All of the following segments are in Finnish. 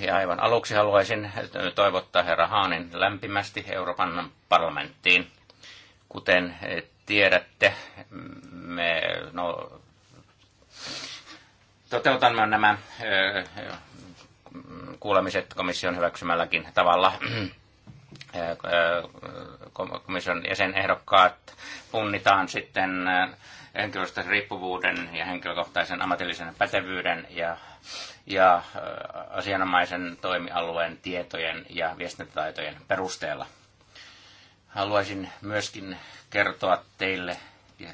Ja aivan aluksi haluaisin toivottaa herra Haanin lämpimästi Euroopan parlamenttiin. Kuten tiedätte, me no, toteutamme nämä kuulemiset komission hyväksymälläkin tavalla. Komission jäsenehdokkaat punnitaan sitten henkilöstön riippuvuuden ja henkilökohtaisen ammatillisen pätevyyden ja, ja äh, asianomaisen toimialueen tietojen ja viestintätaitojen perusteella. Haluaisin myöskin kertoa teille, äh,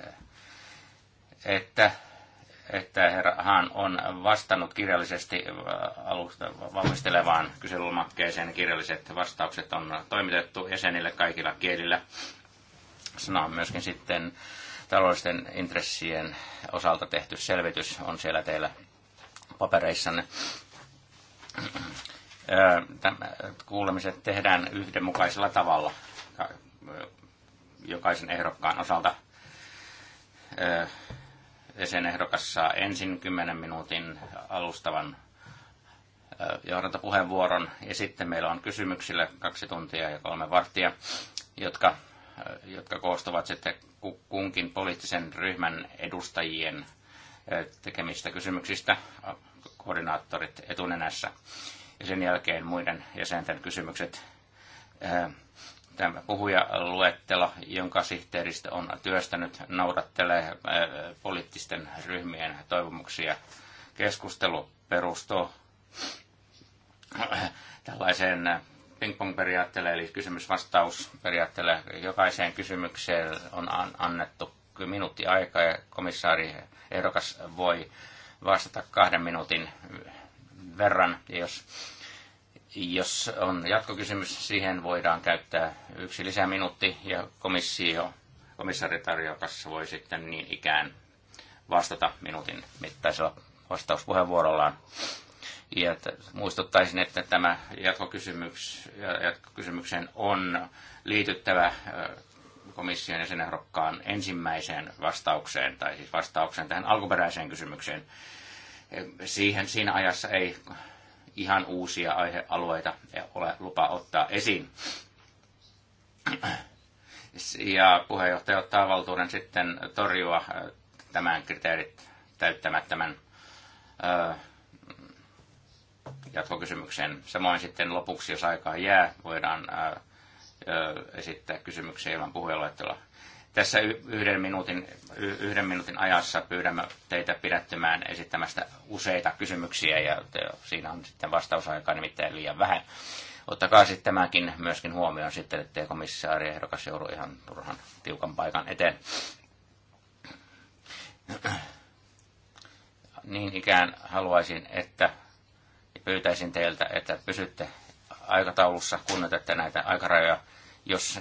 että, että herra Haan on vastannut kirjallisesti äh, alusta valmistelevaan kyselylomakkeeseen. Kirjalliset vastaukset on toimitettu jäsenille kaikilla kielillä. Sana on myöskin sitten äh, taloudellisten intressien osalta tehty selvitys on siellä teillä papereissanne. Tämä kuulemiset tehdään yhdenmukaisella tavalla jokaisen ehdokkaan osalta. sen ehdokas saa ensin 10 minuutin alustavan johdantopuheenvuoron ja sitten meillä on kysymyksille kaksi tuntia ja kolme varttia, jotka Äh, jotka koostuvat sitten kunkin poliittisen ryhmän edustajien äh, tekemistä kysymyksistä, äh, koordinaattorit etunenässä, ja sen jälkeen muiden jäsenten kysymykset. Tämä puhujaluettelo, jonka sihteeristö on työstänyt, noudattelee poliittisten ryhmien toivomuksia. Keskustelu perustuu tällaiseen ping-pong-periaatteelle, eli kysymys-vastaus-periaatteelle. Jokaiseen kysymykseen on annettu minuutti aikaa ja komissaari ehdokas voi vastata kahden minuutin verran. Ja jos, jos on jatkokysymys, siihen voidaan käyttää yksi lisäminuutti ja komissio, komissaaritarjokas voi sitten niin ikään vastata minuutin mittaisella vastauspuheenvuorollaan. Ja muistuttaisin, että tämä jatkokysymys, jatkokysymyksen on liityttävä komission ja sen ehdokkaan ensimmäiseen vastaukseen, tai siis vastaukseen tähän alkuperäiseen kysymykseen. Siihen siinä ajassa ei ihan uusia aihealueita ole lupa ottaa esiin. Ja puheenjohtaja ottaa valtuuden sitten torjua tämän kriteerit täyttämättömän jatkokysymykseen. Samoin sitten lopuksi, jos aikaa jää, voidaan ää, esittää kysymyksiä ilman puheenluettelua. Tässä yhden minuutin, yhden minuutin ajassa pyydämme teitä pidättymään esittämästä useita kysymyksiä ja siinä on sitten vastausaikaa nimittäin liian vähän. Ottakaa sitten tämäkin myöskin huomioon sitten, ettei komissaari ehdokas joudu ihan turhan tiukan paikan eteen. Niin ikään haluaisin, että pyytäisin teiltä, että pysytte aikataulussa, kunnioitatte näitä aikarajoja. Jos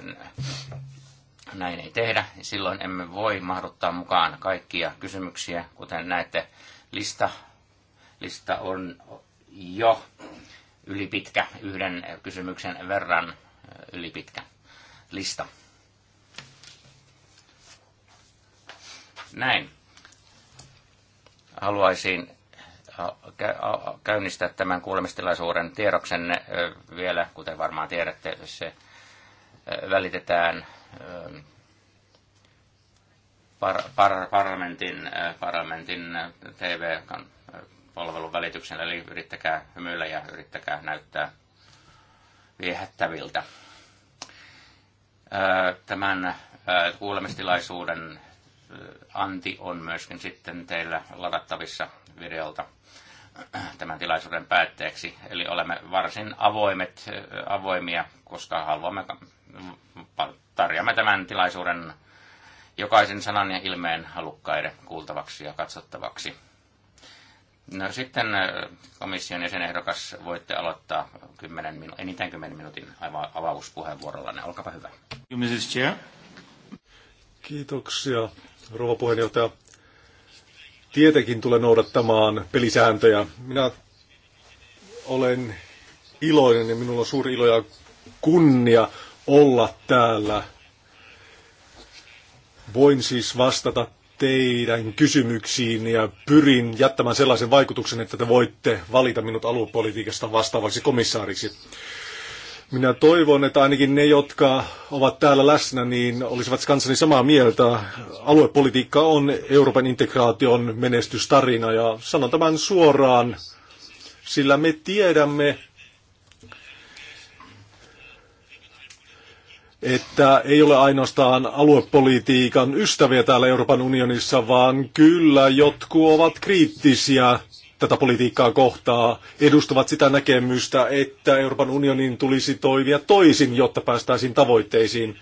näin ei tehdä, niin silloin emme voi mahduttaa mukaan kaikkia kysymyksiä. Kuten näette, lista, lista on jo ylipitkä, yhden kysymyksen verran ylipitkä lista. Näin. Haluaisin käynnistää tämän kuulemistilaisuuden tiedoksenne vielä, kuten varmaan tiedätte, se välitetään par, par, parlamentin, parlamentin TV-palvelun välityksellä, eli yrittäkää hymyillä ja yrittäkää näyttää viehättäviltä. Tämän kuulemistilaisuuden anti on myöskin sitten teillä ladattavissa videolta tämän tilaisuuden päätteeksi. Eli olemme varsin avoimet, avoimia, koska haluamme tarjoamme tämän tilaisuuden jokaisen sanan ja ilmeen halukkaiden kuultavaksi ja katsottavaksi. No sitten äh, komission jäsenehdokas voitte aloittaa 10 minu- enintään 10 minuutin ava- avauspuheenvuorollanne. Olkaapa hyvä. Kiitoksia, rouva puheenjohtaja tietenkin tulee noudattamaan pelisääntöjä. Minä olen iloinen ja minulla on suuri ilo ja kunnia olla täällä. Voin siis vastata teidän kysymyksiin ja pyrin jättämään sellaisen vaikutuksen, että te voitte valita minut aluepolitiikasta vastaavaksi komissaariksi. Minä toivon, että ainakin ne, jotka ovat täällä läsnä, niin olisivat kanssani samaa mieltä. Aluepolitiikka on Euroopan integraation menestystarina ja sanon tämän suoraan, sillä me tiedämme, että ei ole ainoastaan aluepolitiikan ystäviä täällä Euroopan unionissa, vaan kyllä jotkut ovat kriittisiä tätä politiikkaa kohtaa edustavat sitä näkemystä, että Euroopan unionin tulisi toimia toisin, jotta päästäisiin tavoitteisiin.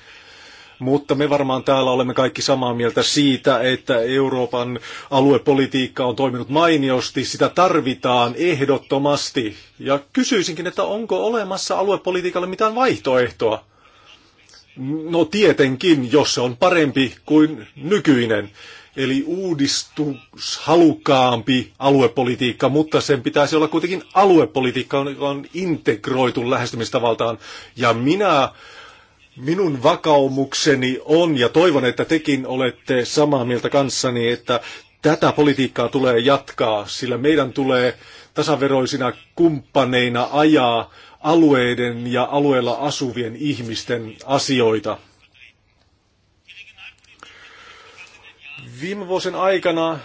Mutta me varmaan täällä olemme kaikki samaa mieltä siitä, että Euroopan aluepolitiikka on toiminut mainiosti, sitä tarvitaan ehdottomasti. Ja kysyisinkin, että onko olemassa aluepolitiikalle mitään vaihtoehtoa? No tietenkin, jos se on parempi kuin nykyinen. Eli uudistushalukkaampi aluepolitiikka, mutta sen pitäisi olla kuitenkin aluepolitiikka, joka on integroitu lähestymistavaltaan. Ja minä, minun vakaumukseni on, ja toivon, että tekin olette samaa mieltä kanssani, että tätä politiikkaa tulee jatkaa, sillä meidän tulee tasaveroisina kumppaneina ajaa alueiden ja alueella asuvien ihmisten asioita. Viime vuosien aikana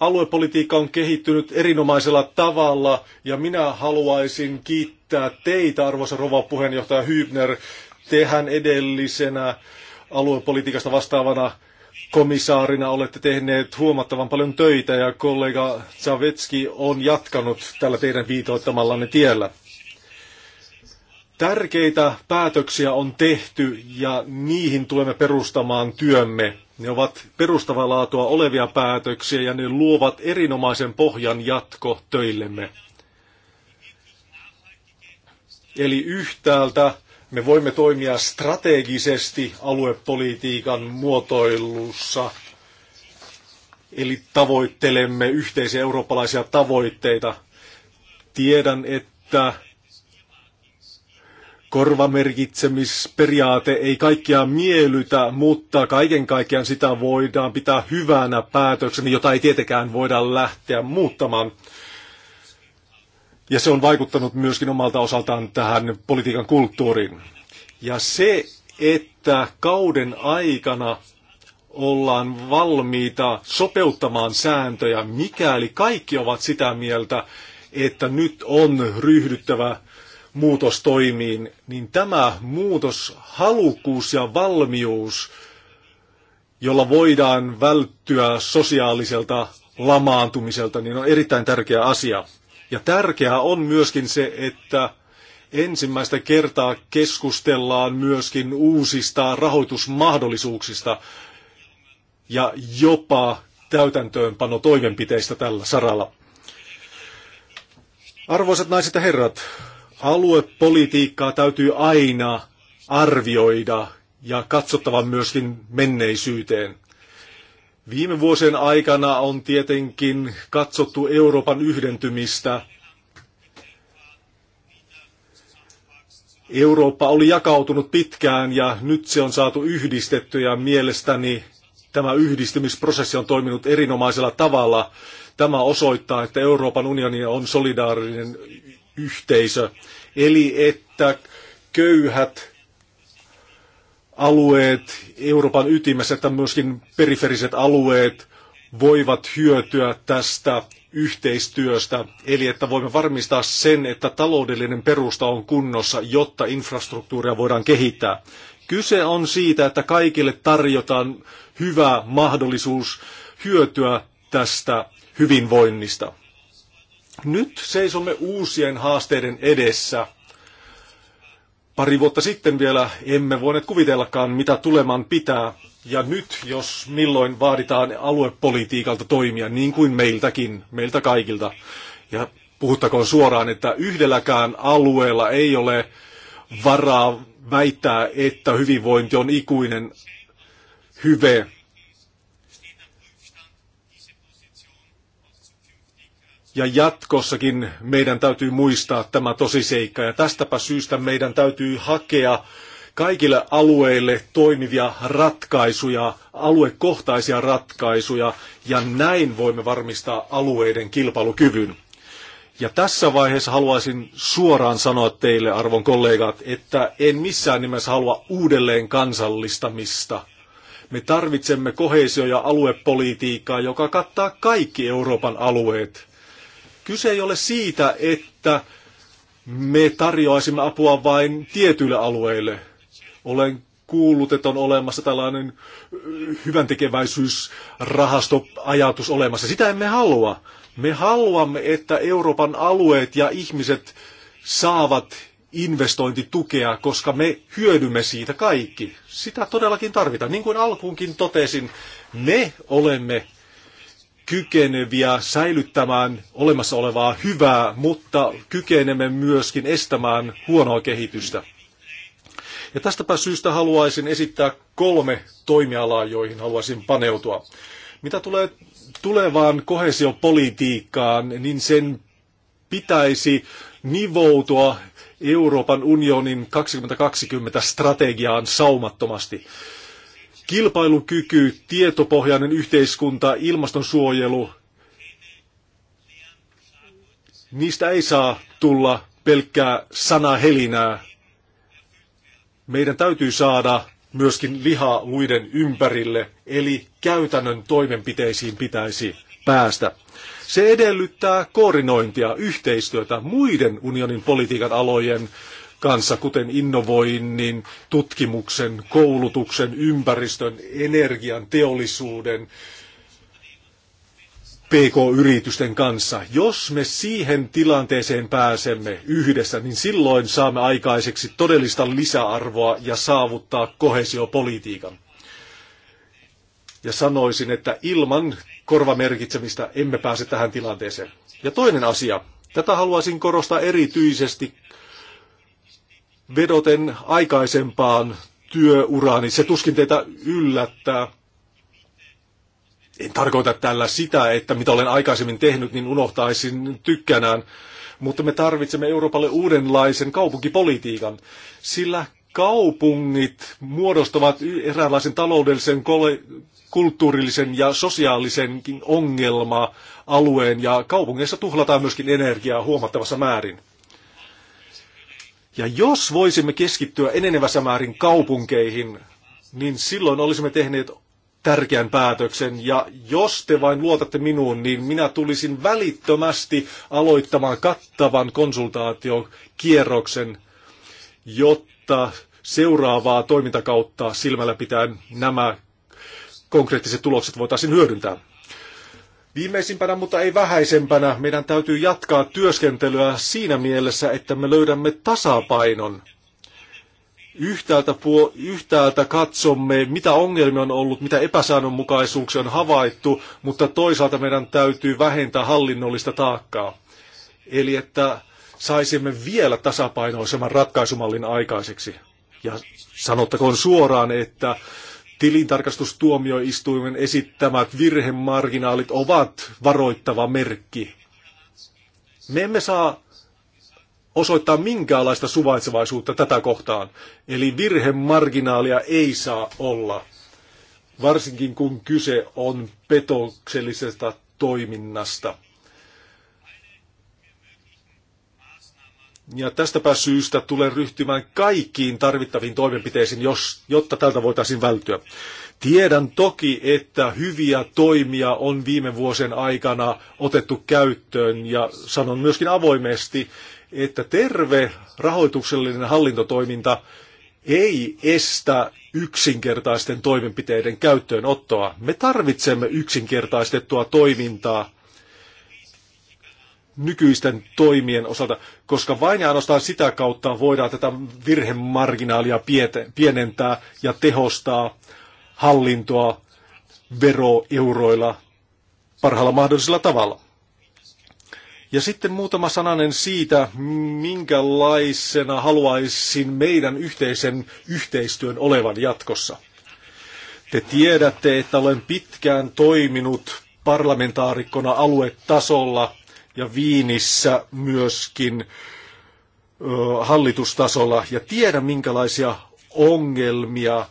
aluepolitiikka on kehittynyt erinomaisella tavalla ja minä haluaisin kiittää teitä, arvoisa rova puheenjohtaja Hybner, tehän edellisenä aluepolitiikasta vastaavana komissaarina olette tehneet huomattavan paljon töitä ja kollega Zavetski on jatkanut tällä teidän viitoittamallanne tiellä. Tärkeitä päätöksiä on tehty ja niihin tulemme perustamaan työmme. Ne ovat perustavaa laatua olevia päätöksiä ja ne luovat erinomaisen pohjan jatko töillemme. Eli yhtäältä me voimme toimia strategisesti aluepolitiikan muotoilussa, eli tavoittelemme yhteisiä eurooppalaisia tavoitteita. Tiedän, että korvamerkitsemisperiaate ei kaikkia miellytä, mutta kaiken kaikkiaan sitä voidaan pitää hyvänä päätöksenä, jota ei tietenkään voida lähteä muuttamaan. Ja se on vaikuttanut myöskin omalta osaltaan tähän politiikan kulttuuriin. Ja se, että kauden aikana ollaan valmiita sopeuttamaan sääntöjä, mikäli kaikki ovat sitä mieltä, että nyt on ryhdyttävä muutostoimiin, niin tämä muutoshalukkuus ja valmius, jolla voidaan välttyä sosiaaliselta lamaantumiselta, niin on erittäin tärkeä asia. Ja tärkeää on myöskin se, että ensimmäistä kertaa keskustellaan myöskin uusista rahoitusmahdollisuuksista ja jopa täytäntöönpano toimenpiteistä tällä saralla. Arvoisat naiset ja herrat, aluepolitiikkaa täytyy aina arvioida ja katsottava myöskin menneisyyteen. Viime vuosien aikana on tietenkin katsottu Euroopan yhdentymistä. Eurooppa oli jakautunut pitkään ja nyt se on saatu yhdistetty ja mielestäni tämä yhdistymisprosessi on toiminut erinomaisella tavalla. Tämä osoittaa, että Euroopan unioni on solidaarinen yhteisö. Eli että köyhät alueet Euroopan ytimessä, että myöskin periferiset alueet voivat hyötyä tästä yhteistyöstä, eli että voimme varmistaa sen, että taloudellinen perusta on kunnossa, jotta infrastruktuuria voidaan kehittää. Kyse on siitä, että kaikille tarjotaan hyvä mahdollisuus hyötyä tästä hyvinvoinnista. Nyt seisomme uusien haasteiden edessä. Pari vuotta sitten vielä emme voineet kuvitellakaan, mitä tuleman pitää. Ja nyt, jos milloin vaaditaan aluepolitiikalta toimia, niin kuin meiltäkin, meiltä kaikilta. Ja puhuttakoon suoraan, että yhdelläkään alueella ei ole varaa väittää, että hyvinvointi on ikuinen hyve. Ja jatkossakin meidän täytyy muistaa tämä tosiseikka ja tästäpä syystä meidän täytyy hakea kaikille alueille toimivia ratkaisuja, aluekohtaisia ratkaisuja ja näin voimme varmistaa alueiden kilpailukyvyn. Ja tässä vaiheessa haluaisin suoraan sanoa teille, arvon kollegat, että en missään nimessä halua uudelleen kansallistamista. Me tarvitsemme kohesio- ja aluepolitiikkaa, joka kattaa kaikki Euroopan alueet. Kyse ei ole siitä, että me tarjoaisimme apua vain tietyille alueille. Olen kuullut, että on olemassa tällainen hyvän tekeväisyysrahastoajatus olemassa. Sitä emme halua. Me haluamme, että Euroopan alueet ja ihmiset saavat investointitukea, koska me hyödymme siitä kaikki. Sitä todellakin tarvitaan. Niin kuin alkuunkin totesin, me olemme kykeneviä säilyttämään olemassa olevaa hyvää, mutta kykenemme myöskin estämään huonoa kehitystä. Ja tästäpä syystä haluaisin esittää kolme toimialaa, joihin haluaisin paneutua. Mitä tulee tulevaan kohesiopolitiikkaan, niin sen pitäisi nivoutua Euroopan unionin 2020 strategiaan saumattomasti. Kilpailukyky, tietopohjainen yhteiskunta, ilmastonsuojelu, niistä ei saa tulla pelkkää sanahelinää. Meidän täytyy saada myöskin liha luiden ympärille, eli käytännön toimenpiteisiin pitäisi päästä. Se edellyttää koordinointia, yhteistyötä muiden unionin politiikan alojen kanssa, kuten innovoinnin, tutkimuksen, koulutuksen, ympäristön, energian, teollisuuden, PK-yritysten kanssa. Jos me siihen tilanteeseen pääsemme yhdessä, niin silloin saamme aikaiseksi todellista lisäarvoa ja saavuttaa kohesiopolitiikan. Ja sanoisin, että ilman korvamerkitsemistä emme pääse tähän tilanteeseen. Ja toinen asia. Tätä haluaisin korostaa erityisesti vedoten aikaisempaan niin Se tuskin teitä yllättää. En tarkoita tällä sitä, että mitä olen aikaisemmin tehnyt, niin unohtaisin tykkänään. Mutta me tarvitsemme Euroopalle uudenlaisen kaupunkipolitiikan, sillä kaupungit muodostavat eräänlaisen taloudellisen, kulttuurillisen ja sosiaalisenkin ongelma-alueen, ja kaupungeissa tuhlataan myöskin energiaa huomattavassa määrin. Ja jos voisimme keskittyä enenevässä määrin kaupunkeihin, niin silloin olisimme tehneet tärkeän päätöksen. Ja jos te vain luotatte minuun, niin minä tulisin välittömästi aloittamaan kattavan konsultaatiokierroksen, jotta seuraavaa toimintakautta silmällä pitäen nämä konkreettiset tulokset voitaisiin hyödyntää. Viimeisimpänä, mutta ei vähäisempänä, meidän täytyy jatkaa työskentelyä siinä mielessä, että me löydämme tasapainon. Yhtäältä, puo, yhtäältä katsomme, mitä ongelmia on ollut, mitä epäsäännönmukaisuuksia on havaittu, mutta toisaalta meidän täytyy vähentää hallinnollista taakkaa. Eli että saisimme vielä tasapainoisemman ratkaisumallin aikaiseksi. Ja sanottakoon suoraan, että Tilintarkastustuomioistuimen esittämät virhemarginaalit ovat varoittava merkki. Me emme saa osoittaa minkäänlaista suvaitsevaisuutta tätä kohtaan. Eli virhemarginaalia ei saa olla, varsinkin kun kyse on petoksellisesta toiminnasta. Ja tästäpä syystä tulee ryhtymään kaikkiin tarvittaviin toimenpiteisiin, jos, jotta tältä voitaisiin välttyä. Tiedän toki, että hyviä toimia on viime vuosien aikana otettu käyttöön ja sanon myöskin avoimesti, että terve rahoituksellinen hallintotoiminta ei estä yksinkertaisten toimenpiteiden käyttöönottoa. Me tarvitsemme yksinkertaistettua toimintaa nykyisten toimien osalta, koska vain ja ainoastaan sitä kautta voidaan tätä virhemarginaalia pienentää ja tehostaa hallintoa veroeuroilla parhaalla mahdollisella tavalla. Ja sitten muutama sananen siitä, minkälaisena haluaisin meidän yhteisen yhteistyön olevan jatkossa. Te tiedätte, että olen pitkään toiminut parlamentaarikkona aluetasolla ja Viinissä myöskin hallitustasolla ja tiedän minkälaisia ongelmia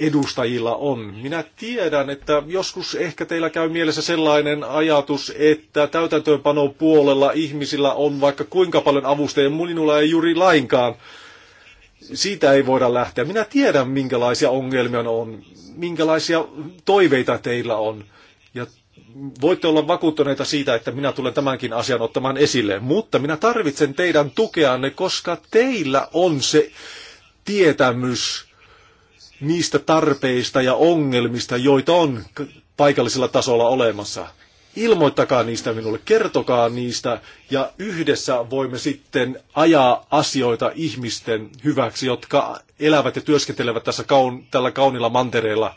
edustajilla on. Minä tiedän, että joskus ehkä teillä käy mielessä sellainen ajatus, että täytäntöönpano puolella ihmisillä on vaikka kuinka paljon avustajia, minulla ei juuri lainkaan. Siitä ei voida lähteä. Minä tiedän, minkälaisia ongelmia on, minkälaisia toiveita teillä on. Ja voitte olla vakuuttuneita siitä, että minä tulen tämänkin asian ottamaan esille, mutta minä tarvitsen teidän tukeanne, koska teillä on se tietämys niistä tarpeista ja ongelmista, joita on paikallisella tasolla olemassa. Ilmoittakaa niistä minulle, kertokaa niistä ja yhdessä voimme sitten ajaa asioita ihmisten hyväksi, jotka elävät ja työskentelevät tässä kaun, tällä kaunilla mantereella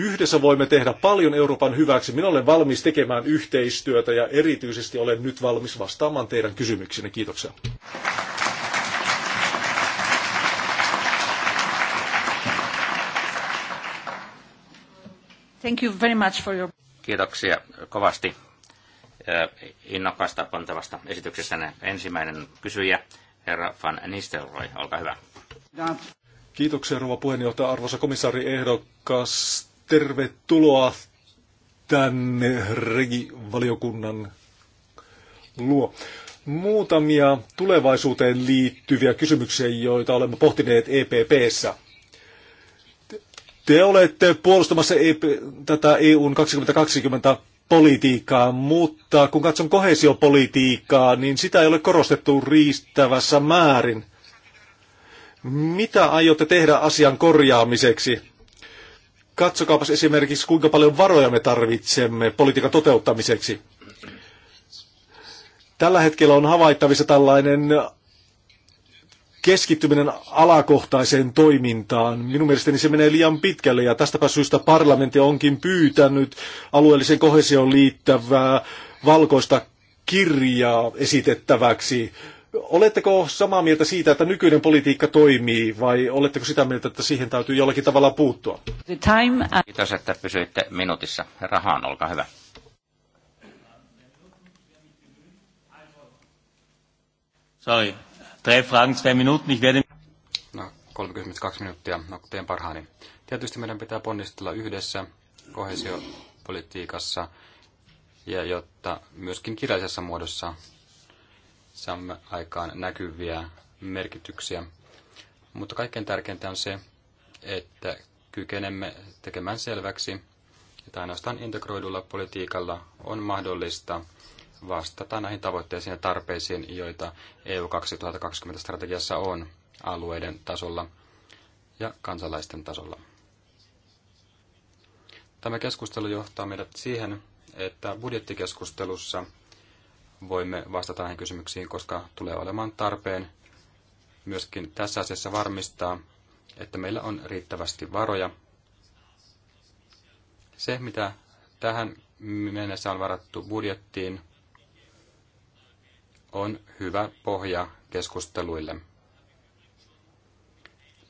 Yhdessä voimme tehdä paljon Euroopan hyväksi. Minä olen valmis tekemään yhteistyötä ja erityisesti olen nyt valmis vastaamaan teidän kysymyksiinne. Kiitoksia. Thank you very much for your... Kiitoksia kovasti innokkaasta pontevasta esityksestänne. Ensimmäinen kysyjä, herra Van Nistelrooy, olkaa hyvä. Kiitoksia rouva puheenjohtaja, arvoisa komissaari ehdokas tervetuloa tänne Regi-valiokunnan luo. Muutamia tulevaisuuteen liittyviä kysymyksiä, joita olemme pohtineet EPPssä. Te olette puolustamassa EP, tätä EUn 2020 politiikkaa, mutta kun katson kohesiopolitiikkaa, niin sitä ei ole korostettu riistävässä määrin. Mitä aiotte tehdä asian korjaamiseksi? Katsokaapas esimerkiksi, kuinka paljon varoja me tarvitsemme politiikan toteuttamiseksi. Tällä hetkellä on havaittavissa tällainen keskittyminen alakohtaiseen toimintaan. Minun mielestäni se menee liian pitkälle ja tästäpä syystä parlamentti onkin pyytänyt alueellisen kohesioon liittävää valkoista kirjaa esitettäväksi Oletteko samaa mieltä siitä, että nykyinen politiikka toimii, vai oletteko sitä mieltä, että siihen täytyy jollakin tavalla puuttua? The time... Kiitos, että pysyitte minuutissa. Rahaan olkaa hyvä. Sorry, drei Fragen, zwei Minuten. Ich werde... No, 32 minuuttia. No, teen parhaani. Tietysti meidän pitää ponnistella yhdessä kohesiopolitiikassa ja jotta myöskin kirjallisessa muodossa saamme aikaan näkyviä merkityksiä. Mutta kaikkein tärkeintä on se, että kykenemme tekemään selväksi, että ainoastaan integroidulla politiikalla on mahdollista vastata näihin tavoitteisiin ja tarpeisiin, joita EU 2020 strategiassa on alueiden tasolla ja kansalaisten tasolla. Tämä keskustelu johtaa meidät siihen, että budjettikeskustelussa – voimme vastata näihin kysymyksiin, koska tulee olemaan tarpeen myöskin tässä asiassa varmistaa, että meillä on riittävästi varoja. Se, mitä tähän mennessä on varattu budjettiin, on hyvä pohja keskusteluille.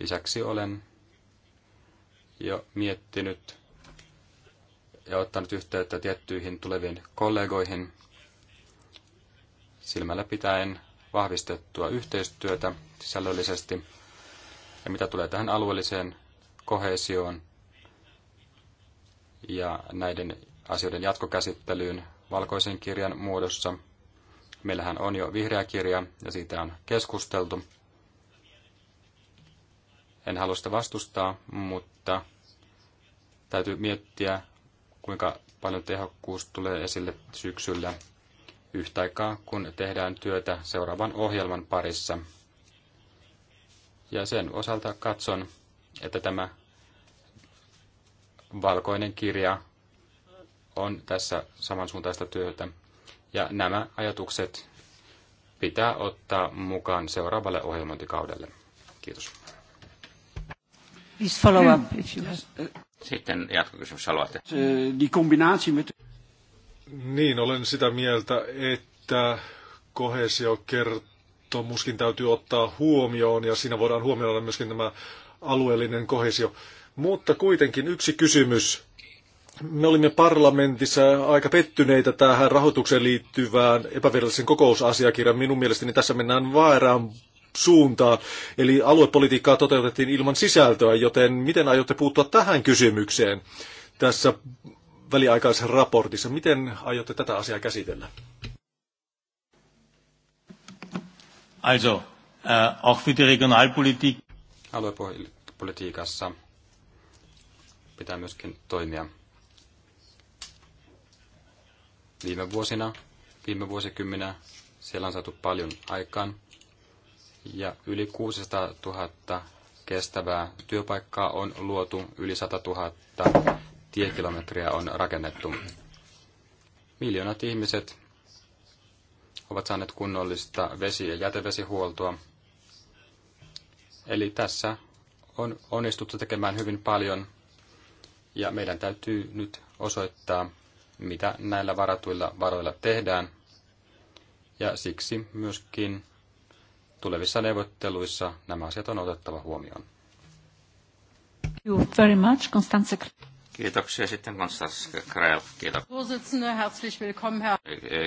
Lisäksi olen jo miettinyt ja ottanut yhteyttä tiettyihin tuleviin kollegoihin silmällä pitäen vahvistettua yhteistyötä sisällöllisesti. Ja mitä tulee tähän alueelliseen kohesioon ja näiden asioiden jatkokäsittelyyn valkoisen kirjan muodossa, meillähän on jo vihreä kirja ja siitä on keskusteltu. En halua sitä vastustaa, mutta täytyy miettiä, kuinka paljon tehokkuus tulee esille syksyllä yhtä aikaa, kun tehdään työtä seuraavan ohjelman parissa. Ja sen osalta katson, että tämä valkoinen kirja on tässä samansuuntaista työtä. Ja nämä ajatukset pitää ottaa mukaan seuraavalle ohjelmointikaudelle. Kiitos. Sitten jatkokysymys haluatte. Die met... Niin, olen sitä mieltä, että kohesiokertomuskin täytyy ottaa huomioon ja siinä voidaan huomioida myöskin tämä alueellinen kohesio. Mutta kuitenkin yksi kysymys. Me olimme parlamentissa aika pettyneitä tähän rahoitukseen liittyvään epävirallisen kokousasiakirjan. Minun mielestäni tässä mennään vaaraan suuntaan. Eli aluepolitiikkaa toteutettiin ilman sisältöä, joten miten aiotte puuttua tähän kysymykseen? Tässä väliaikaisessa raportissa. Miten aiotte tätä asiaa käsitellä? Also, äh, auch für die Regionalpolitik. Aluepolitiikassa pitää myöskin toimia. Viime vuosina, viime vuosikymmenä siellä on saatu paljon aikaan ja yli 600 000 kestävää työpaikkaa on luotu, yli 100 000 tiekilometriä on rakennettu. Miljoonat ihmiset ovat saaneet kunnollista vesi- ja jätevesihuoltoa. Eli tässä on onnistuttu tekemään hyvin paljon ja meidän täytyy nyt osoittaa, mitä näillä varatuilla varoilla tehdään. Ja siksi myöskin tulevissa neuvotteluissa nämä asiat on otettava huomioon. Thank You very much, Constanze. Kiitoksia sitten Konstantin Krell. Kiitos.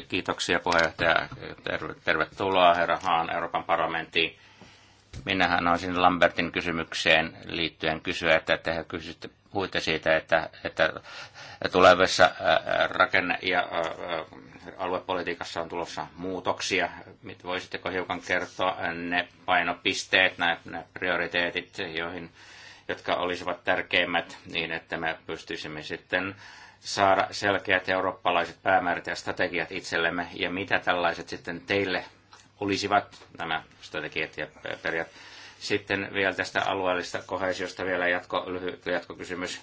Kiitoksia puheenjohtaja. Tervetuloa herra Haan Euroopan parlamenttiin. Minähän olisin Lambertin kysymykseen liittyen kysyä, että te kysytte, puhuitte siitä, että, että tulevassa rakenne- ja aluepolitiikassa on tulossa muutoksia. Voisitteko hiukan kertoa ne painopisteet, nämä prioriteetit, joihin jotka olisivat tärkeimmät niin, että me pystyisimme sitten saada selkeät eurooppalaiset päämäärät ja strategiat itsellemme ja mitä tällaiset sitten teille olisivat nämä strategiat ja periaat. Sitten vielä tästä alueellista kohesiosta vielä jatko, lyhyt jatkokysymys.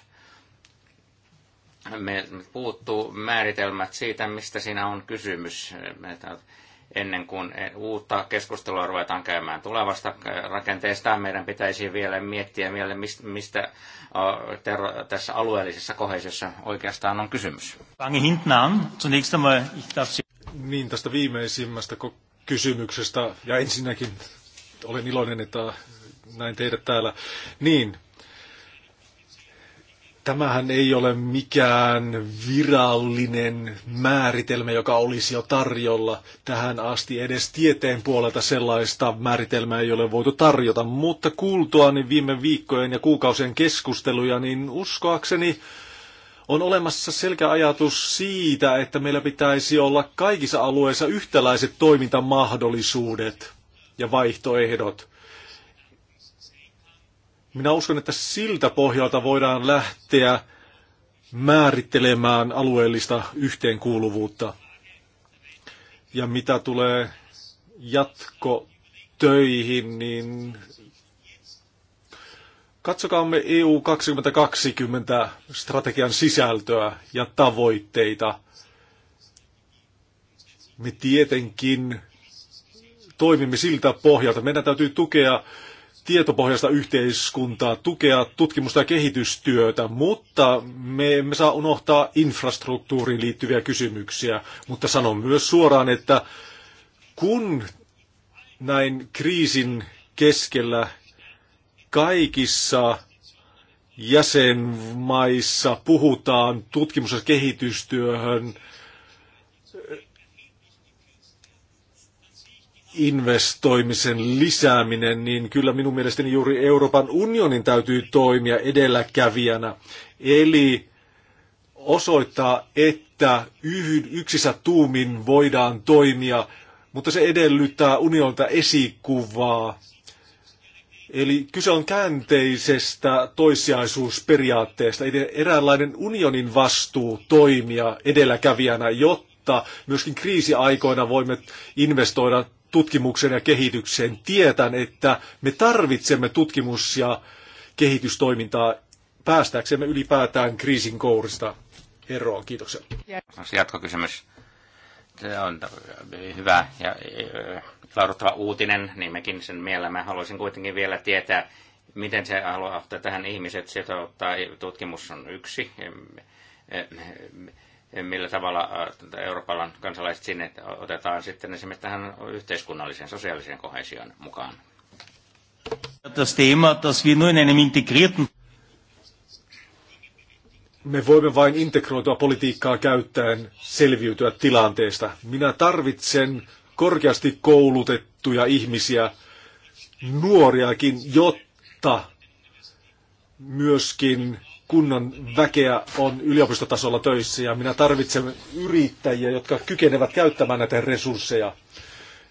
Me puuttuu määritelmät siitä, mistä siinä on kysymys ennen kuin uutta keskustelua ruvetaan käymään tulevasta rakenteesta, meidän pitäisi vielä miettiä, vielä mistä tässä alueellisessa kohesiossa oikeastaan on kysymys. Niin, tästä viimeisimmästä kysymyksestä, ja ensinnäkin olen iloinen, että näin teidät täällä. Niin, Tämähän ei ole mikään virallinen määritelmä, joka olisi jo tarjolla tähän asti. Edes tieteen puolelta sellaista määritelmää ei ole voitu tarjota, mutta kuultuani viime viikkojen ja kuukausien keskusteluja, niin uskoakseni on olemassa selkeä ajatus siitä, että meillä pitäisi olla kaikissa alueissa yhtäläiset toimintamahdollisuudet ja vaihtoehdot. Minä uskon, että siltä pohjalta voidaan lähteä määrittelemään alueellista yhteenkuuluvuutta. Ja mitä tulee jatkotöihin, niin katsokaamme EU 2020 strategian sisältöä ja tavoitteita. Me tietenkin toimimme siltä pohjalta. Meidän täytyy tukea tietopohjaista yhteiskuntaa, tukea tutkimusta ja kehitystyötä, mutta me emme saa unohtaa infrastruktuuriin liittyviä kysymyksiä. Mutta sanon myös suoraan, että kun näin kriisin keskellä kaikissa jäsenmaissa puhutaan tutkimus- ja kehitystyöhön investoimisen lisääminen, niin kyllä minun mielestäni juuri Euroopan unionin täytyy toimia edelläkävijänä. Eli osoittaa, että yksissä tuumin voidaan toimia, mutta se edellyttää unionilta esikuvaa. Eli kyse on käänteisestä toissijaisuusperiaatteesta, eli eräänlainen unionin vastuu toimia edelläkävijänä, jotta myöskin kriisiaikoina voimme investoida Tutkimuksen ja kehitykseen tietän, että me tarvitsemme tutkimus- ja kehitystoimintaa päästäksemme ylipäätään kriisin kourista eroon. Kiitoksia. Jatkokysymys. Se on hyvä ja eh, laaduttava uutinen, niin mekin sen mielellä. Mä haluaisin kuitenkin vielä tietää, miten se haluaa tähän ihmiset sitouttaa. Tutkimus on yksi millä tavalla äh, tuota, Euroopan kansalaiset sinne otetaan sitten esimerkiksi tähän yhteiskunnalliseen, sosiaaliseen kohesioon mukaan. Das Thema, dass wir nur in einem integrierten me voimme vain integroitua politiikkaa käyttäen selviytyä tilanteesta. Minä tarvitsen korkeasti koulutettuja ihmisiä, nuoriakin, jotta myöskin kunnan väkeä on yliopistotasolla töissä ja minä tarvitsen yrittäjiä, jotka kykenevät käyttämään näitä resursseja.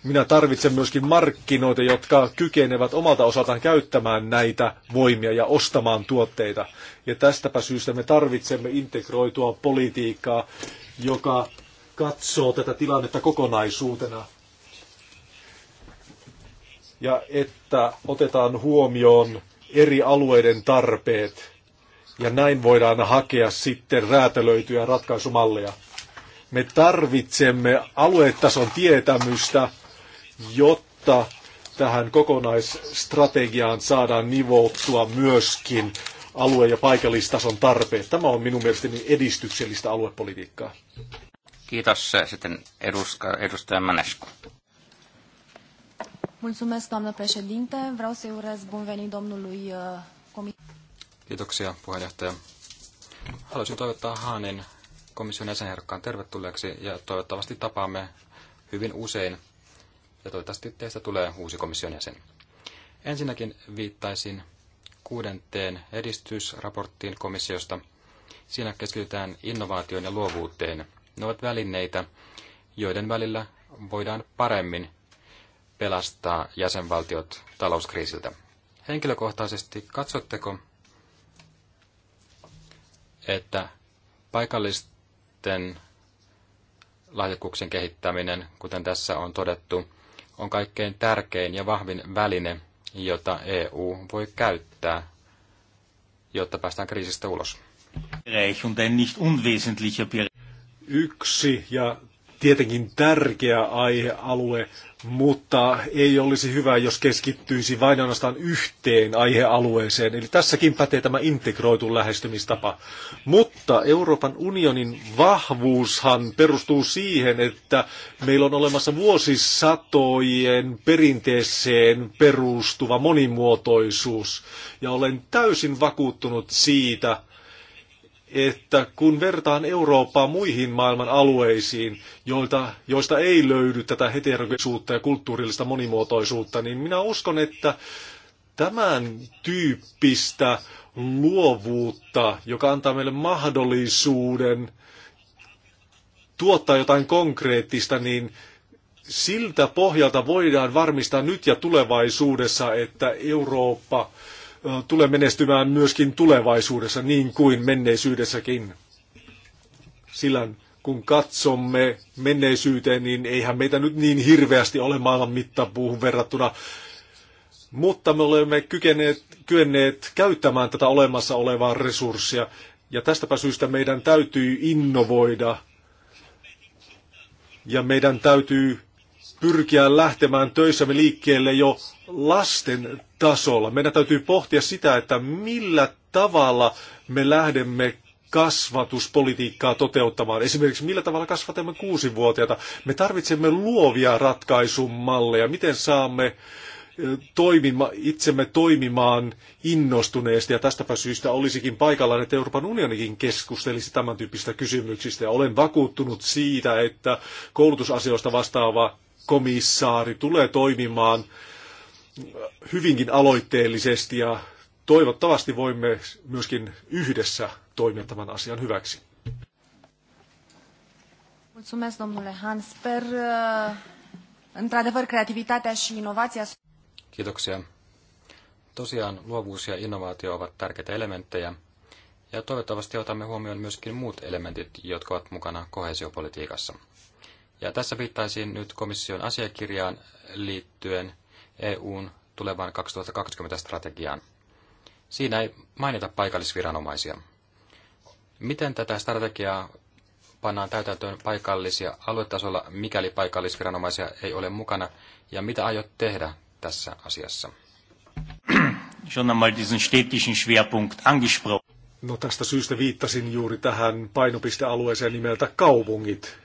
Minä tarvitsen myöskin markkinoita, jotka kykenevät omalta osaltaan käyttämään näitä voimia ja ostamaan tuotteita. Ja tästäpä syystä me tarvitsemme integroitua politiikkaa, joka katsoo tätä tilannetta kokonaisuutena. Ja että otetaan huomioon eri alueiden tarpeet ja näin voidaan hakea sitten räätälöityjä ratkaisumalleja. Me tarvitsemme aluetason tietämystä, jotta tähän kokonaisstrategiaan saadaan nivouttua myöskin alue- ja paikallistason tarpeet. Tämä on minun mielestäni edistyksellistä aluepolitiikkaa. Kiitos eh, sitten eduska, edustaja Manescu. Mulțumesc, doamnă președinte. Vreau să-i urez bun venit domnului eh, Kiitoksia puheenjohtaja. Haluaisin toivottaa Haanin komission jäsenherkkaan tervetulleeksi ja toivottavasti tapaamme hyvin usein ja toivottavasti teistä tulee uusi komission jäsen. Ensinnäkin viittaisin kuudenteen edistysraporttiin komissiosta. Siinä keskitytään innovaatioon ja luovuuteen. Ne ovat välineitä, joiden välillä voidaan paremmin pelastaa jäsenvaltiot talouskriisiltä. Henkilökohtaisesti katsotteko, että paikallisten lahjakkuuksien kehittäminen, kuten tässä on todettu, on kaikkein tärkein ja vahvin väline, jota EU voi käyttää, jotta päästään kriisistä ulos. Yksi ja tietenkin tärkeä aihealue, mutta ei olisi hyvä, jos keskittyisi vain ainoastaan yhteen aihealueeseen. Eli tässäkin pätee tämä integroitu lähestymistapa. Mutta Euroopan unionin vahvuushan perustuu siihen, että meillä on olemassa vuosisatojen perinteeseen perustuva monimuotoisuus. Ja olen täysin vakuuttunut siitä, että kun vertaan Eurooppaa muihin maailman alueisiin, joilta, joista ei löydy tätä heterogeenisuutta ja kulttuurillista monimuotoisuutta, niin minä uskon, että tämän tyyppistä luovuutta, joka antaa meille mahdollisuuden tuottaa jotain konkreettista, niin siltä pohjalta voidaan varmistaa nyt ja tulevaisuudessa, että Eurooppa tule menestymään myöskin tulevaisuudessa niin kuin menneisyydessäkin. Sillä kun katsomme menneisyyteen, niin eihän meitä nyt niin hirveästi ole maailman mittapuuhun verrattuna. Mutta me olemme kykeneet, kyenneet käyttämään tätä olemassa olevaa resurssia. Ja tästäpä syystä meidän täytyy innovoida ja meidän täytyy pyrkiä lähtemään töissämme liikkeelle jo lasten tasolla. Meidän täytyy pohtia sitä, että millä tavalla me lähdemme kasvatuspolitiikkaa toteuttamaan. Esimerkiksi millä tavalla kasvatamme kuusivuotiaita. Me tarvitsemme luovia ratkaisumalleja. Miten saamme toimima, itsemme toimimaan innostuneesti ja tästäpä syystä olisikin paikallaan, että Euroopan unionikin keskustelisi tämän tyyppistä kysymyksistä ja olen vakuuttunut siitä, että koulutusasioista vastaava komissaari tulee toimimaan hyvinkin aloitteellisesti ja toivottavasti voimme myöskin yhdessä toimia tämän asian hyväksi. Mulțumesc, domnule Hans. într-adevăr, creativitatea și inovația... Kiitoksia. Tosiaan luovuus ja innovaatio ovat tärkeitä elementtejä, ja toivottavasti otamme huomioon myöskin muut elementit, jotka ovat mukana kohesiopolitiikassa. Ja tässä viittaisin nyt komission asiakirjaan liittyen – EUn tulevaan 2020-strategiaan. Siinä ei mainita paikallisviranomaisia. Miten tätä strategiaa pannaan täytäntöön paikallisia aluetasolla, mikäli paikallisviranomaisia ei ole mukana, ja mitä aiot tehdä tässä asiassa? diesen städtischen Schwerpunkt angesprochen. No tästä syystä viittasin juuri tähän painopistealueeseen nimeltä kaupungit.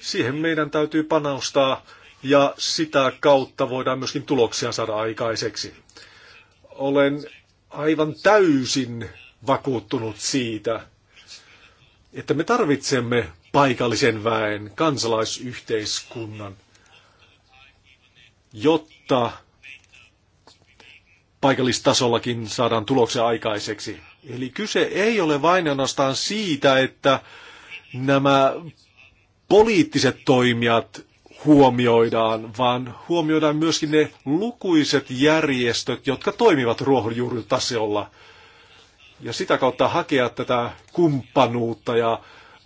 Siihen meidän täytyy panostaa ja sitä kautta voidaan myöskin tuloksia saada aikaiseksi. Olen aivan täysin vakuuttunut siitä, että me tarvitsemme paikallisen väen, kansalaisyhteiskunnan, jotta paikallistasollakin saadaan tuloksia aikaiseksi. Eli kyse ei ole vain ainoastaan siitä, että nämä poliittiset toimijat huomioidaan, vaan huomioidaan myöskin ne lukuiset järjestöt, jotka toimivat ruohonjuuritasolla. Ja sitä kautta hakea tätä kumppanuutta ja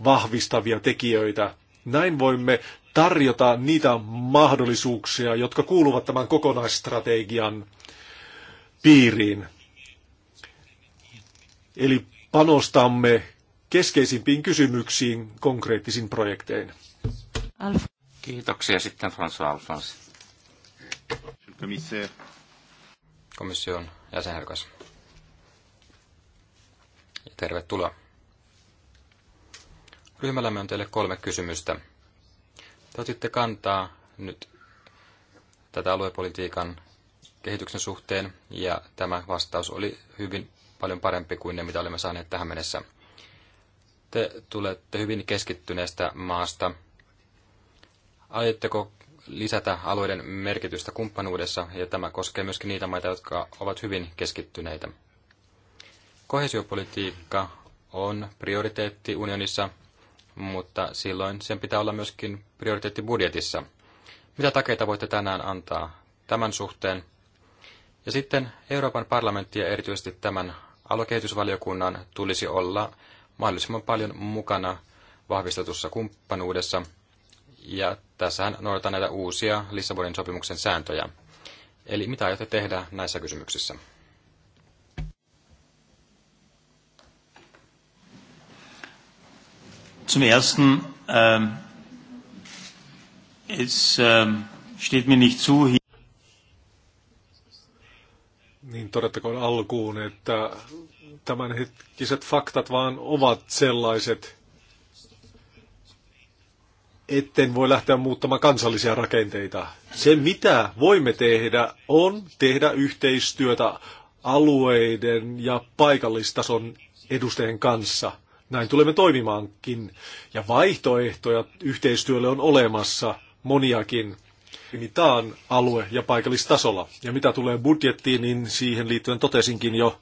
vahvistavia tekijöitä. Näin voimme tarjota niitä mahdollisuuksia, jotka kuuluvat tämän kokonaisstrategian piiriin. Eli panostamme keskeisimpiin kysymyksiin konkreettisin projekteihin. Alfa. Kiitoksia sitten François Alphonse. Komission jäsenherkas. Tervetuloa. Ryhmällämme on teille kolme kysymystä. Te otitte kantaa nyt tätä aluepolitiikan kehityksen suhteen, ja tämä vastaus oli hyvin paljon parempi kuin ne, mitä olemme saaneet tähän mennessä. Te tulette hyvin keskittyneestä maasta, Aiotteko lisätä alueiden merkitystä kumppanuudessa, ja tämä koskee myöskin niitä maita, jotka ovat hyvin keskittyneitä. Kohesiopolitiikka on prioriteetti unionissa, mutta silloin sen pitää olla myöskin prioriteetti budjetissa. Mitä takeita voitte tänään antaa tämän suhteen? Ja sitten Euroopan parlamentti ja erityisesti tämän aluekehitysvaliokunnan tulisi olla mahdollisimman paljon mukana vahvistetussa kumppanuudessa – ja tässähän noudataan näitä uusia Lissabonin sopimuksen sääntöjä. Eli mitä aiotte tehdä näissä kysymyksissä? Zum ersten, äh, es äh, steht mir nicht zu, hier niin todettakoon alkuun, että tämänhetkiset faktat vaan ovat sellaiset, etten voi lähteä muuttamaan kansallisia rakenteita. Se, mitä voimme tehdä, on tehdä yhteistyötä alueiden ja paikallistason edustajien kanssa. Näin tulemme toimimaankin. Ja vaihtoehtoja yhteistyölle on olemassa moniakin. Tämä on alue- ja paikallistasolla. Ja mitä tulee budjettiin, niin siihen liittyen totesinkin jo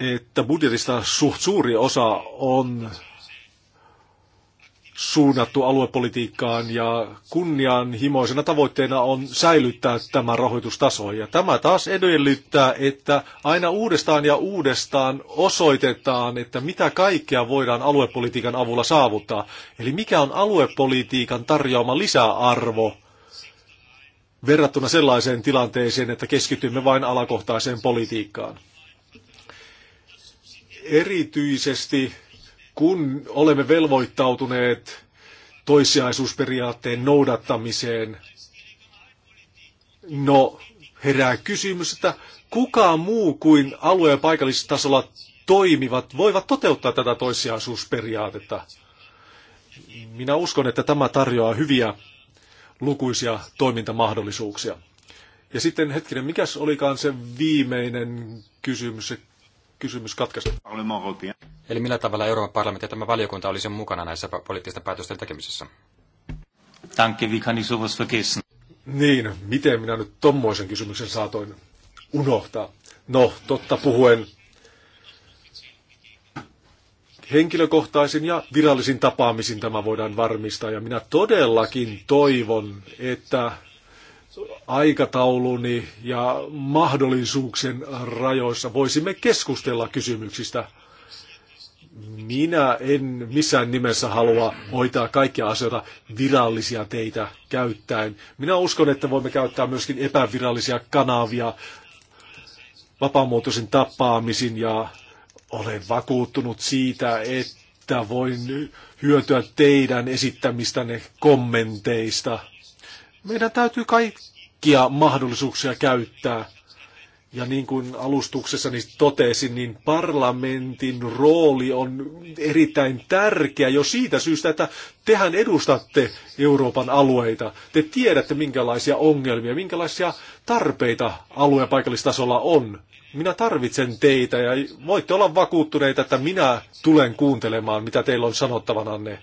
että budjetista suht suuri osa on suunnattu aluepolitiikkaan ja kunnianhimoisena tavoitteena on säilyttää tämä rahoitustaso. Ja tämä taas edellyttää, että aina uudestaan ja uudestaan osoitetaan, että mitä kaikkea voidaan aluepolitiikan avulla saavuttaa. Eli mikä on aluepolitiikan tarjoama lisäarvo verrattuna sellaiseen tilanteeseen, että keskitymme vain alakohtaiseen politiikkaan erityisesti kun olemme velvoittautuneet toissijaisuusperiaatteen noudattamiseen, no herää kysymys, että kuka muu kuin alue- ja paikallistasolla toimivat voivat toteuttaa tätä toissijaisuusperiaatetta. Minä uskon, että tämä tarjoaa hyviä lukuisia toimintamahdollisuuksia. Ja sitten hetkinen, mikäs olikaan se viimeinen kysymys, se kysymys katkaista. Eli millä tavalla Euroopan parlamentti ja tämä valiokunta olisi mukana näissä poliittisten päätösten tekemisessä? Danke, wie kann ich sowas vergessen? Niin, miten minä nyt tommoisen kysymyksen saatoin unohtaa? No, totta puhuen henkilökohtaisin ja virallisin tapaamisin tämä voidaan varmistaa. Ja minä todellakin toivon, että aikatauluni ja mahdollisuuksien rajoissa voisimme keskustella kysymyksistä. Minä en missään nimessä halua hoitaa kaikkia asioita virallisia teitä käyttäen. Minä uskon, että voimme käyttää myöskin epävirallisia kanavia vapaamuotoisen tapaamisin ja olen vakuuttunut siitä, että voin hyötyä teidän esittämistänne kommenteista – meidän täytyy kaikkia mahdollisuuksia käyttää. Ja niin kuin niin totesin, niin parlamentin rooli on erittäin tärkeä jo siitä syystä, että tehän edustatte Euroopan alueita. Te tiedätte, minkälaisia ongelmia, minkälaisia tarpeita alueen paikallistasolla on. Minä tarvitsen teitä ja voitte olla vakuuttuneita, että minä tulen kuuntelemaan, mitä teillä on sanottavananne.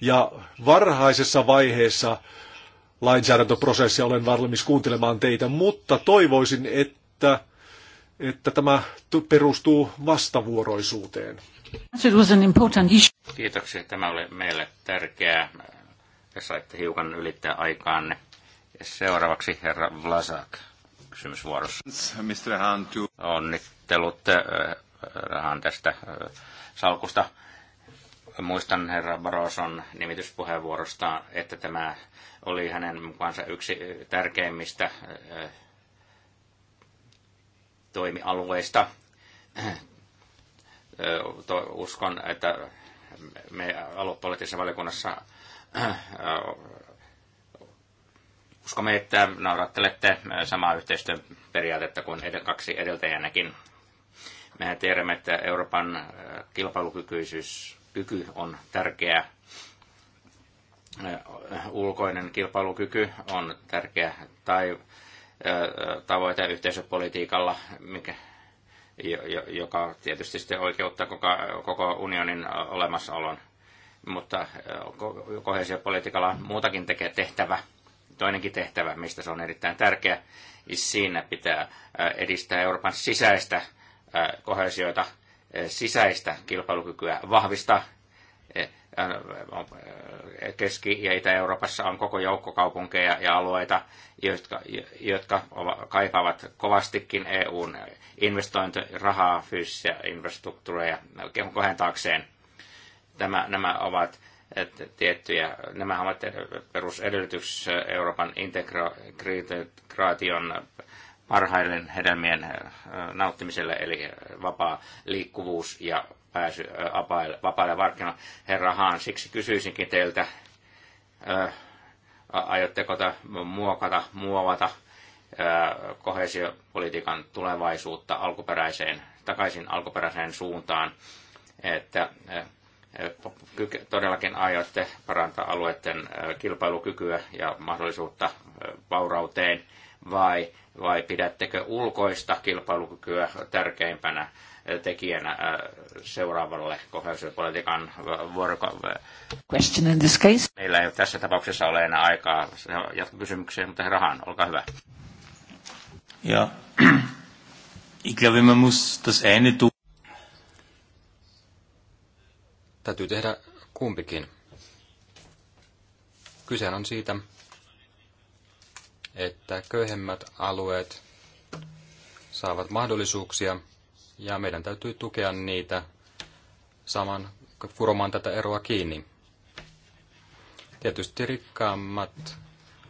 Ja varhaisessa vaiheessa lainsäädäntöprosessia. Olen valmis kuuntelemaan teitä, mutta toivoisin, että, että tämä perustuu vastavuoroisuuteen. Kiitoksia. Tämä oli meille tärkeää. Ja saitte hiukan ylittää aikaanne. Ja seuraavaksi herra Vlasak kysymysvuorossa. Mr. Hantu. Onnittelut äh, rahan tästä äh, salkusta. Muistan herra Baroson nimityspuheenvuorosta, että tämä oli hänen mukaansa yksi tärkeimmistä toimialueista. Uskon, että me aluepoliittisessa valikunnassa uskomme, että noudattelette samaa yhteistyön periaatetta kuin kaksi edeltäjänäkin. Mehän tiedämme, että Euroopan kilpailukykyisyys kyky on tärkeä ulkoinen kilpailukyky on tärkeä tai tavoite yhteisöpolitiikalla, mikä, joka tietysti sitten oikeuttaa koko, koko unionin olemassaolon. Mutta kohesiopolitiikalla on muutakin tekee tehtävä, toinenkin tehtävä, mistä se on erittäin tärkeä. Siinä pitää edistää Euroopan sisäistä kohesioita, sisäistä kilpailukykyä, vahvistaa Äh, äh, Keski- ja Itä-Euroopassa on koko joukko kaupunkeja ja alueita, jotka, jotka kaipaavat kovastikin EUn investointirahaa, fyysisiä infrastruktuureja kohentaakseen. Tämä, nämä ovat tiettyjä, nämä ovat perusedellytys Euroopan integraation parhaiden hedelmien äh, nauttimiselle, eli vapaa liikkuvuus ja pääsy vapaille markkinoille. Herra Haan, siksi kysyisinkin teiltä, aiotteko te muokata, muovata kohesiopolitiikan tulevaisuutta alkuperäiseen, takaisin alkuperäiseen suuntaan, että todellakin aiotte parantaa alueiden kilpailukykyä ja mahdollisuutta vaurauteen, vai, vai pidättekö ulkoista kilpailukykyä tärkeimpänä tekijänä äh, seuraavalle kohdallisuuspolitiikan äh, vuorokaudelle. Meillä ei tässä tapauksessa ole enää aikaa jatkokysymykseen, mutta herra Hahn, olkaa hyvä. Ja, ich glaube, man muss das eine tun. Täytyy tehdä kumpikin. Kyse on siitä, että köyhemmät alueet saavat mahdollisuuksia – ja meidän täytyy tukea niitä saman kuromaan tätä eroa kiinni. Tietysti rikkaammat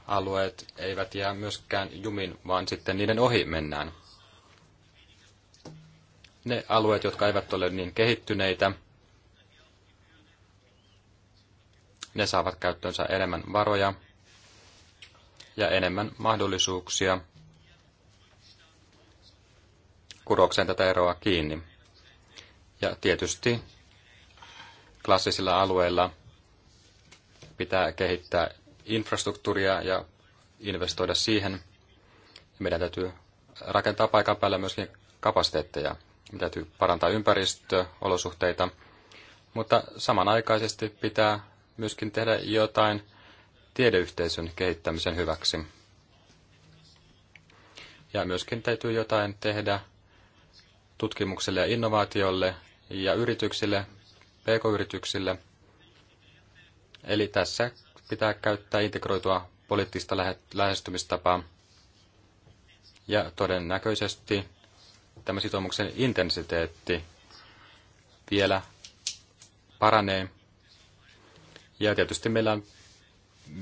alueet eivät jää myöskään jumin, vaan sitten niiden ohi mennään. Ne alueet, jotka eivät ole niin kehittyneitä, ne saavat käyttöönsä enemmän varoja ja enemmän mahdollisuuksia kurokseen tätä eroa kiinni. Ja tietysti klassisilla alueilla pitää kehittää infrastruktuuria ja investoida siihen. Meidän täytyy rakentaa paikan päällä myöskin kapasiteetteja. Meidän täytyy parantaa ympäristöolosuhteita, mutta samanaikaisesti pitää myöskin tehdä jotain tiedeyhteisön kehittämisen hyväksi. Ja myöskin täytyy jotain tehdä tutkimukselle ja innovaatiolle ja yrityksille, pk-yrityksille. Eli tässä pitää käyttää integroitua poliittista lähestymistapaa. Ja todennäköisesti tämä sitoumuksen intensiteetti vielä paranee. Ja tietysti meillä on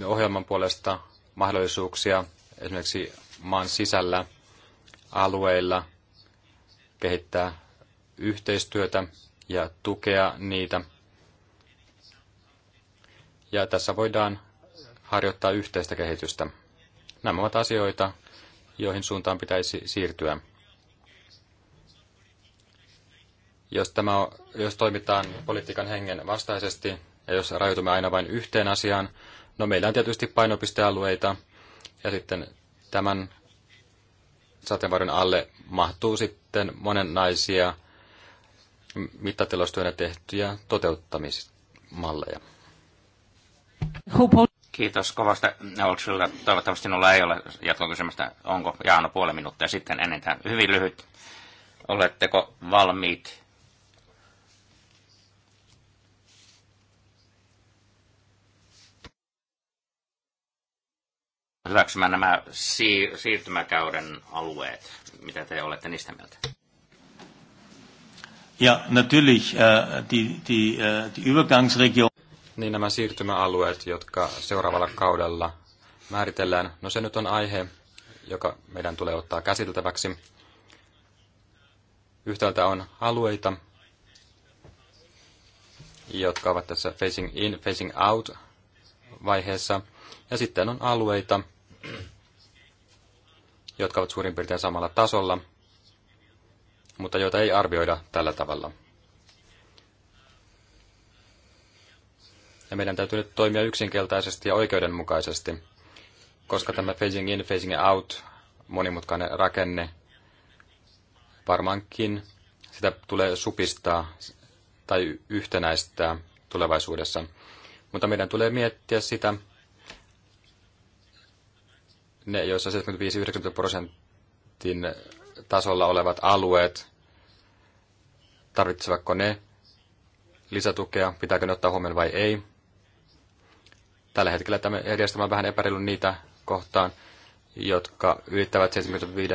ohjelman puolesta mahdollisuuksia esimerkiksi maan sisällä alueilla – kehittää yhteistyötä ja tukea niitä. Ja tässä voidaan harjoittaa yhteistä kehitystä. Nämä ovat asioita, joihin suuntaan pitäisi siirtyä. Jos, tämä, on, jos toimitaan politiikan hengen vastaisesti ja jos rajoitumme aina vain yhteen asiaan, no meillä on tietysti painopistealueita ja sitten tämän sateenvarjon alle mahtuu sitten monen naisia mittatilastoina tehtyjä toteuttamismalleja. Kiitos kovasta Olksilla. Toivottavasti minulla ei ole jatkokysymystä. Onko Jaano puoli minuuttia sitten tämän. Hyvin lyhyt. Oletteko valmiit hyväksymään nämä siirtymäkauden alueet. Mitä te olette niistä mieltä? Ja natürlich äh, die, die, äh, die Übergangsregion. Niin nämä siirtymäalueet, jotka seuraavalla kaudella määritellään, no se nyt on aihe, joka meidän tulee ottaa käsiteltäväksi. Yhtäältä on alueita, jotka ovat tässä facing in, facing out vaiheessa, ja sitten on alueita, jotka ovat suurin piirtein samalla tasolla, mutta joita ei arvioida tällä tavalla. Ja meidän täytyy nyt toimia yksinkertaisesti ja oikeudenmukaisesti, koska tämä phasing in, phasing out, monimutkainen rakenne, varmaankin sitä tulee supistaa tai yhtenäistää tulevaisuudessa. Mutta meidän tulee miettiä sitä, ne, joissa 75-90 prosentin tasolla olevat alueet, tarvitsevatko ne lisätukea, pitääkö ne ottaa huomioon vai ei. Tällä hetkellä tämä järjestelmä on vähän epäreilu niitä kohtaan, jotka ylittävät 75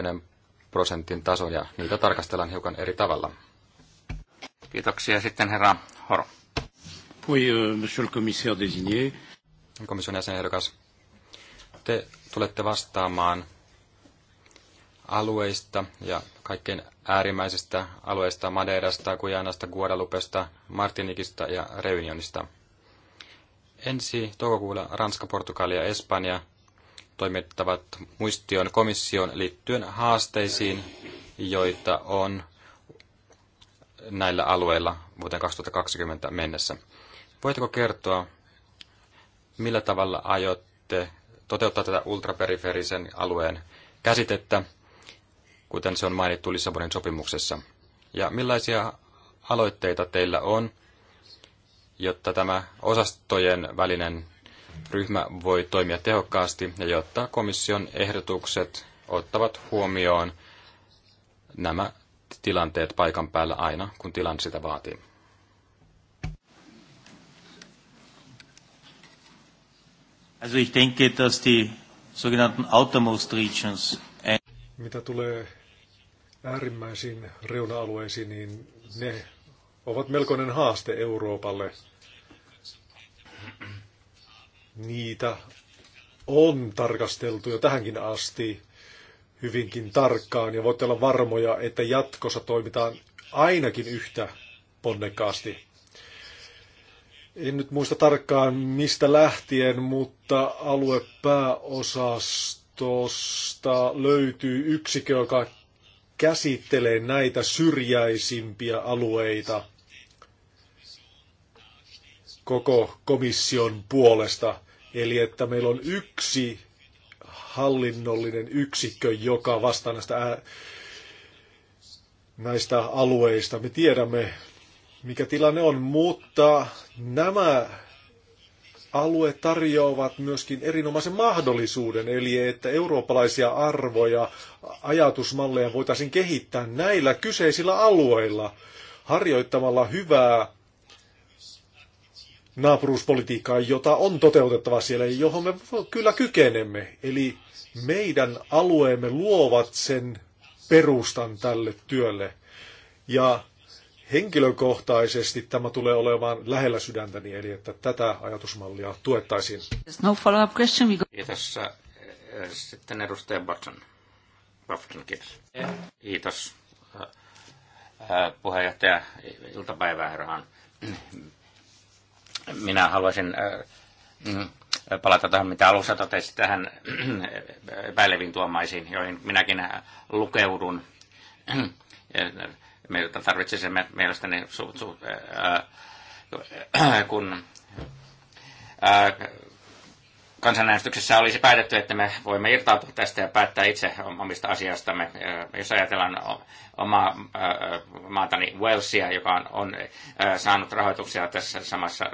prosentin tason, ja niitä tarkastellaan hiukan eri tavalla. Kiitoksia sitten herra Horo. Oui, euh, monsieur le commissaire désigné. Komission jäsenehdokas. Te tulette vastaamaan alueista ja kaikkein äärimmäisistä alueista Madeirasta, Kujanasta, Guadalupesta, Martinikista ja Reunionista. Ensi toukokuulla Ranska, Portugalia ja Espanja toimittavat muistion komission liittyen haasteisiin, joita on näillä alueilla vuoteen 2020 mennessä. Voitteko kertoa, millä tavalla aiotte toteuttaa tätä ultraperiferisen alueen käsitettä, kuten se on mainittu Lissabonin sopimuksessa. Ja millaisia aloitteita teillä on, jotta tämä osastojen välinen ryhmä voi toimia tehokkaasti ja jotta komission ehdotukset ottavat huomioon nämä tilanteet paikan päällä aina, kun tilanne sitä vaatii. Also ich denke, dass die sogenannten outermost regions mitä tulee äärimmäisiin reuna-alueisiin, niin ne ovat melkoinen haaste Euroopalle. Niitä on tarkasteltu jo tähänkin asti hyvinkin tarkkaan ja voitte olla varmoja, että jatkossa toimitaan ainakin yhtä ponnekkaasti. En nyt muista tarkkaan mistä lähtien, mutta aluepääosastosta löytyy yksikö, joka käsittelee näitä syrjäisimpiä alueita koko komission puolesta. Eli että meillä on yksi hallinnollinen yksikkö, joka vastaa näistä, näistä alueista. Me tiedämme mikä tilanne on, mutta nämä alue tarjoavat myöskin erinomaisen mahdollisuuden, eli että eurooppalaisia arvoja, ajatusmalleja voitaisiin kehittää näillä kyseisillä alueilla harjoittamalla hyvää naapuruuspolitiikkaa, jota on toteutettava siellä, johon me kyllä kykenemme. Eli meidän alueemme luovat sen perustan tälle työlle. Ja henkilökohtaisesti tämä tulee olemaan lähellä sydäntäni, eli että tätä ajatusmallia tuettaisiin. No follow-up question. We go. Kiitos. Äh, äh, sitten edustaja Button. Button, kiitos. Kiitos. Äh, puheenjohtaja, iltapäivää herran. Minä haluaisin mm, palata tähän, mitä alussa totesit, tähän epäileviin tuomaisiin, joihin minäkin lukeudun meiltä tarvitsisimme mielestäni, su, su, ää, kun ää, kansanäänestyksessä olisi päätetty, että me voimme irtautua tästä ja päättää itse omista asioistamme. Jos ajatellaan omaa maatani Walesia, joka on, on saanut rahoituksia tässä samassa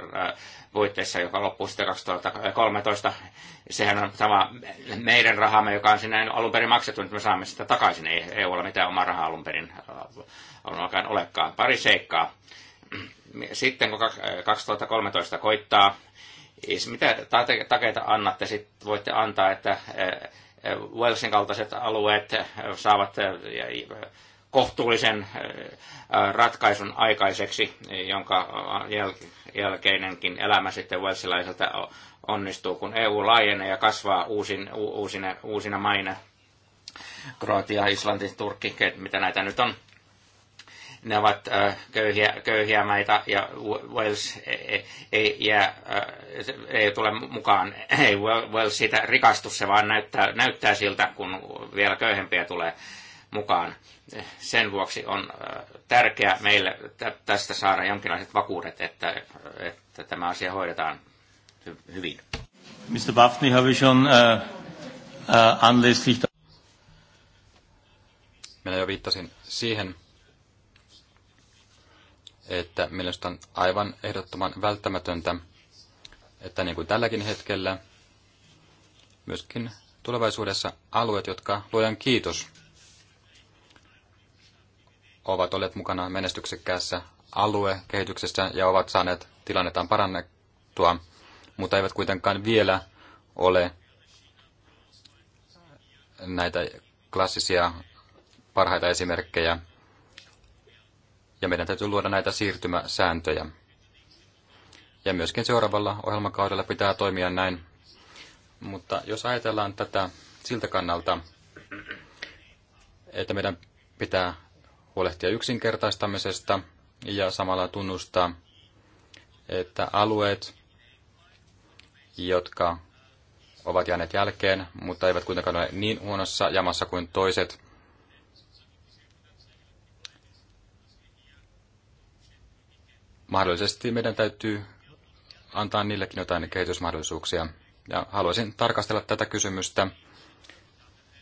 puitteissa, joka loppuu sitten 2013, sehän on sama meidän rahamme, joka on sinne alun perin maksettu, nyt me saamme sitä takaisin. Ei EUlla mitään omaa rahaa alun perin alun olekaan. Pari seikkaa. Sitten kun 2013 koittaa, mitä takeita annatte, sitten voitte antaa, että eh, eh, Walesin kaltaiset alueet eh, saavat kohtuullisen ratkaisun aikaiseksi, jonka jälkeinenkin elämä sitten Walesilaiselta onnistuu, kun EU laajenee ja kasvaa uusin, uusina, uusina maina. Kroatia, Islanti, Turkki, mitä näitä nyt on. Ne ovat köyhiä, köyhiä maita ja Wales ei, e, ei, jää, ei tule mukaan. Ei Wales siitä rikastu, se vaan näyttää, näyttää siltä, kun vielä köyhempiä tulee mukaan. Sen vuoksi on tärkeää meille tästä saada jonkinlaiset vakuudet, että, että tämä asia hoidetaan hyvin. Mr. Waffni have ich schon uh, uh, anlässlich... Minä jo viittasin siihen, että mielestä on aivan ehdottoman välttämätöntä, että niin kuin tälläkin hetkellä, myöskin tulevaisuudessa alueet, jotka luojan kiitos ovat olleet mukana menestyksekkäässä aluekehityksessä ja ovat saaneet tilannetaan parannettua, mutta eivät kuitenkaan vielä ole näitä klassisia parhaita esimerkkejä ja meidän täytyy luoda näitä siirtymäsääntöjä. Ja myöskin seuraavalla ohjelmakaudella pitää toimia näin. Mutta jos ajatellaan tätä siltä kannalta, että meidän pitää huolehtia yksinkertaistamisesta ja samalla tunnustaa, että alueet, jotka ovat jääneet jälkeen, mutta eivät kuitenkaan ole niin huonossa jamassa kuin toiset, mahdollisesti meidän täytyy antaa niillekin jotain kehitysmahdollisuuksia. Ja haluaisin tarkastella tätä kysymystä.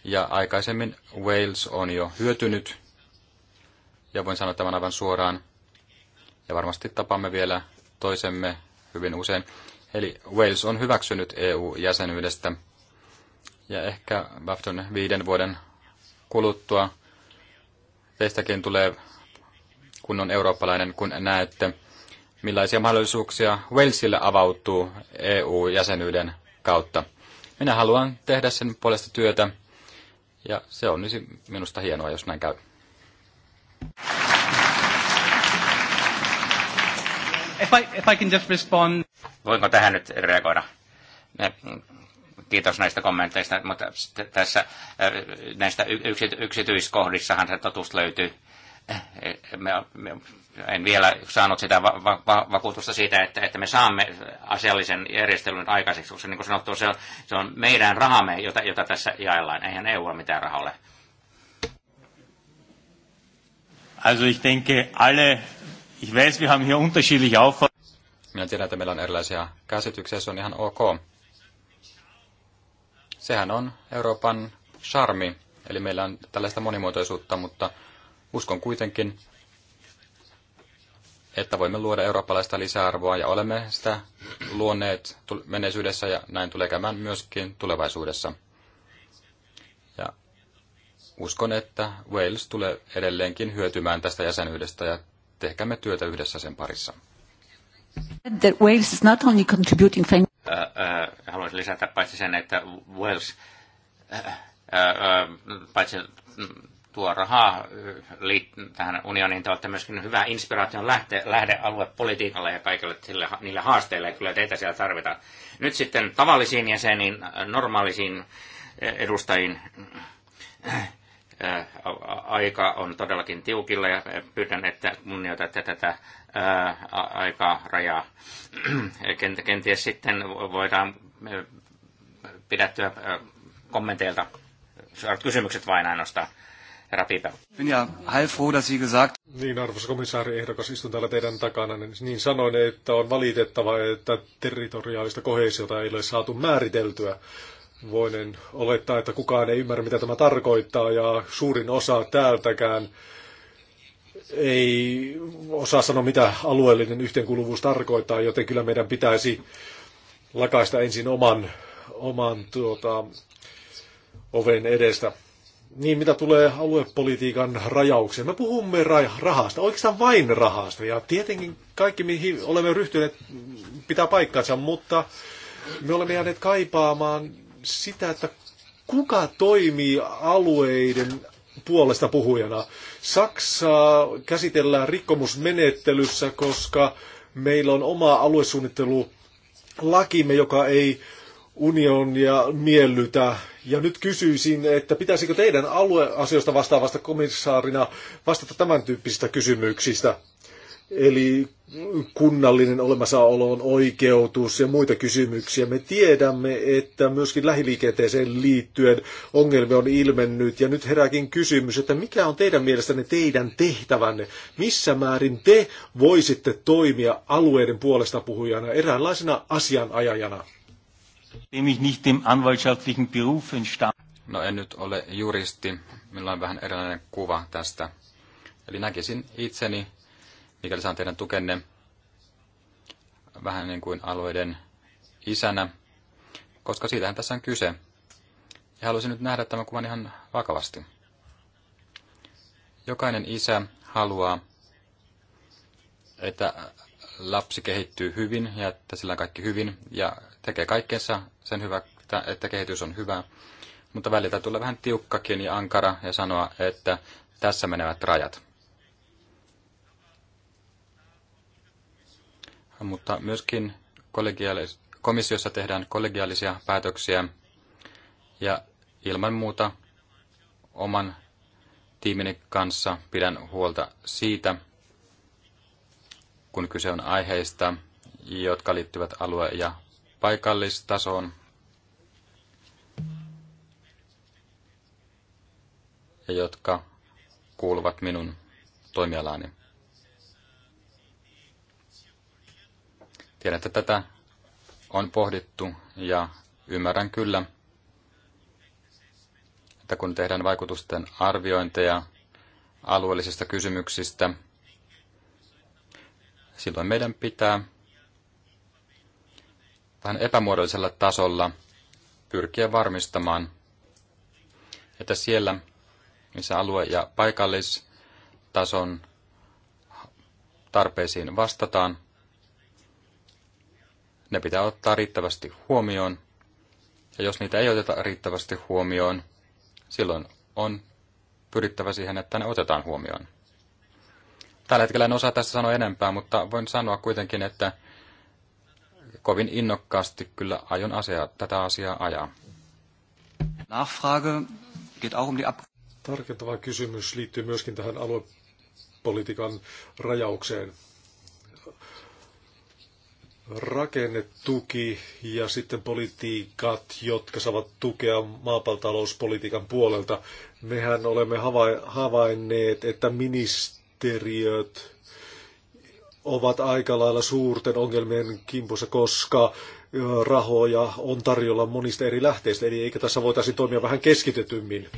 Ja aikaisemmin Wales on jo hyötynyt, ja voin sanoa tämän aivan suoraan, ja varmasti tapaamme vielä toisemme hyvin usein. Eli Wales on hyväksynyt EU-jäsenyydestä, ja ehkä Bafton viiden vuoden kuluttua teistäkin tulee kunnon eurooppalainen, kun näette, millaisia mahdollisuuksia Walesille avautuu EU-jäsenyyden kautta. Minä haluan tehdä sen puolesta työtä, ja se on minusta hienoa, jos näin käy. If I, if I can just respond. Voinko tähän nyt reagoida? Kiitos näistä kommenteista, mutta tässä äh, näistä yksityiskohdissahan se totuus löytyy. Me, me, en vielä saanut sitä va- va- vakuutusta siitä, että, että me saamme asiallisen järjestelyn aikaiseksi, koska niin kuin sanottu, se on, se on meidän rahamme, jota, jota tässä jaellaan. Eihän e ole mitään rahalle. Also ich denke, alle, ich weiß, wir haben hier unterschiedliche Auffassungen. Minä tiedän, että meillä on erilaisia käsityksiä, se on ihan ok. Sehän on Euroopan charmi, eli meillä on tällaista monimuotoisuutta, mutta uskon kuitenkin, että voimme luoda eurooppalaista lisäarvoa ja olemme sitä luoneet menneisyydessä ja näin tulee käymään myöskin tulevaisuudessa. Ja uskon, että Wales tulee edelleenkin hyötymään tästä jäsenyydestä ja tehkäämme työtä yhdessä sen parissa. That Wales is not only contributing... uh, uh, haluaisin lisätä paitsi sen, että Wales uh, uh, paitsi tuo rahaa tähän unioniin, te olette myöskin hyvä inspiraation lähte, lähde aluepolitiikalle ja kaikille sille, niille haasteille, kyllä teitä siellä tarvitaan. Nyt sitten tavallisiin jäseniin, normaalisiin edustajiin aika on todellakin tiukilla ja pyydän, että kunnioitatte tätä aikarajaa. Kenties sitten voidaan pidättyä kommenteilta. kysymykset vain ainoastaan herra Piipä. Minä halfroh, Sie gesagt... Niin, arvoisa komissaari ehdokas, istun täällä teidän takana, niin, niin sanoin, että on valitettava, että territoriaalista kohesiota ei ole saatu määriteltyä. Voinen olettaa, että kukaan ei ymmärrä, mitä tämä tarkoittaa, ja suurin osa täältäkään ei osaa sanoa, mitä alueellinen yhteenkuuluvuus tarkoittaa, joten kyllä meidän pitäisi lakaista ensin oman, oman tuota, oven edestä. Niin, mitä tulee aluepolitiikan rajaukseen. Me puhumme rahasta, oikeastaan vain rahasta. Ja tietenkin kaikki, mihin olemme ryhtyneet, pitää paikkansa, mutta me olemme jääneet kaipaamaan sitä, että kuka toimii alueiden puolesta puhujana. Saksaa käsitellään rikkomusmenettelyssä, koska meillä on oma aluesuunnittelu lakimme, joka ei unionia miellytä. Ja nyt kysyisin, että pitäisikö teidän alueasioista vastaavasta komissaarina vastata tämän tyyppisistä kysymyksistä? Eli kunnallinen olemassaolon oikeutus ja muita kysymyksiä. Me tiedämme, että myöskin lähiliikenteeseen liittyen ongelmia on ilmennyt. Ja nyt herääkin kysymys, että mikä on teidän mielestänne teidän tehtävänne? Missä määrin te voisitte toimia alueiden puolesta puhujana, eräänlaisena asianajajana? No en nyt ole juristi, minulla on vähän erilainen kuva tästä. Eli näkisin itseni, mikäli saan teidän tukenne, vähän niin kuin alueiden isänä, koska siitähän tässä on kyse. Ja haluaisin nyt nähdä tämän kuvan ihan vakavasti. Jokainen isä haluaa, että lapsi kehittyy hyvin ja että sillä on kaikki hyvin ja tekee kaikkensa sen hyvä, että kehitys on hyvä, mutta välillä tulee vähän tiukkakin ja ankara ja sanoa, että tässä menevät rajat. Mutta myöskin kollegiaalis- komissiossa tehdään kollegiaalisia päätöksiä ja ilman muuta oman tiimini kanssa pidän huolta siitä, kun kyse on aiheista, jotka liittyvät alue- ja paikallistasoon. Ja jotka kuuluvat minun toimialaani. Tiedän, että tätä on pohdittu ja ymmärrän kyllä, että kun tehdään vaikutusten arviointeja alueellisista kysymyksistä, silloin meidän pitää vähän epämuodollisella tasolla pyrkiä varmistamaan, että siellä, missä alue- ja paikallistason tarpeisiin vastataan, ne pitää ottaa riittävästi huomioon. Ja jos niitä ei oteta riittävästi huomioon, silloin on pyrittävä siihen, että ne otetaan huomioon. Tällä hetkellä en osaa tässä sanoa enempää, mutta voin sanoa kuitenkin, että kovin innokkaasti kyllä aion asia, tätä asiaa ajaa. Nachfrage geht auch um die Ab- Tarkentava kysymys liittyy myöskin tähän aluepolitiikan rajaukseen. Rakennetuki ja sitten politiikat, jotka saavat tukea maapaltalouspolitiikan puolelta. Mehän olemme havainneet, että ministeriöt ovat aika lailla suurten ongelmien kimpussa, koska rahoja on tarjolla monista eri lähteistä, eli eikä tässä voitaisi toimia vähän keskitetymmin.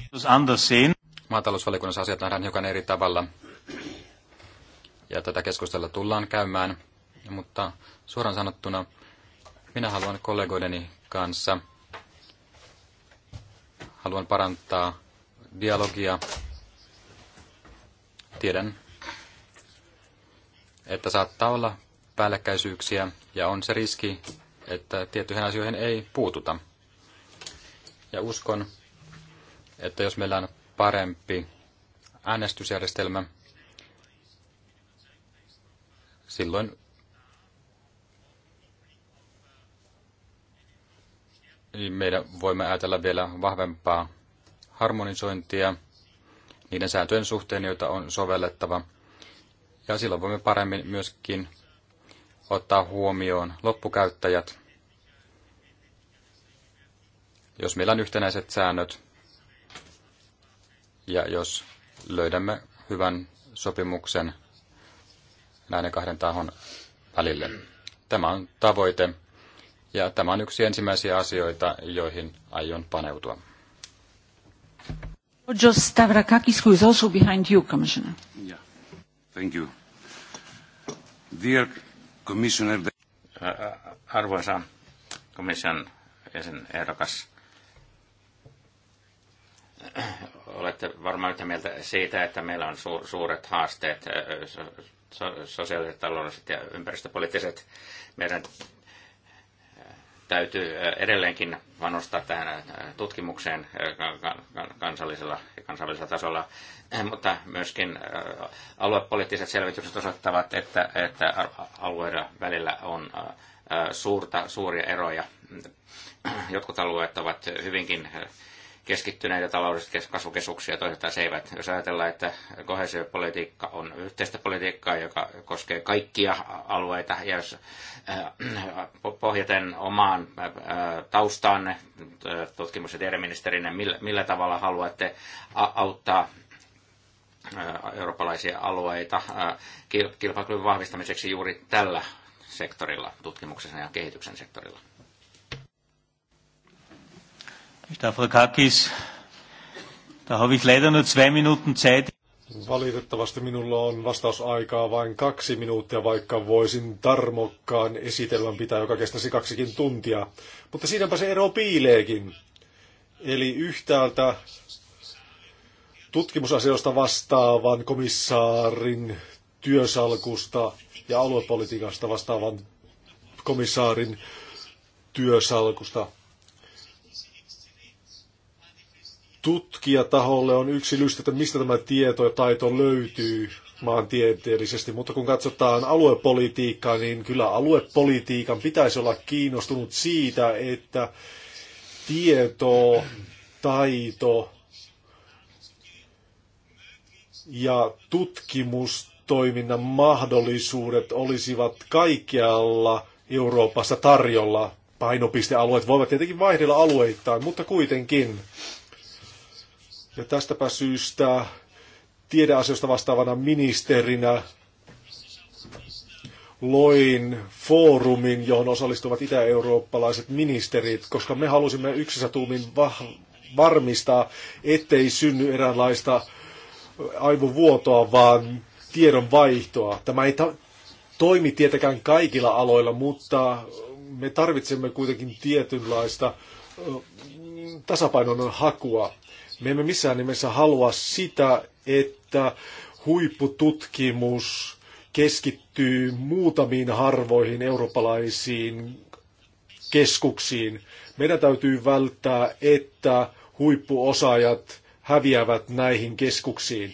Maatalousvaliokunnassa asiat nähdään hiukan eri tavalla, ja tätä keskustelua tullaan käymään, mutta suoraan sanottuna minä haluan kollegoideni kanssa, haluan parantaa dialogia. Tiedän, että saattaa olla päällekkäisyyksiä ja on se riski, että tiettyihin asioihin ei puututa. Ja uskon, että jos meillä on parempi äänestysjärjestelmä, silloin meidän voimme ajatella vielä vahvempaa harmonisointia niiden sääntöjen suhteen, joita on sovellettava – ja silloin voimme paremmin myöskin ottaa huomioon loppukäyttäjät. Jos meillä on yhtenäiset säännöt ja jos löydämme hyvän sopimuksen näiden kahden tahon välille. Tämä on tavoite ja tämä on yksi ensimmäisiä asioita, joihin aion paneutua. Georgios Stavrakakis, who is also behind you, Commissioner. Yeah. Arvoisa komission jäsen ehdokas, olette varmaan yhtä mieltä siitä, että meillä on suuret haasteet, sosiaaliset, taloudelliset ja ympäristöpoliittiset. Meidän täytyy edelleenkin panostaa tähän tutkimukseen kansallisella kansainvälisellä tasolla, eh, mutta myöskin eh, aluepoliittiset selvitykset osoittavat, että, että alueiden välillä on eh, suurta, suuria eroja. Jotkut alueet ovat hyvinkin keskittyneitä taloudellisia kasvukeskuksia, toiset taas eivät. Jos ajatellaan, että kohesiopolitiikka on yhteistä politiikkaa, joka koskee kaikkia alueita, ja jos äh, pohjaten omaan äh, taustaanne, äh, tutkimus- ja tiedeministerinne, millä, tavalla haluatte auttaa eurooppalaisia alueita kilpailukyvyn vahvistamiseksi juuri tällä sektorilla, tutkimuksessa ja kehityksen sektorilla? Stavrakakis, da habe ich leider nur zwei Minuten Zeit. Valitettavasti minulla on vastausaikaa vain kaksi minuuttia, vaikka voisin tarmokkaan esitelmän pitää, joka kestäisi kaksikin tuntia. Mutta siinäpä se ero piileekin. Eli yhtäältä tutkimusasioista vastaavan komissaarin työsalkusta ja aluepolitiikasta vastaavan komissaarin työsalkusta. tutkijataholle on yksi lysti, että mistä tämä tieto ja taito löytyy maantieteellisesti, mutta kun katsotaan aluepolitiikkaa, niin kyllä aluepolitiikan pitäisi olla kiinnostunut siitä, että tieto, taito ja tutkimustoiminnan mahdollisuudet olisivat kaikkialla Euroopassa tarjolla. Painopistealueet voivat tietenkin vaihdella alueittain, mutta kuitenkin ja tästäpä syystä tiedeasioista vastaavana ministerinä loin foorumin, johon osallistuvat itä-eurooppalaiset ministerit, koska me halusimme yksissä tuumin varmistaa, ettei synny eräänlaista aivovuotoa, vaan tiedon vaihtoa. Tämä ei ta- toimi tietenkään kaikilla aloilla, mutta me tarvitsemme kuitenkin tietynlaista tasapainon hakua. Me emme missään nimessä halua sitä, että huippututkimus keskittyy muutamiin harvoihin eurooppalaisiin keskuksiin. Meidän täytyy välttää, että huippuosaajat häviävät näihin keskuksiin.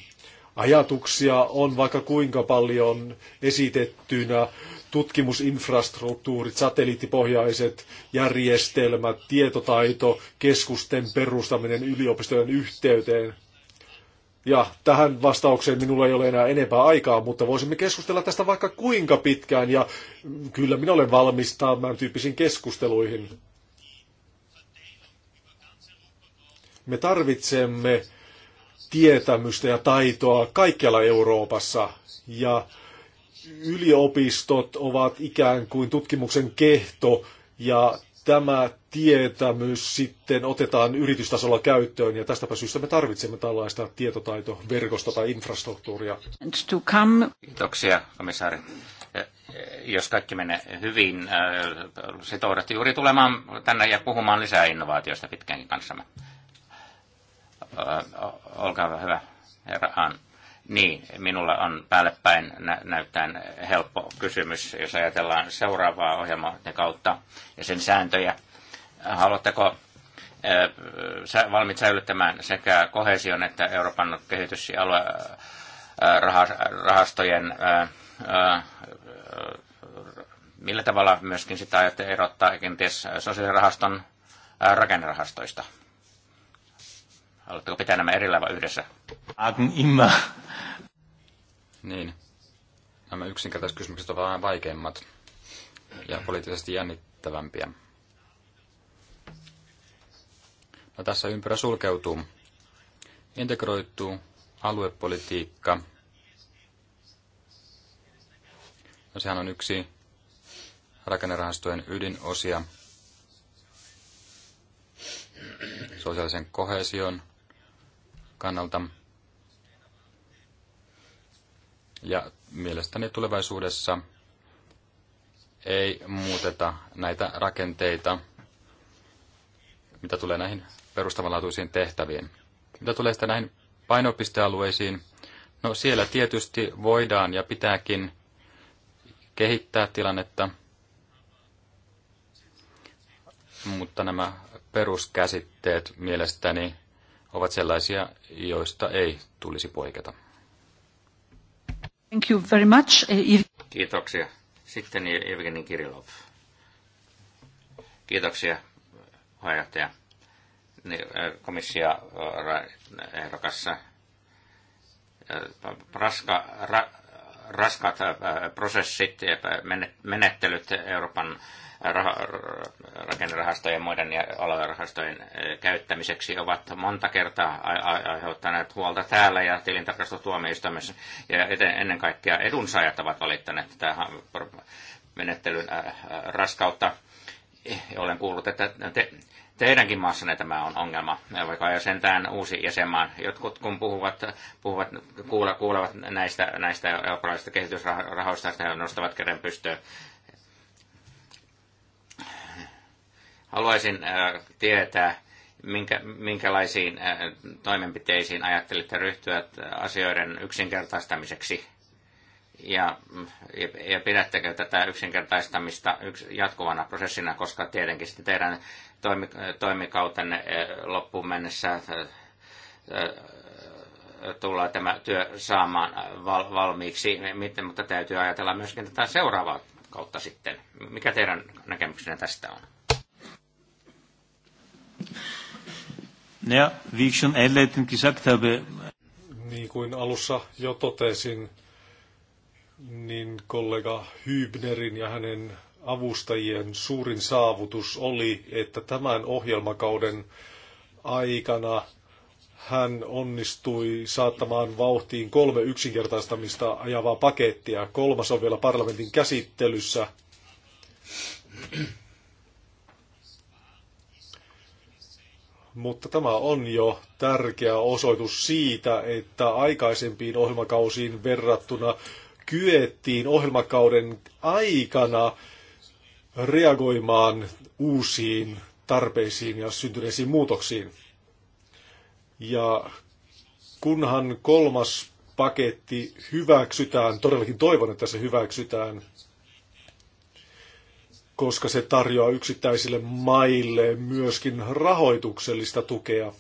Ajatuksia on vaikka kuinka paljon esitettynä tutkimusinfrastruktuurit, satelliittipohjaiset järjestelmät, tietotaito, keskusten perustaminen yliopistojen yhteyteen. Ja tähän vastaukseen minulla ei ole enää enempää aikaa, mutta voisimme keskustella tästä vaikka kuinka pitkään, ja kyllä minä olen valmis tämän tyyppisiin keskusteluihin. Me tarvitsemme tietämystä ja taitoa kaikkialla Euroopassa, ja yliopistot ovat ikään kuin tutkimuksen kehto ja tämä tietämys sitten otetaan yritystasolla käyttöön ja tästäpä syystä me tarvitsemme tällaista tietotaitoverkosta tai infrastruktuuria. Kiitoksia komissaari. Jos kaikki menee hyvin, äh, sitoudat juuri tulemaan tänne ja puhumaan lisää innovaatioista pitkäänkin kanssamme. Äh, olkaa hyvä, herra Hahn. Niin, minulla on päälle päin nä- näyttäen helppo kysymys, jos ajatellaan seuraavaa ohjelmaa kautta ja sen sääntöjä. Haluatteko äh, valmiit säilyttämään sekä kohesion että Euroopan kehitys- ja aluerahastojen äh, äh, millä tavalla myöskin sitä ajatte erottaa kenties sosiaalirahaston rakennerahastoista? Haluatteko pitää nämä erillään vai yhdessä? Agen immer niin nämä yksinkertaiset kysymykset ovat vähän vaikeimmat ja poliittisesti jännittävämpiä. No, tässä ympyrä sulkeutuu. Integroituu aluepolitiikka. No, sehän on yksi rakennerahastojen ydinosia sosiaalisen kohesion kannalta. Ja mielestäni tulevaisuudessa ei muuteta näitä rakenteita, mitä tulee näihin perustavanlaatuisiin tehtäviin. Mitä tulee sitten näihin painopistealueisiin, no siellä tietysti voidaan ja pitääkin kehittää tilannetta, mutta nämä peruskäsitteet mielestäni ovat sellaisia, joista ei tulisi poiketa. Thank you very much. Eh, Kiitoksia. Sitten Evgeni Kirilov. Kiitoksia, puheenjohtaja. Niin, eh, komissio eh, ehdokassa raska, ra, raskat prosessit ja menettelyt Euroopan rakennerahastojen ja muiden aluerahastojen eh, käyttämiseksi ovat monta kertaa aiheuttaneet huolta täällä ja tilintarkastustuomioistuimessa. Ja ennen kaikkea edunsaajat ovat valittaneet tähän menettelyn raskautta. Eh, olen kuullut, että te, teidänkin maassanne tämä on ongelma, vaikka ja sentään uusi jäsenmaan. Jotkut kun puhuvat, puhuvat kuule, kuulevat näistä, näistä eurooppalaisista kehitysrahoista, he nostavat käden pystyyn Haluaisin äh, tietää, minkä, minkälaisiin äh, toimenpiteisiin ajattelitte ryhtyä äh, asioiden yksinkertaistamiseksi? Ja, mm, ja, ja pidättekö tätä yksinkertaistamista yks, jatkuvana prosessina, koska tietenkin sitten teidän toimi, toimikautenne loppuun mennessä tullaan tämä työ saamaan val, valmiiksi, mutta täytyy ajatella myöskin tätä seuraavaa kautta sitten. Mikä teidän näkemyksenne tästä on? Ja, wie ich schon einleitend gesagt habe. Niin kuin alussa jo totesin, niin kollega Hybnerin ja hänen avustajien suurin saavutus oli, että tämän ohjelmakauden aikana hän onnistui saattamaan vauhtiin kolme yksinkertaistamista ajavaa pakettia. Kolmas on vielä parlamentin käsittelyssä. mutta tämä on jo tärkeä osoitus siitä, että aikaisempiin ohjelmakausiin verrattuna kyettiin ohjelmakauden aikana reagoimaan uusiin tarpeisiin ja syntyneisiin muutoksiin. Ja kunhan kolmas paketti hyväksytään, todellakin toivon, että se hyväksytään koska se tarjoaa yksittäisille maille myöskin rahoituksellista tukea.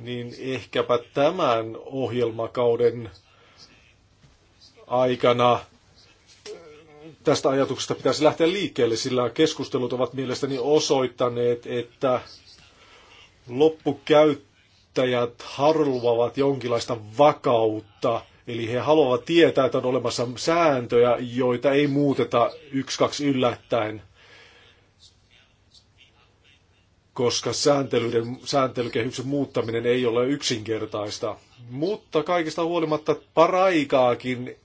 Niin ehkäpä tämän ohjelmakauden aikana tästä ajatuksesta pitäisi lähteä liikkeelle, sillä keskustelut ovat mielestäni osoittaneet, että loppukäyttäjät harvavat jonkinlaista vakautta – Eli he haluavat tietää, että on olemassa sääntöjä, joita ei muuteta yksi, kaksi yllättäen, koska sääntelyiden, sääntelykehyksen muuttaminen ei ole yksinkertaista. Mutta kaikista huolimatta paraikaakin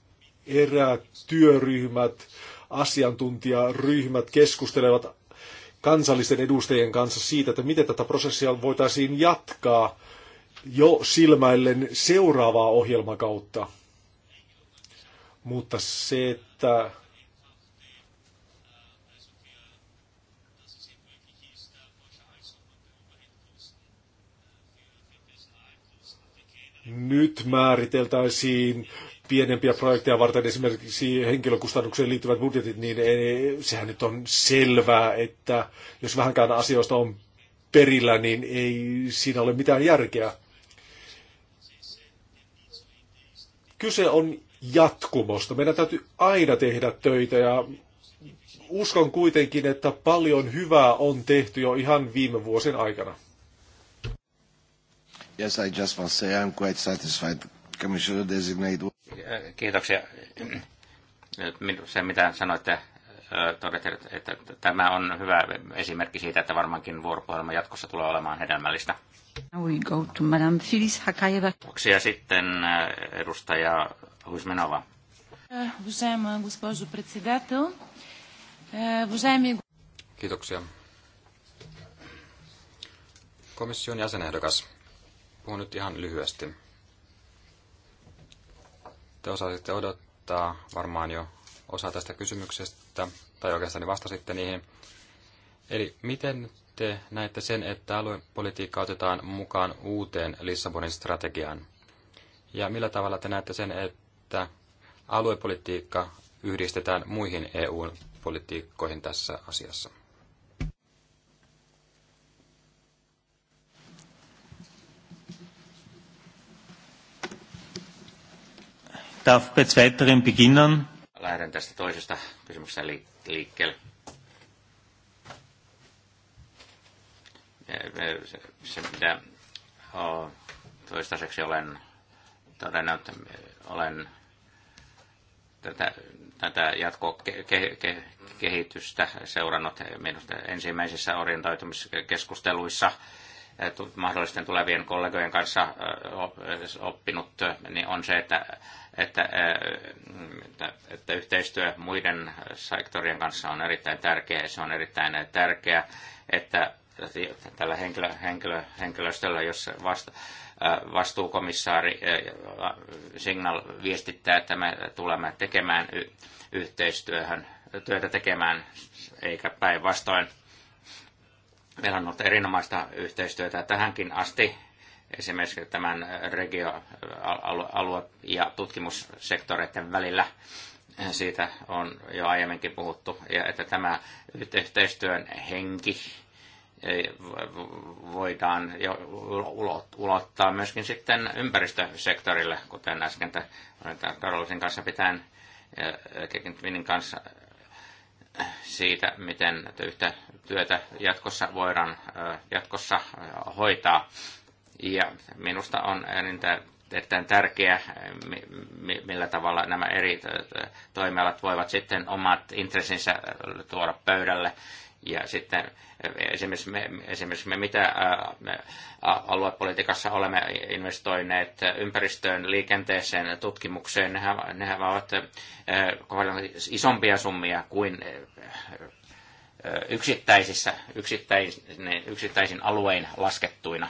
eräät työryhmät, asiantuntijaryhmät keskustelevat kansallisten edustajien kanssa siitä, että miten tätä prosessia voitaisiin jatkaa jo silmäillen seuraavaa ohjelmakautta. Mutta se, että nyt määriteltäisiin pienempiä projekteja varten esimerkiksi henkilökustannukseen liittyvät budjetit, niin ei, sehän nyt on selvää, että jos vähänkään asioista on perillä, niin ei siinä ole mitään järkeä. Kyse on jatkumosta. Meidän täytyy aina tehdä töitä ja uskon kuitenkin, että paljon hyvää on tehty jo ihan viime vuosien aikana. Yes, I just want to say I'm quite satisfied. Commissioner designate. Kiitoksia. Se, mitä sanoitte, todette, että tämä on hyvä esimerkki siitä, että varmaankin vuoropuhelma jatkossa tulee olemaan hedelmällistä. Now we go to Madame Filis Hakajeva. Ja sitten eh, edustaja Huzmenova. Eh, уважаема госпожо председател, eh, Kiitoksia. Komission jäsenehdokas, puhun nyt ihan lyhyesti. Te osasitte odottaa varmaan jo osa tästä kysymyksestä, tai oikeastaan vastasitte niihin. Eli miten te näette sen, että aluepolitiikka otetaan mukaan uuteen Lissabonin strategiaan? Ja millä tavalla te näette sen, että aluepolitiikka yhdistetään muihin EU-politiikkoihin tässä asiassa? Lähden tästä toisesta kysymyksestä liikkeelle se, se mitä o, toistaiseksi olen todennut, olen tätä, tätä jatkokehitystä seurannut minusta ensimmäisissä orientoitumiskeskusteluissa mahdollisten tulevien kollegojen kanssa oppinut, niin on se, että, että, että, että yhteistyö muiden sektorien kanssa on erittäin tärkeää. Se on erittäin tärkeää, että tällä henkilö, henkilö, henkilöstöllä, jos vasta, vastuukomissaari signal viestittää, että me tulemme tekemään yhteistyöhön, työtä tekemään, eikä päinvastoin. Meillä on ollut erinomaista yhteistyötä tähänkin asti, esimerkiksi tämän regioalue- ja tutkimussektoreiden välillä. Siitä on jo aiemminkin puhuttu, ja että tämä yhteistyön henki voidaan jo ulottaa myöskin sitten ympäristösektorille, kuten äsken Karolisin kanssa pitäen Kekintvinin kanssa siitä, miten yhtä työtä jatkossa voidaan jatkossa hoitaa. Ja minusta on erittäin tärkeää, millä tavalla nämä eri toimialat voivat sitten omat intressinsä tuoda pöydälle ja sitten eh, esimerkiksi me, esimerkiksi me mitä me aluepolitiikassa olemme investoineet ympäristöön, liikenteeseen, tutkimukseen, nehän, nehän ovat isompia summia kuin yksittäisissä, yksittäisin, yksittäisin aluein laskettuina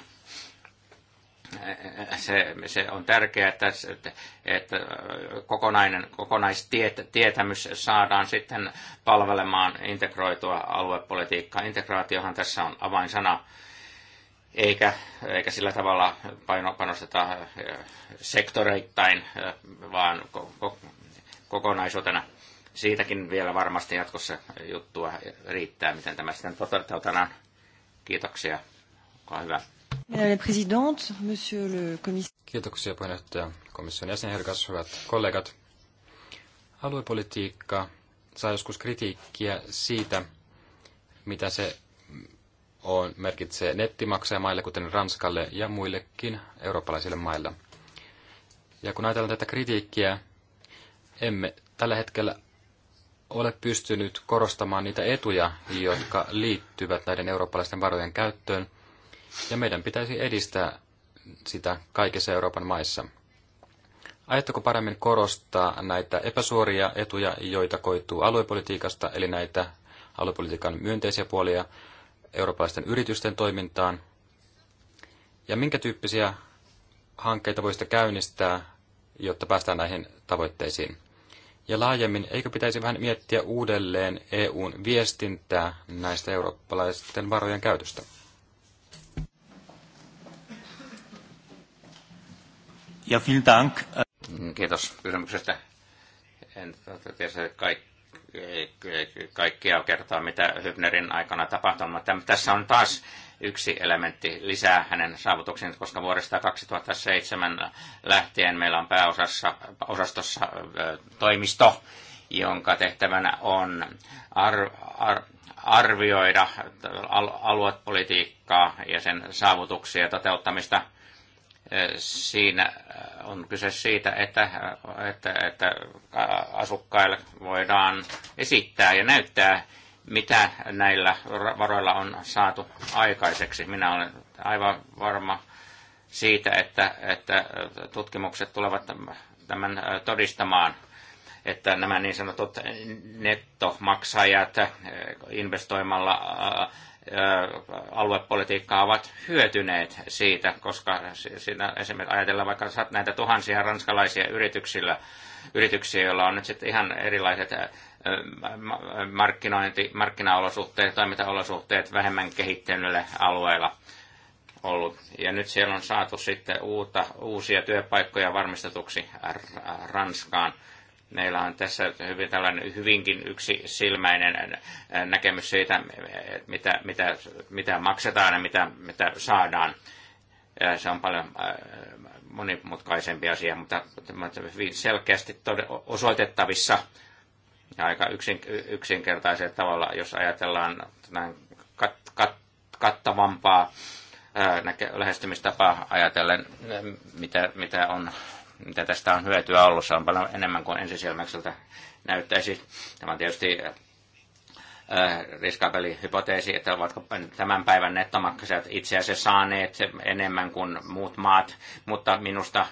se, se on tärkeää, että, että, että kokonainen, kokonaistietämys saadaan sitten palvelemaan integroitua aluepolitiikkaa. Integraatiohan tässä on avainsana, eikä, eikä sillä tavalla paino, panosteta sektoreittain, vaan kokonaisuutena. Siitäkin vielä varmasti jatkossa juttua riittää, miten tämä sitten toteutetaan. Kiitoksia. Olkaa hyvä. Kiitoksia puheenjohtaja komission jäsenherkas, hyvät kollegat. Aluepolitiikka saa joskus kritiikkiä siitä, mitä se on, merkitsee nettimaksajamaille, kuten Ranskalle ja muillekin eurooppalaisille maille. Ja kun ajatellaan tätä kritiikkiä, emme tällä hetkellä ole pystynyt korostamaan niitä etuja, jotka liittyvät näiden eurooppalaisten varojen käyttöön – ja meidän pitäisi edistää sitä kaikissa Euroopan maissa. Aiotteko paremmin korostaa näitä epäsuoria etuja, joita koituu aluepolitiikasta, eli näitä aluepolitiikan myönteisiä puolia eurooppalaisten yritysten toimintaan? Ja minkä tyyppisiä hankkeita voisitte käynnistää, jotta päästään näihin tavoitteisiin? Ja laajemmin, eikö pitäisi vähän miettiä uudelleen EUn viestintää näistä eurooppalaisten varojen käytöstä? Ja vielen Dank. Kiitos kysymyksestä. En tiedä kaikki, kaikkea kertaa, mitä Hübnerin aikana tapahtui, mutta tässä on taas yksi elementti lisää hänen saavutuksensa, koska vuodesta 2007 lähtien meillä on pääosassa osastossa toimisto, jonka tehtävänä on ar, ar, arvioida aluepolitiikkaa ja sen saavutuksia ja toteuttamista – Siinä on kyse siitä, että, että, että asukkaille voidaan esittää ja näyttää, mitä näillä varoilla on saatu aikaiseksi. Minä olen aivan varma siitä, että, että tutkimukset tulevat tämän todistamaan että nämä niin sanotut nettomaksajat investoimalla aluepolitiikkaa ovat hyötyneet siitä, koska siinä esimerkiksi ajatellaan vaikka näitä tuhansia ranskalaisia yrityksillä, yrityksiä, joilla on nyt sitten ihan erilaiset markkinointi, markkinaolosuhteet, toimintaolosuhteet vähemmän kehittyneillä alueilla ollut. Ja nyt siellä on saatu sitten uutta, uusia työpaikkoja varmistetuksi Ranskaan meillä on tässä hyvin tällainen hyvinkin yksisilmäinen äh, näkemys siitä, mitä, mitä, mitä maksetaan ja mitä, mitä saadaan. Äh, se on paljon äh, monimutkaisempi asia, mutta hyvin selkeästi osoitettavissa ja aika yksinkertaisella tavalla, jos ajatellaan näin kat, kat, kattavampaa lähestymistapaa ajatellen, mitä, mitä on mitä tästä on hyötyä ollut. Se on paljon enemmän kuin ensisilmäkseltä näyttäisi. Tämä on tietysti äh, riskapeli hypoteesi, että ovatko tämän päivän nettomaksajat itse asiassa saaneet enemmän kuin muut maat, mutta minusta äh,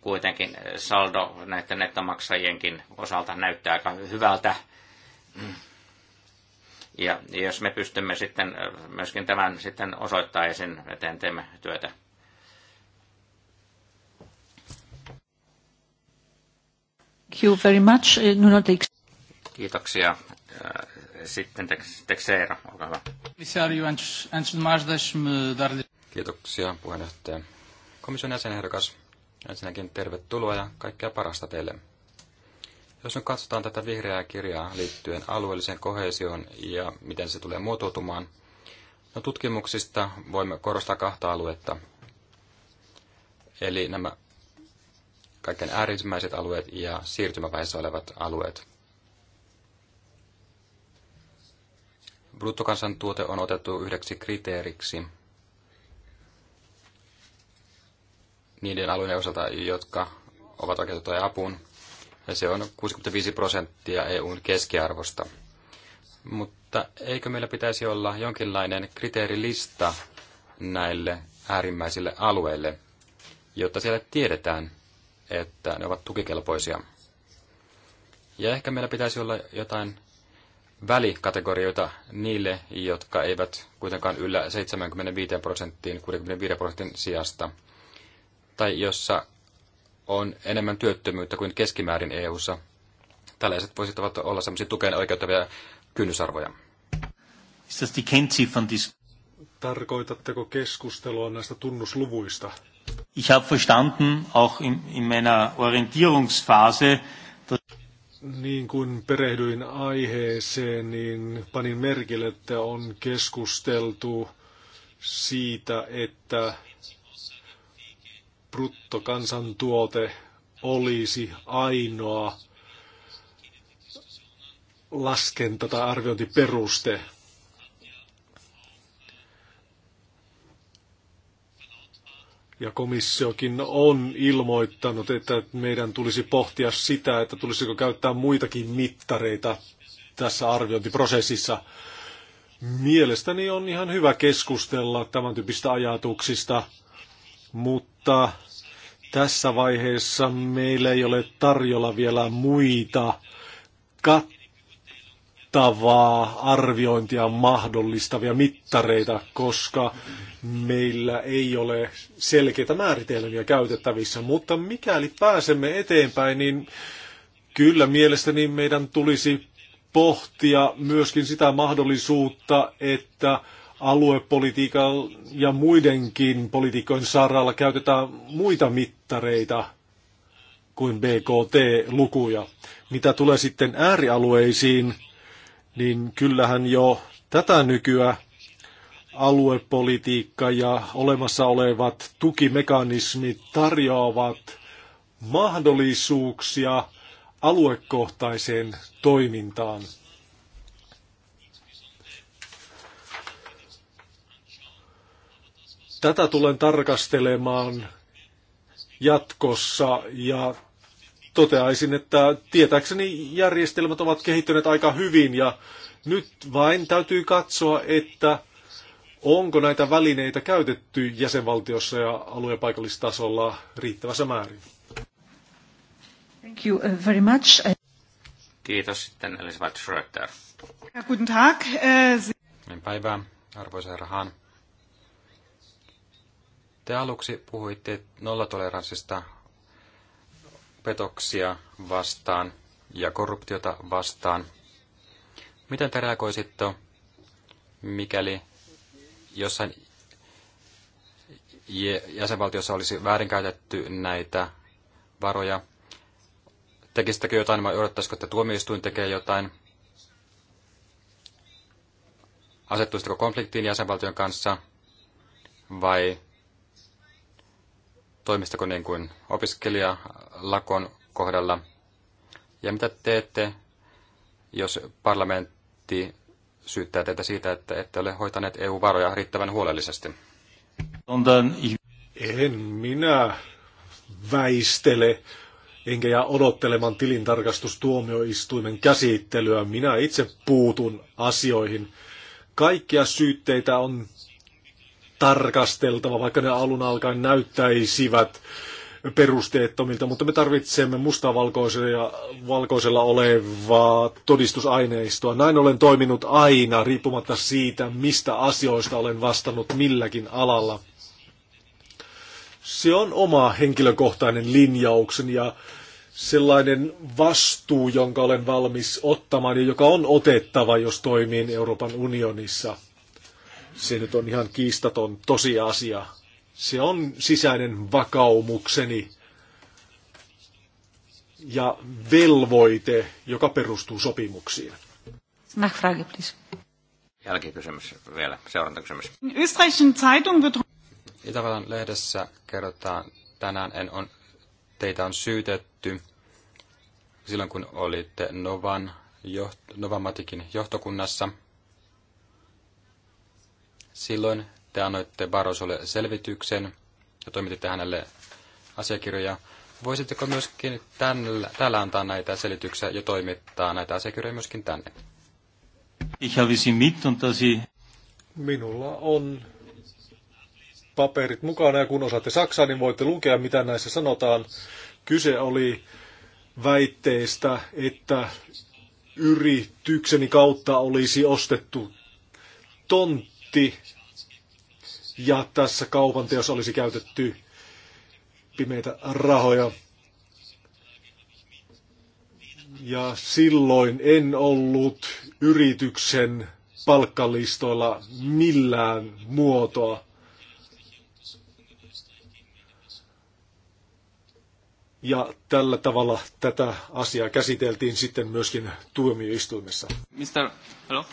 kuitenkin saldo näiden nettomaksajienkin osalta näyttää aika hyvältä. Ja jos me pystymme sitten äh, myöskin tämän sitten osoittaa ja sen eteen teemme työtä. Thank you very much, eh, Nuno Kiitoksia. Eh, sitten Teixeira, olkaa hyvä. Kiitoksia puheenjohtaja. Komission jäsenehdokas, ensinnäkin tervetuloa ja kaikkea parasta teille. Jos nyt katsotaan tätä vihreää kirjaa liittyen alueelliseen kohesioon ja miten se tulee muotoutumaan, no tutkimuksista voimme korostaa kahta aluetta. Eli nämä kaikkein äärimmäiset alueet ja siirtymävaiheessa olevat alueet. Bruttokansantuote on otettu yhdeksi kriteeriksi niiden alueiden osalta, jotka ovat oikeutettuja apuun, ja se on 65 prosenttia EUn keskiarvosta. Mutta eikö meillä pitäisi olla jonkinlainen kriteerilista näille äärimmäisille alueille, jotta siellä tiedetään, että ne ovat tukikelpoisia. Ja ehkä meillä pitäisi olla jotain välikategorioita niille, jotka eivät kuitenkaan yllä 75 prosenttiin 65 prosentin sijasta, tai jossa on enemmän työttömyyttä kuin keskimäärin EU-ssa. Tällaiset voisivat olla sellaisia tukeen oikeuttavia kynnysarvoja. Tarkoitatteko keskustelua näistä tunnusluvuista? Ich habe verstanden, auch in, in meiner Orientierungsphase, dass niin kuin perehdyin aiheeseen, niin panin merkille, että on keskusteltu siitä, että bruttokansantuote olisi ainoa laskenta- tai arviointiperuste Ja komissiokin on ilmoittanut, että meidän tulisi pohtia sitä, että tulisiko käyttää muitakin mittareita tässä arviointiprosessissa. Mielestäni on ihan hyvä keskustella tämän tyyppistä ajatuksista, mutta tässä vaiheessa meillä ei ole tarjolla vielä muita kat- mittavaa arviointia mahdollistavia mittareita, koska meillä ei ole selkeitä määritelmiä käytettävissä, mutta mikäli pääsemme eteenpäin, niin kyllä mielestäni meidän tulisi pohtia myöskin sitä mahdollisuutta, että aluepolitiikan ja muidenkin politiikkojen saralla käytetään muita mittareita kuin BKT-lukuja. Mitä tulee sitten äärialueisiin, niin kyllähän jo tätä nykyä aluepolitiikka ja olemassa olevat tukimekanismit tarjoavat mahdollisuuksia aluekohtaiseen toimintaan. Tätä tulen tarkastelemaan jatkossa ja toteaisin, että tietääkseni järjestelmät ovat kehittyneet aika hyvin ja nyt vain täytyy katsoa, että onko näitä välineitä käytetty jäsenvaltiossa ja alue- paikallistasolla riittävässä määrin. Thank you uh, very much. Uh, Kiitos sitten Elisabeth Schröter. guten Tag. Uh, päivää, arvoisa herra Hahn. Te aluksi puhuitte nollatoleranssista petoksia vastaan ja korruptiota vastaan. Miten te reagoisitte, mikäli jossain jäsenvaltiossa olisi väärinkäytetty näitä varoja? Tekisittekö jotain vai odottaisiko, että tuomioistuin tekee jotain? Asettuisitko konfliktiin jäsenvaltion kanssa vai toimistako niin kuin opiskelijalakon kohdalla? Ja mitä teette, jos parlamentti syyttää teitä siitä, että ette ole hoitaneet EU-varoja riittävän huolellisesti? En minä väistele enkä jää odottelemaan tilintarkastustuomioistuimen käsittelyä. Minä itse puutun asioihin. Kaikkia syytteitä on tarkasteltava, vaikka ne alun alkaen näyttäisivät perusteettomilta, mutta me tarvitsemme mustavalkoisella valkoisella olevaa todistusaineistoa. Näin olen toiminut aina, riippumatta siitä, mistä asioista olen vastannut milläkin alalla. Se on oma henkilökohtainen linjauksen ja sellainen vastuu, jonka olen valmis ottamaan ja joka on otettava, jos toimin Euroopan unionissa – se nyt on ihan kiistaton tosiasia. Se on sisäinen vakaumukseni ja velvoite, joka perustuu sopimuksiin. Nachfrage, please. Jälkikysymys vielä, seurantakysymys. Österreichin Zeitung Itävallan lehdessä kerrotaan tänään, en on, teitä on syytetty silloin, kun olitte Novan, joht, Novamatikin johtokunnassa – Silloin te annoitte Barrosolle selvityksen ja toimititte hänelle asiakirjoja. Voisitteko myöskin tällä, täällä antaa näitä selityksiä ja toimittaa näitä asiakirjoja myöskin tänne? Ich habe sie mit und dass sie... Minulla on paperit mukana ja kun osaatte saksaa, niin voitte lukea, mitä näissä sanotaan. Kyse oli väitteistä, että yritykseni kautta olisi ostettu tontti konflikti ja tässä kaupan teossa olisi käytetty pimeitä rahoja. Ja silloin en ollut yrityksen palkkalistoilla millään muotoa. Ja tällä tavalla tätä asiaa käsiteltiin sitten myöskin tuomioistuimessa. Mister, Hello?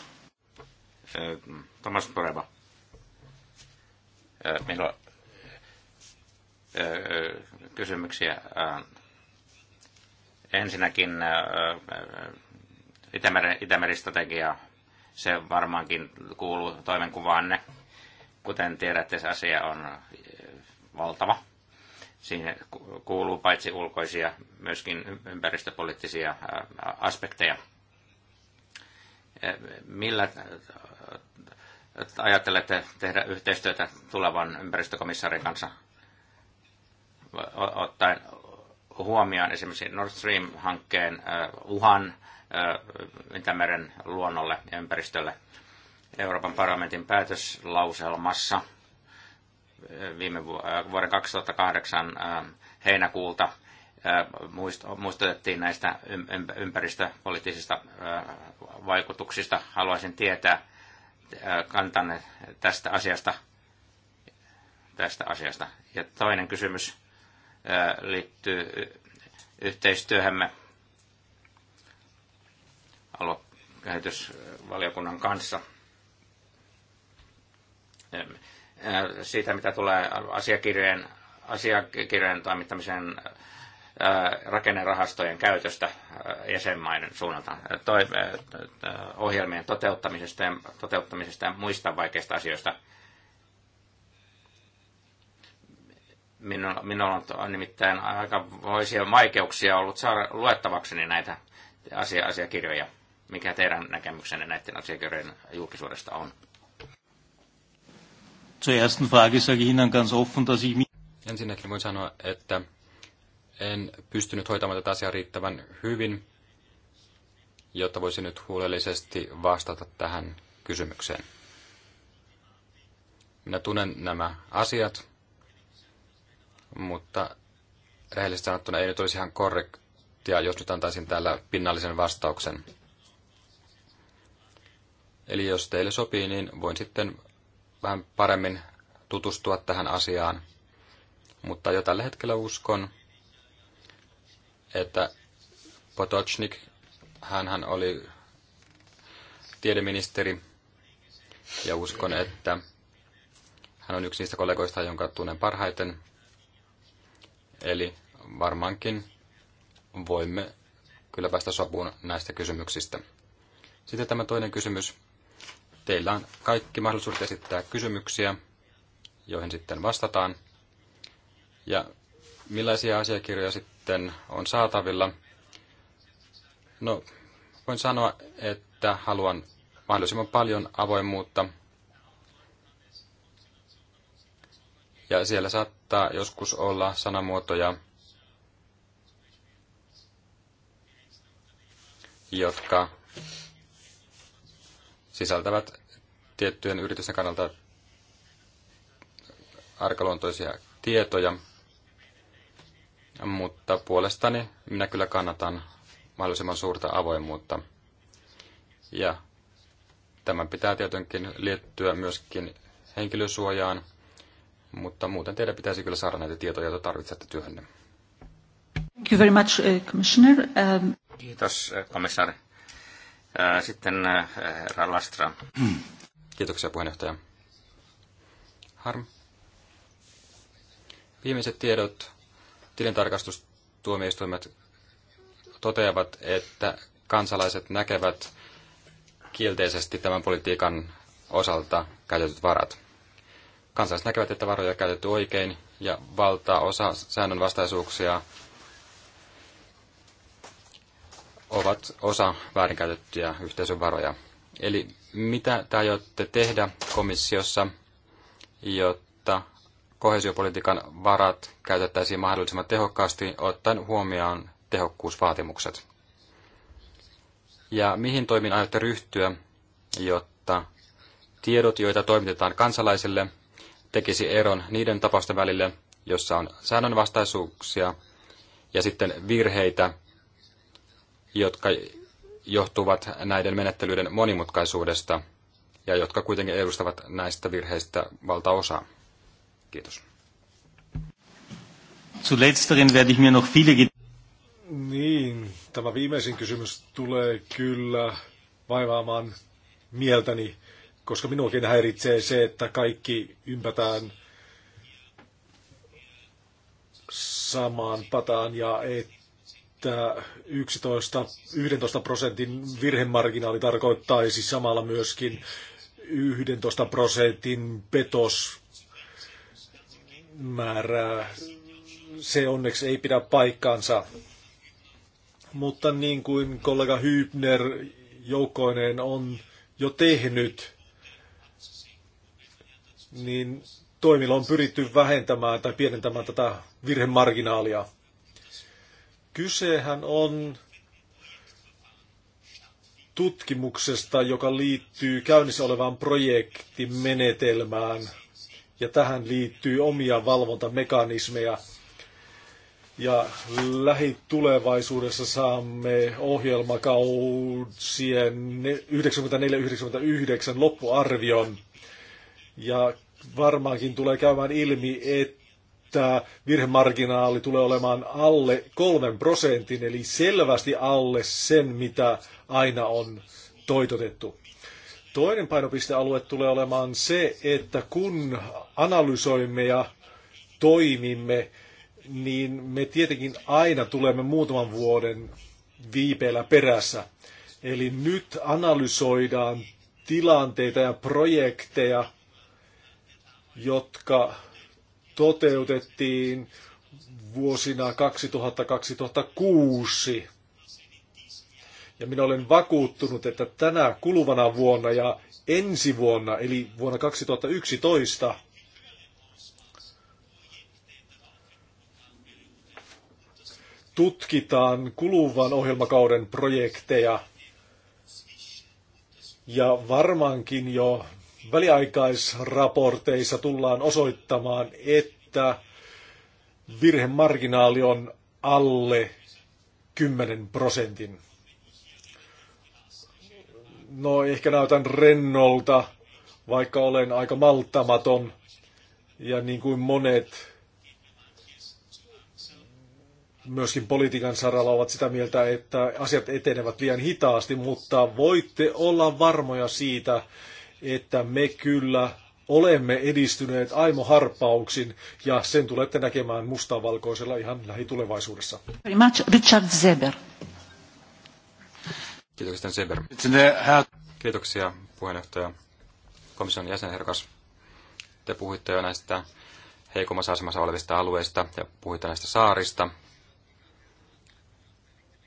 Tomas Poreva. on kysymyksiä. Ensinnäkin Itämeri, Itämeri-strategia, se varmaankin kuuluu toimenkuvaanne. Kuten tiedätte, se asia on valtava. Siihen kuuluu paitsi ulkoisia, myöskin ympäristöpoliittisia aspekteja. Millä ajattelette tehdä yhteistyötä tulevan ympäristökomissaarin kanssa ottaen huomioon esimerkiksi Nord Stream-hankkeen uhan Itämeren luonnolle ja ympäristölle. Euroopan parlamentin päätöslauselmassa viime vuoden 2008 heinäkuulta muistutettiin näistä ympäristöpoliittisista vaikutuksista. Haluaisin tietää, Äh, kantanne tästä asiasta. Tästä asiasta. Ja toinen kysymys äh, liittyy yhteistyöhämme aluekehitysvaliokunnan kanssa. Äh, siitä, mitä tulee asiakirjojen, asiakirjojen toimittamiseen rakennerahastojen käytöstä jäsenmaiden suunnalta, ohjelmien toteuttamisesta ja, toteuttamisesta ja muista vaikeista asioista. Minulla, minulla on nimittäin aika voisia vaikeuksia ollut saada luettavakseni näitä asia, asiakirjoja. Mikä teidän näkemyksenne näiden asiakirjojen julkisuudesta on? Zur ersten Frage sage ich Ihnen ganz offen, dass ich Ensinnäkin voin sanoa, että en pystynyt hoitamaan tätä asiaa riittävän hyvin, jotta voisin nyt huolellisesti vastata tähän kysymykseen. Minä tunnen nämä asiat, mutta rehellisesti sanottuna ei nyt olisi ihan korrektia, jos nyt antaisin täällä pinnallisen vastauksen. Eli jos teille sopii, niin voin sitten vähän paremmin tutustua tähän asiaan. Mutta jo tällä hetkellä uskon, että Potocnik, hän oli tiedeministeri, ja uskon, että hän on yksi niistä kollegoista, jonka tunnen parhaiten. Eli varmaankin voimme kyllä päästä sopuun näistä kysymyksistä. Sitten tämä toinen kysymys. Teillä on kaikki mahdollisuudet esittää kysymyksiä, joihin sitten vastataan. Ja millaisia asiakirjoja sitten sitten on saatavilla? No, voin sanoa, että haluan mahdollisimman paljon avoimuutta. Ja siellä saattaa joskus olla sanamuotoja, jotka sisältävät tiettyjen yritysten kannalta arkaluontoisia tietoja, mutta puolestani minä kyllä kannatan mahdollisimman suurta avoimuutta. Ja tämän pitää tietenkin liittyä myöskin henkilösuojaan, mutta muuten teidän pitäisi kyllä saada näitä tietoja, joita tarvitsette työhönne. Thank you very much, uh, Commissioner. Um... Kiitos, uh, komissaari. Uh, sitten herra Lastra. Kiitoksia, puheenjohtaja. Harm. Viimeiset tiedot tilintarkastustuomioistuimet toteavat, että kansalaiset näkevät kielteisesti tämän politiikan osalta käytetyt varat. Kansalaiset näkevät, että varoja on käytetty oikein ja valtaosa säännönvastaisuuksia ovat osa väärinkäytettyjä yhteisön varoja. Eli mitä te aiotte tehdä komissiossa, jotta kohesiopolitiikan varat käytettäisiin mahdollisimman tehokkaasti ottaen huomioon tehokkuusvaatimukset. Ja mihin toimin aiotte ryhtyä, jotta tiedot, joita toimitetaan kansalaisille, tekisi eron niiden tapausten välille, jossa on säännönvastaisuuksia ja sitten virheitä, jotka johtuvat näiden menettelyiden monimutkaisuudesta ja jotka kuitenkin edustavat näistä virheistä valtaosaa. Kiitos. Zu werde ich mir noch viele Niin, tämä viimeisin kysymys tulee kyllä vaivaamaan mieltäni, koska minuakin häiritsee se, että kaikki ympätään samaan pataan ja että 11, 11 prosentin virhemarginaali tarkoittaisi samalla myöskin 11 prosentin petos määrää. Se onneksi ei pidä paikkaansa. Mutta niin kuin kollega Hybner Joukoinen on jo tehnyt, niin toimilla on pyritty vähentämään tai pienentämään tätä virhemarginaalia. Kysehän on tutkimuksesta, joka liittyy käynnissä olevaan projektimenetelmään – ja tähän liittyy omia valvontamekanismeja. Ja lähitulevaisuudessa saamme ohjelmakausien 94-99 loppuarvion. Ja varmaankin tulee käymään ilmi, että virhemarginaali tulee olemaan alle kolmen prosentin, eli selvästi alle sen, mitä aina on toitotettu. Toinen painopistealue tulee olemaan se, että kun analysoimme ja toimimme, niin me tietenkin aina tulemme muutaman vuoden viipeellä perässä. Eli nyt analysoidaan tilanteita ja projekteja, jotka toteutettiin vuosina 2000-2006. Ja minä olen vakuuttunut, että tänä kuluvana vuonna ja ensi vuonna, eli vuonna 2011, tutkitaan kuluvan ohjelmakauden projekteja ja varmaankin jo väliaikaisraporteissa tullaan osoittamaan, että virhemarginaali on alle 10 prosentin. No ehkä näytän rennolta, vaikka olen aika malttamaton. Ja niin kuin monet myöskin politiikan saralla ovat sitä mieltä, että asiat etenevät liian hitaasti, mutta voitte olla varmoja siitä, että me kyllä olemme edistyneet Aimo Harppauksin ja sen tulette näkemään mustavalkoisella ihan lähitulevaisuudessa. Richard Zeber. Kiitoksia, Seber. Kiitoksia, puheenjohtaja, komission jäsenherkas. Te puhuitte jo näistä heikommassa asemassa olevista alueista ja puhuitte näistä saarista.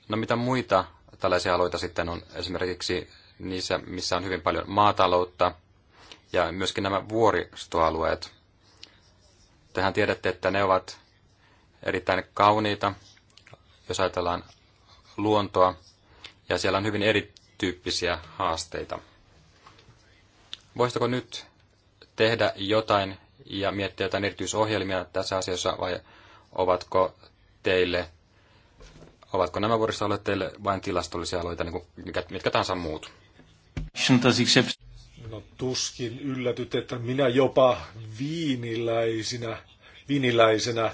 No mitä muita tällaisia alueita sitten on esimerkiksi niissä, missä on hyvin paljon maataloutta ja myöskin nämä vuoristoalueet. Tehän tiedätte, että ne ovat erittäin kauniita, jos ajatellaan luontoa, ja siellä on hyvin erityyppisiä haasteita. Voisitko nyt tehdä jotain ja miettiä jotain erityisohjelmia tässä asiassa vai ovatko teille ovatko nämä olleet teille vain tilastollisia aloita niin kuin mitkä, mitkä tahansa muut? No tuskin yllätyt, että minä jopa viiniläisinä, viiniläisenä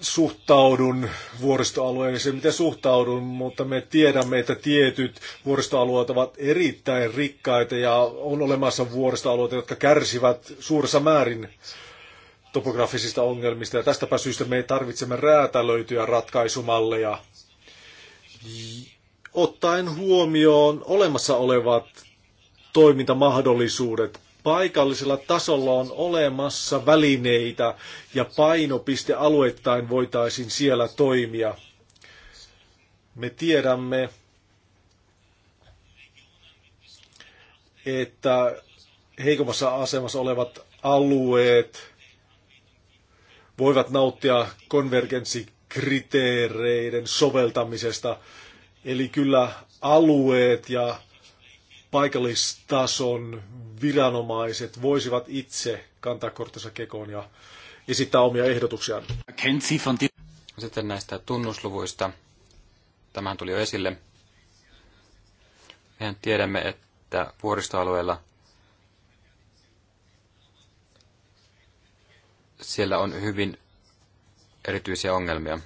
suhtaudun vuoristoalueeseen, niin miten suhtaudun, mutta me tiedämme, että tietyt vuoristoalueet ovat erittäin rikkaita ja on olemassa vuoristoalueita, jotka kärsivät suuressa määrin topografisista ongelmista ja tästäpä syystä me tarvitsemme räätälöityjä ratkaisumalleja ottaen huomioon olemassa olevat toimintamahdollisuudet paikallisella tasolla on olemassa välineitä ja painopistealueittain voitaisiin siellä toimia. Me tiedämme, että heikommassa asemassa olevat alueet voivat nauttia konvergenssikriteereiden soveltamisesta. Eli kyllä alueet ja paikallistason viranomaiset voisivat itse kantaa kortensa kekoon ja esittää omia ehdotuksiaan. Sitten näistä tunnusluvuista. Tämähän tuli jo esille. Mehän tiedämme, että vuoristoalueella siellä on hyvin erityisiä ongelmia.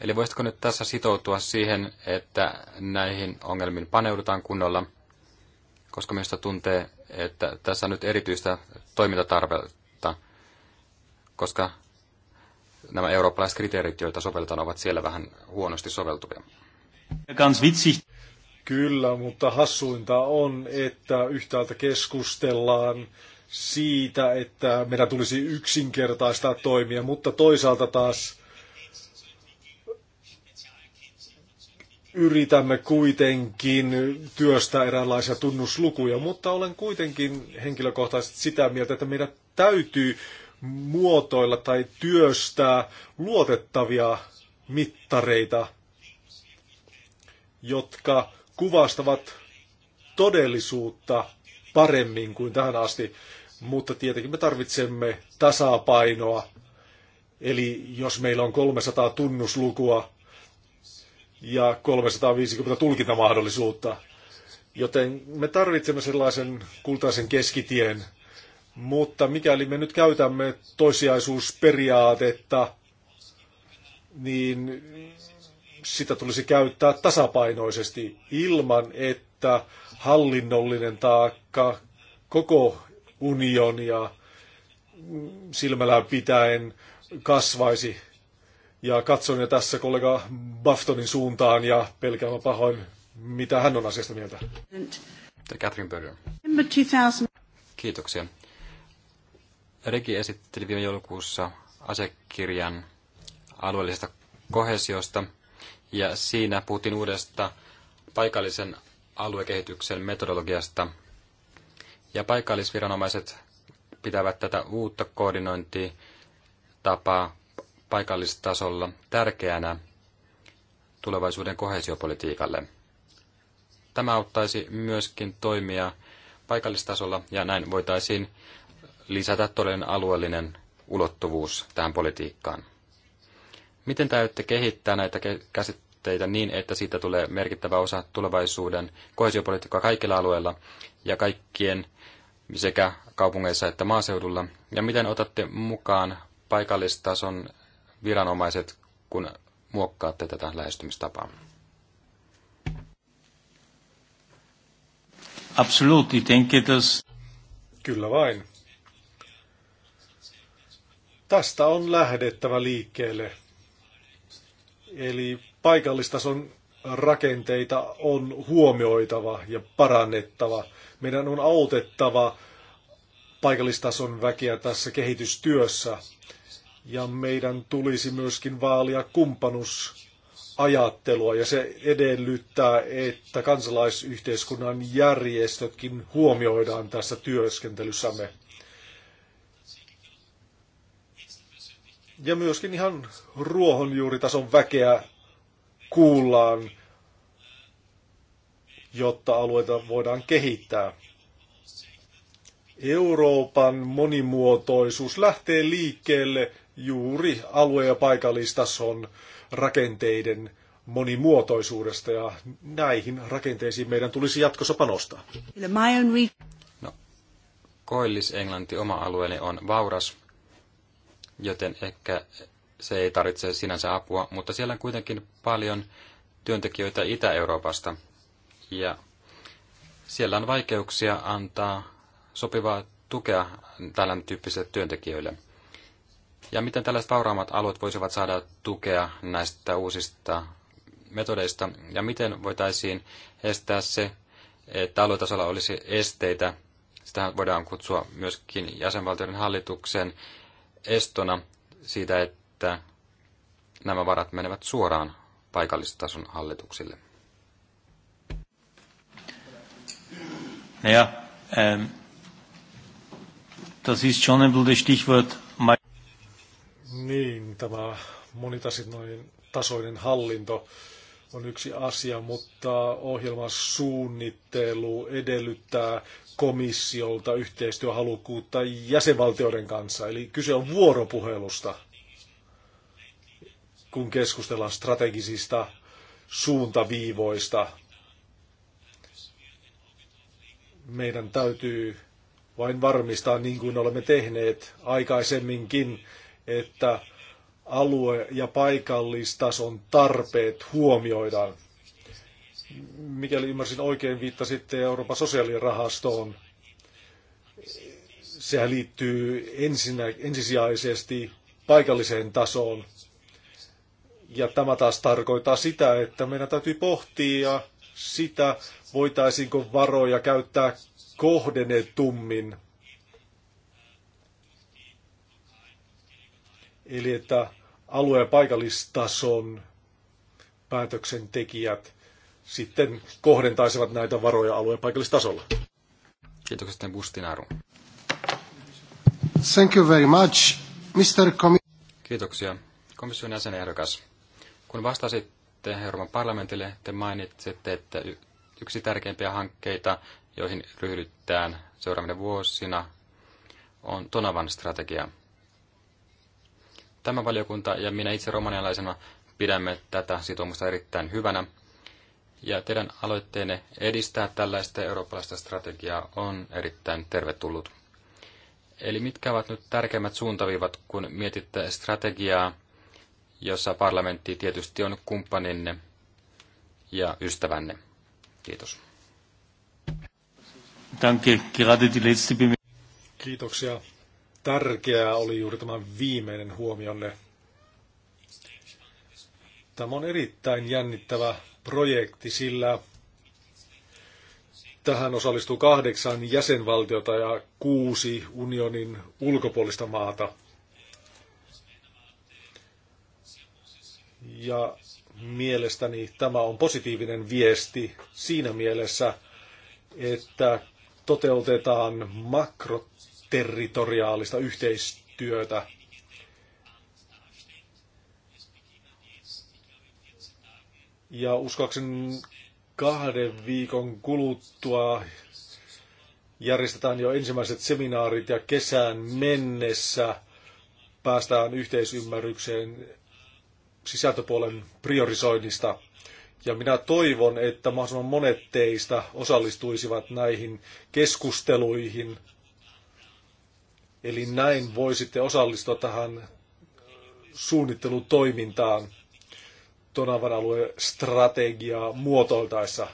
Eli voisitko nyt tässä sitoutua siihen, että näihin ongelmiin paneudutaan kunnolla – koska meistä tuntee, että tässä on nyt erityistä toimintatarvetta, koska nämä eurooppalaiset kriteerit, joita sovelletaan, ovat siellä vähän huonosti soveltuvia. Ganz witzig. Kyllä, mutta hassuinta on, että yhtäältä keskustellaan siitä, että meidän tulisi yksinkertaistaa toimia, mutta toisaalta taas yritämme kuitenkin työstää eräänlaisia tunnuslukuja, mutta olen kuitenkin henkilökohtaisesti sitä mieltä, että meidän täytyy muotoilla tai työstää luotettavia mittareita, jotka kuvastavat todellisuutta paremmin kuin tähän asti, mutta tietenkin me tarvitsemme tasapainoa. Eli jos meillä on 300 tunnuslukua, ja 350 tulkintamahdollisuutta. Joten me tarvitsemme sellaisen kultaisen keskitien, mutta mikäli me nyt käytämme toisiaisuusperiaatetta, niin sitä tulisi käyttää tasapainoisesti ilman, että hallinnollinen taakka koko unionia silmällä pitäen kasvaisi ja katson jo tässä kollega Baftonin suuntaan ja pelkäämä pahoin, mitä hän on asiasta mieltä. Catherine Berger. Kiitoksia. Regi esitteli viime joulukuussa asekirjan alueellisesta kohesiosta, ja siinä puhuttiin uudesta paikallisen aluekehityksen metodologiasta. Ja paikallisviranomaiset pitävät tätä uutta koordinointitapaa paikallistasolla tärkeänä tulevaisuuden kohesiopolitiikalle. Tämä auttaisi myöskin toimia paikallistasolla ja näin voitaisiin lisätä todellinen alueellinen ulottuvuus tähän politiikkaan. Miten täytyy kehittää näitä käsitteitä niin, että siitä tulee merkittävä osa tulevaisuuden kohesiopolitiikkaa kaikilla alueilla ja kaikkien sekä kaupungeissa että maaseudulla? Ja miten otatte mukaan paikallistason viranomaiset, kun muokkaatte tätä lähestymistapaa? Absoluutti, denke Kyllä vain. Tästä on lähdettävä liikkeelle. Eli paikallistason rakenteita on huomioitava ja parannettava. Meidän on autettava paikallistason väkeä tässä kehitystyössä. Ja meidän tulisi myöskin vaalia kumppanusajattelua ja se edellyttää, että kansalaisyhteiskunnan järjestötkin huomioidaan tässä työskentelyssämme. Ja myöskin ihan ruohonjuuritason väkeä kuullaan, jotta alueita voidaan kehittää. Euroopan monimuotoisuus lähtee liikkeelle juuri alue- ja paikallistason rakenteiden monimuotoisuudesta ja näihin rakenteisiin meidän tulisi jatkossa panostaa. No, Koillis-Englanti, oma alueeni, on vauras, joten ehkä se ei tarvitse sinänsä apua, mutta siellä on kuitenkin paljon työntekijöitä Itä-Euroopasta ja siellä on vaikeuksia antaa sopivaa tukea tällainen tyyppisille työntekijöille. Ja miten tällaiset vauraammat alueet voisivat saada tukea näistä uusista metodeista, ja miten voitaisiin estää se, että aluetasolla olisi esteitä. Sitä voidaan kutsua myöskin jäsenvaltioiden hallituksen estona siitä, että nämä varat menevät suoraan paikallistason hallituksille. Ja, ähm, das ist schon ein Stichwort niin, tämä monitasoinen hallinto on yksi asia, mutta ohjelman suunnittelu edellyttää komissiolta yhteistyöhalukkuutta jäsenvaltioiden kanssa. Eli kyse on vuoropuhelusta, kun keskustellaan strategisista suuntaviivoista. Meidän täytyy vain varmistaa, niin kuin olemme tehneet aikaisemminkin, että alue- ja paikallistason tarpeet huomioidaan. Mikäli ymmärsin oikein, viittasitte Euroopan sosiaalirahastoon. Sehän liittyy ensinnä, ensisijaisesti paikalliseen tasoon. Ja tämä taas tarkoittaa sitä, että meidän täytyy pohtia sitä, voitaisiinko varoja käyttää kohdennetummin Eli että alue- ja paikallistason päätöksentekijät sitten kohdentaisivat näitä varoja alue- ja paikallistasolla. Kiitoksia sitten Bustinaru. Thank you very much, Mr. Com- Kiitoksia. Komission jäsen ehdokas, Kun vastasitte Euroopan parlamentille, te mainitsitte, että yksi tärkeimpiä hankkeita, joihin ryhdytään seuraavina vuosina, on Tonavan strategia – Tämä valiokunta ja minä itse romanialaisena pidämme tätä sitoumusta erittäin hyvänä. Ja teidän aloitteenne edistää tällaista eurooppalaista strategiaa on erittäin tervetullut. Eli mitkä ovat nyt tärkeimmät suuntaviivat, kun mietitte strategiaa, jossa parlamentti tietysti on kumppaninne ja ystävänne? Kiitos. Kiitoksia tärkeää oli juuri tämä viimeinen huomionne. Tämä on erittäin jännittävä projekti, sillä tähän osallistuu kahdeksan jäsenvaltiota ja kuusi unionin ulkopuolista maata. Ja mielestäni tämä on positiivinen viesti siinä mielessä, että toteutetaan makrot territoriaalista yhteistyötä. Ja uskoakseni kahden viikon kuluttua järjestetään jo ensimmäiset seminaarit ja kesään mennessä päästään yhteisymmärrykseen sisältöpuolen priorisoinnista. Ja minä toivon, että mahdollisimman monet teistä osallistuisivat näihin keskusteluihin – Eli näin voisitte osallistua tähän suunnittelutoimintaan Tonavan alueen strategiaa muotoiltaessa.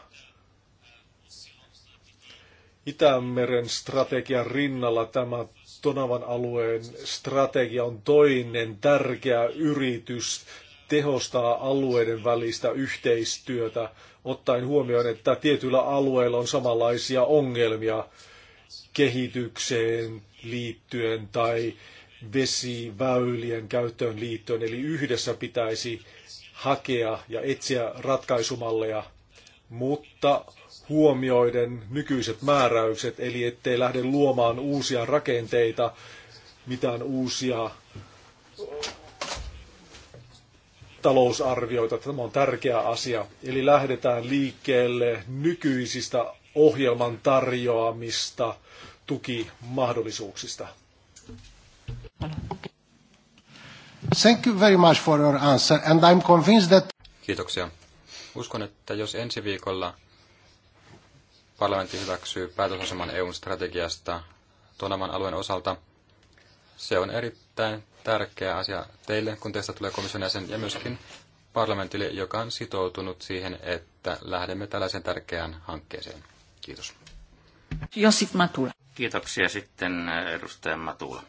Itämeren strategian rinnalla tämä Tonavan alueen strategia on toinen tärkeä yritys tehostaa alueiden välistä yhteistyötä, ottaen huomioon, että tietyillä alueilla on samanlaisia ongelmia kehitykseen liittyen tai vesiväylien käyttöön liittyen. Eli yhdessä pitäisi hakea ja etsiä ratkaisumalleja, mutta huomioiden nykyiset määräykset, eli ettei lähde luomaan uusia rakenteita, mitään uusia talousarvioita. Tämä on tärkeä asia. Eli lähdetään liikkeelle nykyisistä ohjelman tarjoamista tukimahdollisuuksista. Thank you very much for your answer, and I'm convinced that... Kiitoksia. Uskon, että jos ensi viikolla parlamentti hyväksyy päätösaseman EUn strategiasta Tonaman alueen osalta, se on erittäin tärkeä asia teille, kun teistä tulee komission jäsen, ja myöskin parlamentille, joka on sitoutunut siihen, että lähdemme tällaiseen tärkeään hankkeeseen. Kiitos. Josip Matula. Kiitoksia sitten eh, edustaja Matula.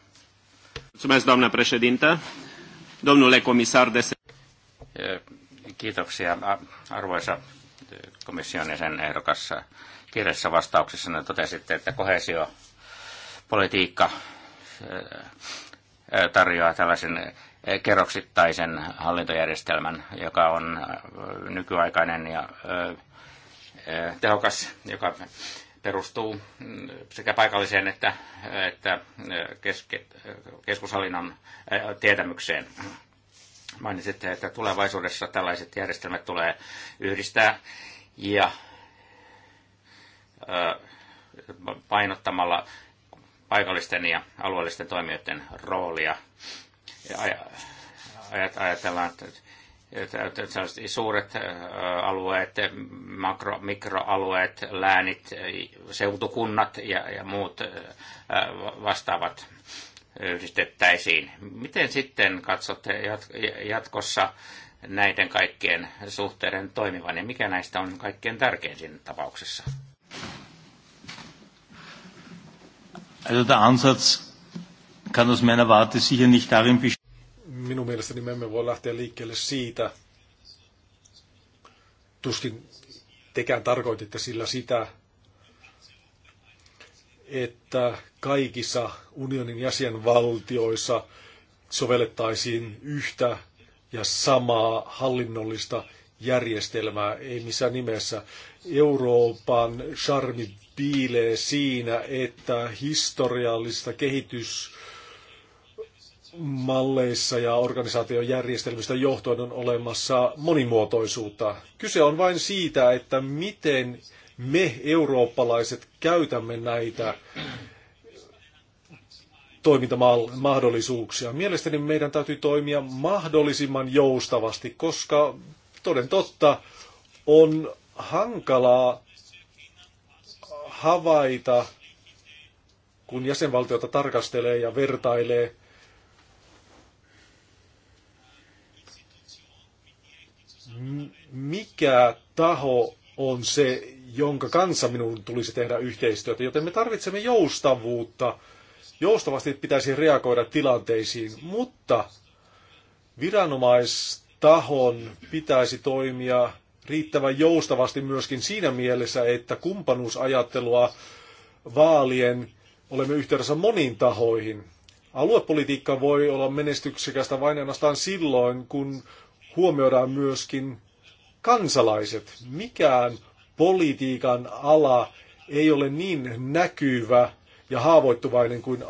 Domnule eh, Kiitoksia, arvoisa eh, komission sen ehdokas. Kirjassa vastauksessa no, totesitte, että kohesiopolitiikka tarjoaa tällaisen kerroksittaisen hallintojärjestelmän, joka on nykyaikainen ja tehokas, joka perustuu sekä paikalliseen että, että keske, keskushallinnon tietämykseen. Mainitsitte, että tulevaisuudessa tällaiset järjestelmät tulee yhdistää ja painottamalla paikallisten ja alueellisten toimijoiden roolia. Ja ajatellaan, että suuret alueet, makro, mikroalueet, läänit, seutukunnat ja, ja muut vastaavat yhdistettäisiin. Miten sitten katsotte jatkossa näiden kaikkien suhteiden toimivan ja mikä näistä on kaikkein tärkein siinä tapauksessa? Also der Ansatz kann aus meiner Warte sicher nicht darin minun mielestäni me emme voi lähteä liikkeelle siitä, tuskin tekään tarkoititte sillä sitä, että kaikissa unionin jäsenvaltioissa sovellettaisiin yhtä ja samaa hallinnollista järjestelmää, ei missään nimessä. Euroopan charmi piilee siinä, että historiallista kehitys malleissa ja organisaatiojärjestelmistä johtuen on olemassa monimuotoisuutta. Kyse on vain siitä, että miten me eurooppalaiset käytämme näitä toimintamahdollisuuksia. Mielestäni meidän täytyy toimia mahdollisimman joustavasti, koska toden totta on hankalaa havaita, kun jäsenvaltiota tarkastelee ja vertailee, mikä taho on se, jonka kanssa minun tulisi tehdä yhteistyötä, joten me tarvitsemme joustavuutta. Joustavasti pitäisi reagoida tilanteisiin, mutta viranomaistahon pitäisi toimia riittävän joustavasti myöskin siinä mielessä, että kumppanuusajattelua vaalien olemme yhteydessä moniin tahoihin. Aluepolitiikka voi olla menestyksekästä vain ainoastaan silloin, kun huomioidaan myöskin kansalaiset. Mikään politiikan ala ei ole niin näkyvä ja haavoittuvainen kuin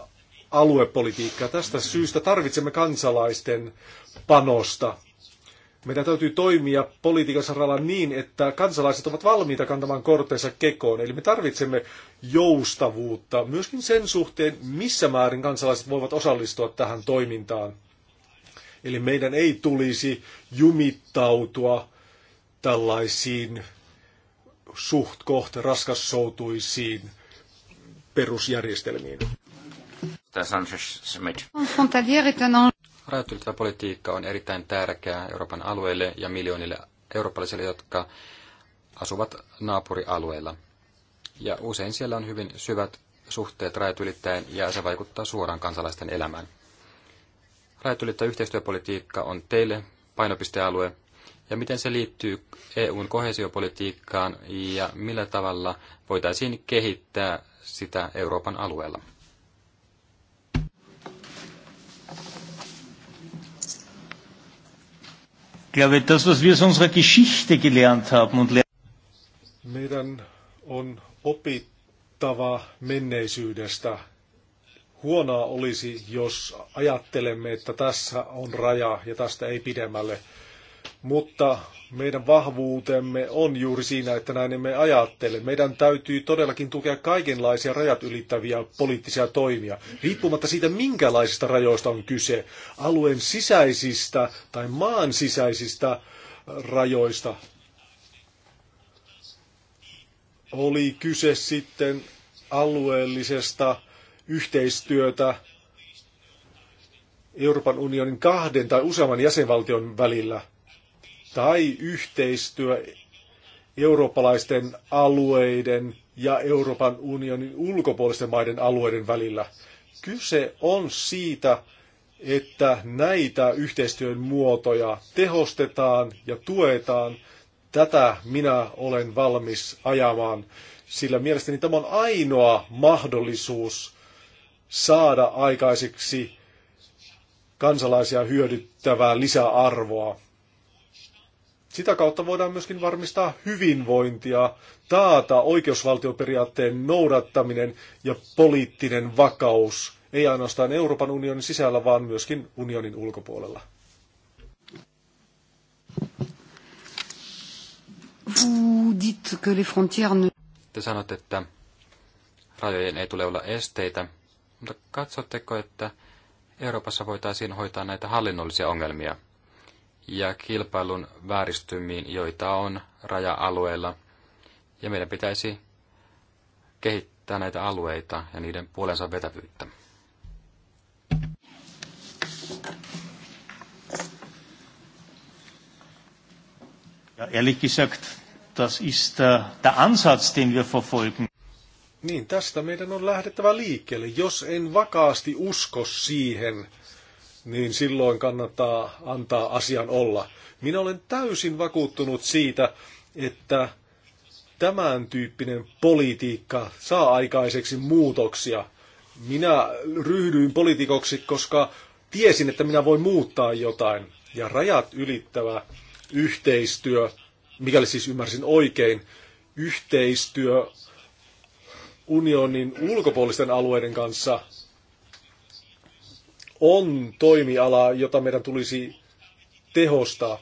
aluepolitiikka. Tästä syystä tarvitsemme kansalaisten panosta. Meidän täytyy toimia politiikan saralla niin, että kansalaiset ovat valmiita kantamaan korteensa kekoon. Eli me tarvitsemme joustavuutta myöskin sen suhteen, missä määrin kansalaiset voivat osallistua tähän toimintaan. Eli meidän ei tulisi jumittautua tällaisiin suht kohta raskassoutuisiin perusjärjestelmiin. Rajat politiikka on erittäin tärkeää Euroopan alueelle ja miljoonille eurooppalaisille, jotka asuvat naapurialueilla. Ja usein siellä on hyvin syvät suhteet rajat ylittäen ja se vaikuttaa suoraan kansalaisten elämään. Rajatulitta yhteistyöpolitiikka on teille painopistealue, ja miten se liittyy EUn kohesiopolitiikkaan ja millä tavalla voitaisiin kehittää sitä Euroopan alueella? Meidän on opittava menneisyydestä huonoa olisi, jos ajattelemme, että tässä on raja ja tästä ei pidemmälle. Mutta meidän vahvuutemme on juuri siinä, että näin emme ajattele. Meidän täytyy todellakin tukea kaikenlaisia rajat ylittäviä poliittisia toimia, riippumatta siitä, minkälaisista rajoista on kyse, alueen sisäisistä tai maan sisäisistä äh, rajoista. Oli kyse sitten alueellisesta yhteistyötä Euroopan unionin kahden tai useamman jäsenvaltion välillä tai yhteistyö eurooppalaisten alueiden ja Euroopan unionin ulkopuolisten maiden alueiden välillä. Kyse on siitä, että näitä yhteistyön muotoja tehostetaan ja tuetaan. Tätä minä olen valmis ajamaan, sillä mielestäni tämä on ainoa mahdollisuus saada aikaiseksi kansalaisia hyödyttävää lisäarvoa. Sitä kautta voidaan myöskin varmistaa hyvinvointia, taata oikeusvaltioperiaatteen noudattaminen ja poliittinen vakaus, ei ainoastaan Euroopan unionin sisällä, vaan myöskin unionin ulkopuolella. Te sanotte, että rajojen ei tule olla esteitä, mutta katsotteko, että Euroopassa voitaisiin hoitaa näitä hallinnollisia ongelmia ja kilpailun vääristymiin, joita on raja-alueilla, ja meidän pitäisi kehittää näitä alueita ja niiden puolensa vetävyyttä. Ja ehrlich gesagt, das ist der, äh, der Ansatz, den wir verfolgen. Niin, tästä meidän on lähdettävä liikkeelle. Jos en vakaasti usko siihen, niin silloin kannattaa antaa asian olla. Minä olen täysin vakuuttunut siitä, että tämän tyyppinen politiikka saa aikaiseksi muutoksia. Minä ryhdyin poliitikoksi, koska tiesin, että minä voin muuttaa jotain. Ja rajat ylittävä yhteistyö, mikäli siis ymmärsin oikein, yhteistyö unionin ulkopuolisten alueiden kanssa on toimiala, jota meidän tulisi tehostaa.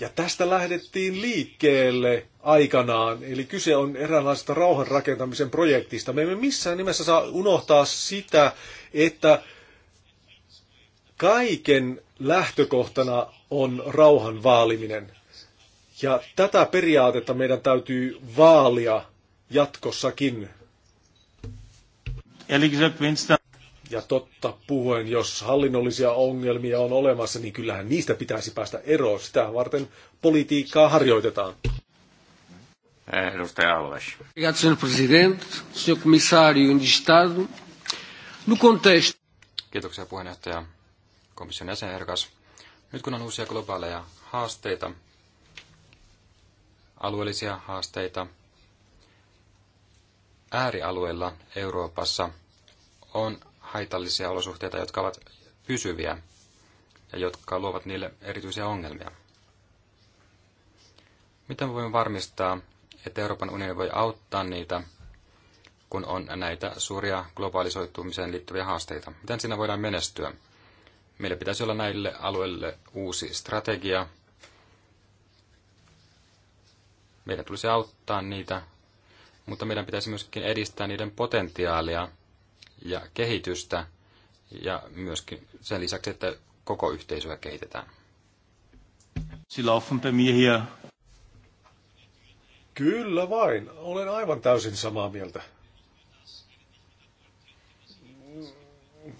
Ja tästä lähdettiin liikkeelle aikanaan, eli kyse on eräänlaisesta rauhanrakentamisen projektista. Me emme missään nimessä saa unohtaa sitä, että kaiken lähtökohtana on rauhan vaaliminen. Ja tätä periaatetta meidän täytyy vaalia jatkossakin. Ja totta puhuen, jos hallinnollisia ongelmia on olemassa, niin kyllähän niistä pitäisi päästä eroon. Sitä varten politiikkaa harjoitetaan. Edustaja Alves. No Kiitoksia puheenjohtaja, komission jäsenehdokas. Nyt kun on uusia globaaleja haasteita, alueellisia haasteita, äärialueilla Euroopassa on haitallisia olosuhteita, jotka ovat pysyviä ja jotka luovat niille erityisiä ongelmia. Miten voimme varmistaa, että Euroopan unioni voi auttaa niitä, kun on näitä suuria globaalisoitumiseen liittyviä haasteita? Miten siinä voidaan menestyä? Meillä pitäisi olla näille alueille uusi strategia. Meidän tulisi auttaa niitä mutta meidän pitäisi myöskin edistää niiden potentiaalia ja kehitystä ja myöskin sen lisäksi, että koko yhteisöä kehitetään. Kyllä vain. Olen aivan täysin samaa mieltä.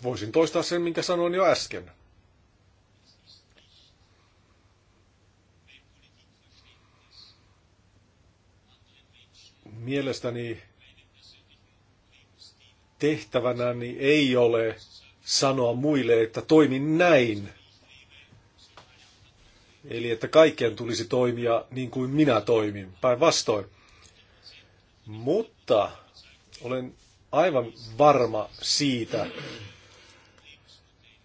Voisin toistaa sen, minkä sanoin jo äsken. Mielestäni tehtävänäni ei ole sanoa muille, että toimin näin. Eli että kaikkien tulisi toimia niin kuin minä toimin, päinvastoin. Mutta olen aivan varma siitä,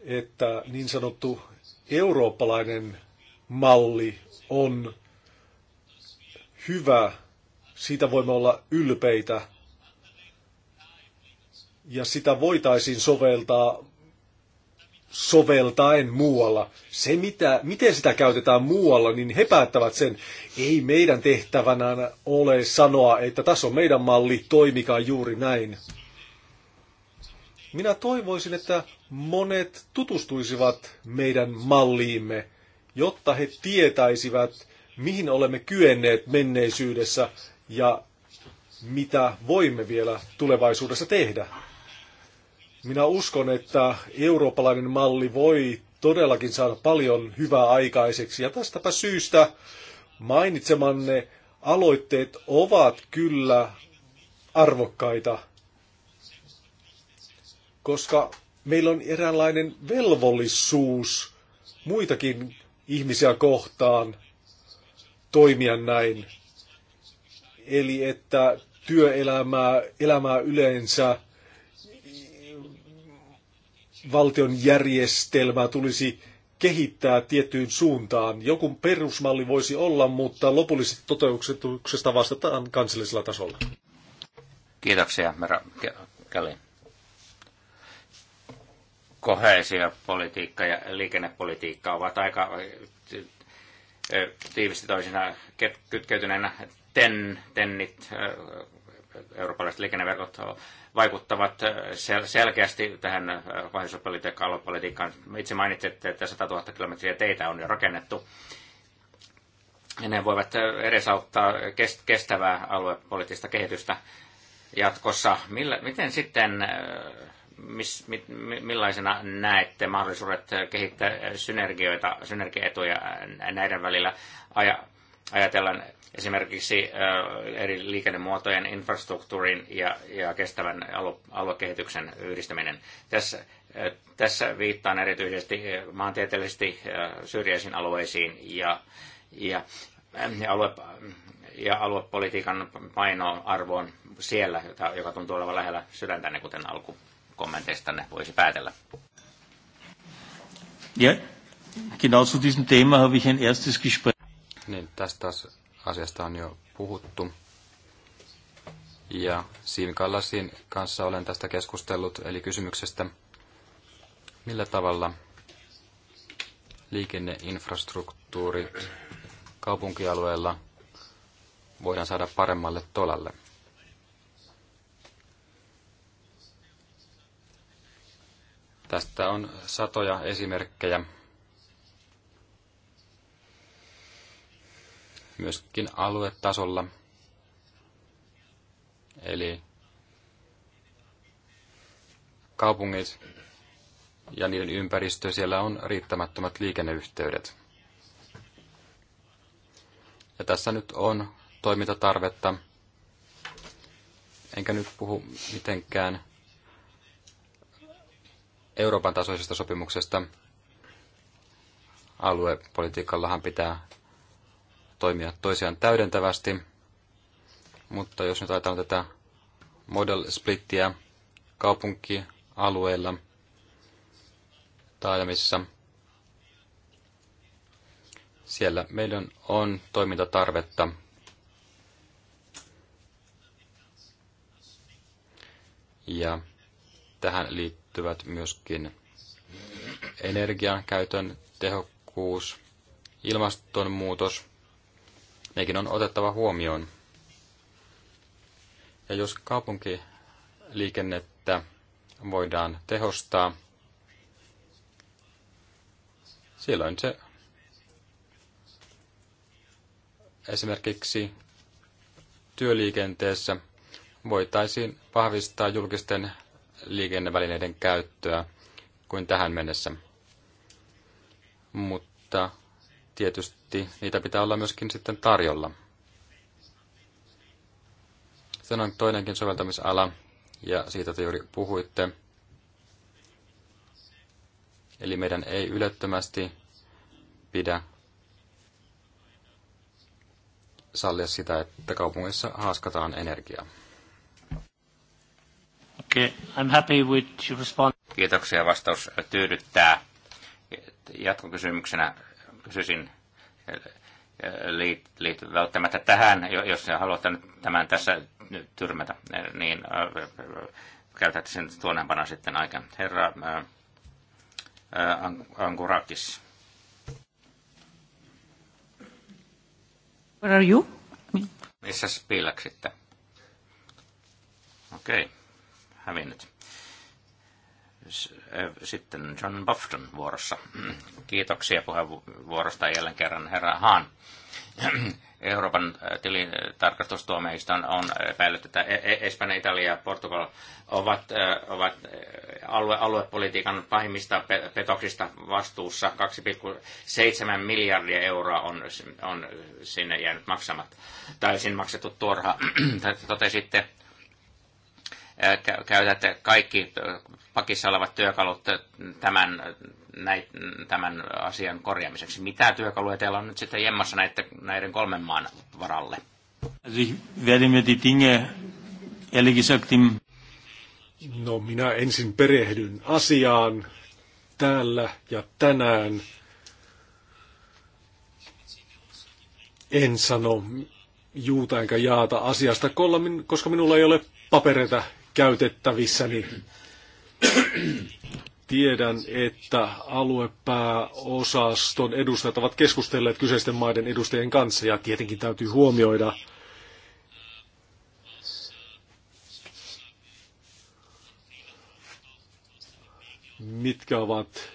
että niin sanottu eurooppalainen malli on hyvä siitä voimme olla ylpeitä. Ja sitä voitaisiin soveltaa soveltaen muualla. Se, mitä, miten sitä käytetään muualla, niin he päättävät sen. Ei meidän tehtävänä ole sanoa, että tässä on meidän malli, toimikaa juuri näin. Minä toivoisin, että monet tutustuisivat meidän malliimme, jotta he tietäisivät, mihin olemme kyenneet menneisyydessä ja mitä voimme vielä tulevaisuudessa tehdä. Minä uskon, että eurooppalainen malli voi todellakin saada paljon hyvää aikaiseksi ja tästäpä syystä mainitsemanne aloitteet ovat kyllä arvokkaita, koska meillä on eräänlainen velvollisuus muitakin ihmisiä kohtaan toimia näin eli että työelämää, elämää yleensä valtion järjestelmää tulisi kehittää tiettyyn suuntaan. Joku perusmalli voisi olla, mutta lopullisesta toteutuksesta vastataan kansallisella tasolla. Kiitoksia, Mera Kälin. Koheesiopolitiikka ja liikennepolitiikka ovat aika tiivisti toisinaan kytkeytyneenä ten, tennit, eurooppalaiset liikenneverkot vaikuttavat sel- selkeästi tähän kohdallisuuspolitiikkaan, aluepolitiikkaan. Itse mainitsitte, että 100 000 kilometriä teitä on jo rakennettu. Ja ne voivat edesauttaa kestävää aluepoliittista kehitystä jatkossa. Millä, miten sitten, mis, mi, millaisena näette mahdollisuudet kehittää synergioita, synergiaetuja näiden välillä? Aja, Ajatellaan esimerkiksi äh, eri liikennemuotojen infrastruktuurin ja, ja kestävän aluekehityksen yhdistäminen. Tässä, äh, tässä viittaan erityisesti äh, maantieteellisesti syrjäisiin alueisiin ja, ja, ja, alue, ja aluepolitiikan painoarvoon siellä, joka, joka tuntuu olevan lähellä sydäntänne, niin kuten alkukommenteistanne voisi päätellä. Ja, genau zu diesem Thema habe ich ein erstes Gespräch. Niin tästä asiasta on jo puhuttu. Ja Siim Kallasin kanssa olen tästä keskustellut, eli kysymyksestä, millä tavalla liikenneinfrastruktuurit kaupunkialueella voidaan saada paremmalle tolalle. Tästä on satoja esimerkkejä. myöskin aluetasolla. Eli kaupungit ja niiden ympäristö, siellä on riittämättömät liikenneyhteydet. Ja tässä nyt on toimintatarvetta. Enkä nyt puhu mitenkään Euroopan tasoisesta sopimuksesta. Aluepolitiikallahan pitää toimia toisiaan täydentävästi, mutta jos nyt ajatellaan tätä model splittiä kaupunkialueilla taajamissa, siellä meidän on toimintatarvetta. Ja tähän liittyvät myöskin energian käytön tehokkuus, ilmastonmuutos – nekin on otettava huomioon. Ja jos kaupunkiliikennettä voidaan tehostaa, silloin se esimerkiksi työliikenteessä voitaisiin vahvistaa julkisten liikennevälineiden käyttöä kuin tähän mennessä. Mutta tietysti niitä pitää olla myöskin sitten tarjolla. Sen on toinenkin soveltamisala, ja siitä te juuri puhuitte. Eli meidän ei ylettömästi pidä sallia sitä, että kaupungissa haaskataan energiaa. Okay, I'm happy with your response. Kiitoksia, vastaus tyydyttää. Jatkokysymyksenä kysyisin eh, liit, liit, välttämättä tähän, jos haluatte nyt tämän tässä nyt tyrmätä, eh, niin eh, käytätte sen tuonempana sitten aika. Herra Angurakis. Where are you? Missä piilaksitte? Okei, okay. hävinnyt. Eh, sitten John Buffton vuorossa. Kiitoksia puheenvuorosta jälleen kerran herra Haan. Euroopan eh, tilintarkastustuomioista on, on epäillyt, että e- e- Espanja, Italia ja Portugal ovat, eh, ovat alue, aluepolitiikan pahimmista petoksista vastuussa. 2,7 miljardia euroa on, on sinne jäänyt maksamat, täysin maksettu turha. Totesitte käytätte kaikki pakissa olevat työkalut tämän, näit, tämän asian korjaamiseksi. Mitä työkaluja teillä on nyt sitten jemmassa näiden, näiden kolmen maan varalle? No minä ensin perehdyn asiaan täällä ja tänään. En sano juuta enkä jaata asiasta, koska minulla ei ole papereita käytettävissäni. Niin tiedän, että aluepääosaston edustajat ovat keskustelleet kyseisten maiden edustajien kanssa ja tietenkin täytyy huomioida, mitkä ovat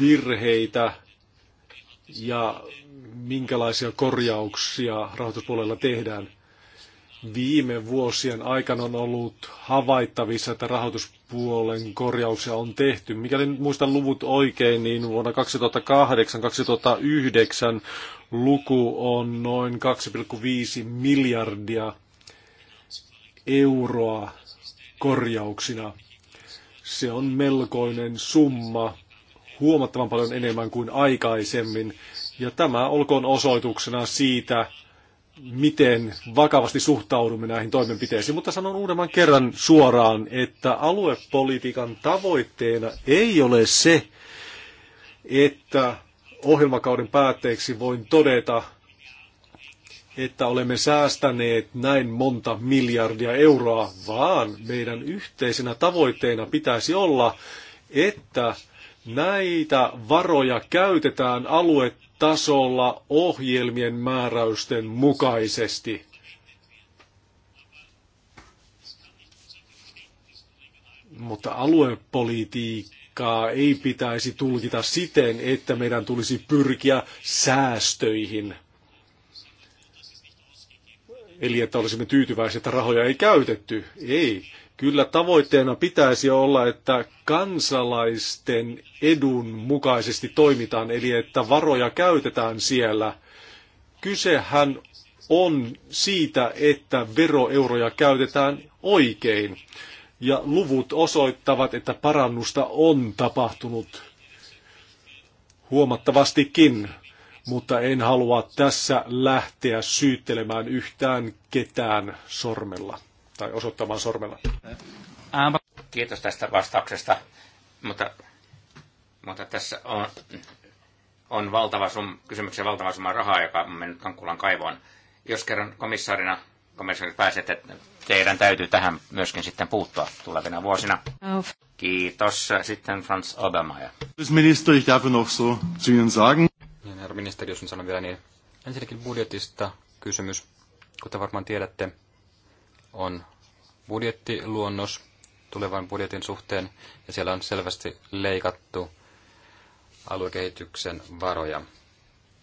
virheitä ja minkälaisia korjauksia rahoituspuolella tehdään viime vuosien aikana on ollut havaittavissa, että rahoituspuolen korjauksia on tehty. Mikäli nyt muistan luvut oikein, niin vuonna 2008-2009 luku on noin 2,5 miljardia euroa korjauksina. Se on melkoinen summa, huomattavan paljon enemmän kuin aikaisemmin. Ja tämä olkoon osoituksena siitä, miten vakavasti suhtaudumme näihin toimenpiteisiin, mutta sanon uudemman kerran suoraan, että aluepolitiikan tavoitteena ei ole se, että ohjelmakauden päätteeksi voin todeta, että olemme säästäneet näin monta miljardia euroa, vaan meidän yhteisenä tavoitteena pitäisi olla, että näitä varoja käytetään aluetta tasolla ohjelmien määräysten mukaisesti. Mutta aluepolitiikkaa ei pitäisi tulkita siten, että meidän tulisi pyrkiä säästöihin. Eli että olisimme tyytyväisiä, että rahoja ei käytetty. Ei. Kyllä tavoitteena pitäisi olla, että kansalaisten edun mukaisesti toimitaan, eli että varoja käytetään siellä. Kysehän on siitä, että veroeuroja käytetään oikein. Ja luvut osoittavat, että parannusta on tapahtunut huomattavastikin, mutta en halua tässä lähteä syyttelemään yhtään ketään sormella tai osoittamaan sormella. Kiitos tästä vastauksesta, mutta, mutta tässä on, on valtava sum, kysymyksiä valtava summa rahaa, joka on mennyt Kankulan kaivoon. Jos kerran komissaarina komissaari pääset, että teidän täytyy tähän myöskin sitten puuttua tulevina vuosina. Kiitos. Sitten Franz Obermeier. Minister, ich darf noch so zu Ihnen sagen. Herra ministeri, jos sanon vielä niin. Ensinnäkin budjetista kysymys. Kuten varmaan tiedätte, on budjettiluonnos tulevan budjetin suhteen, ja siellä on selvästi leikattu aluekehityksen varoja.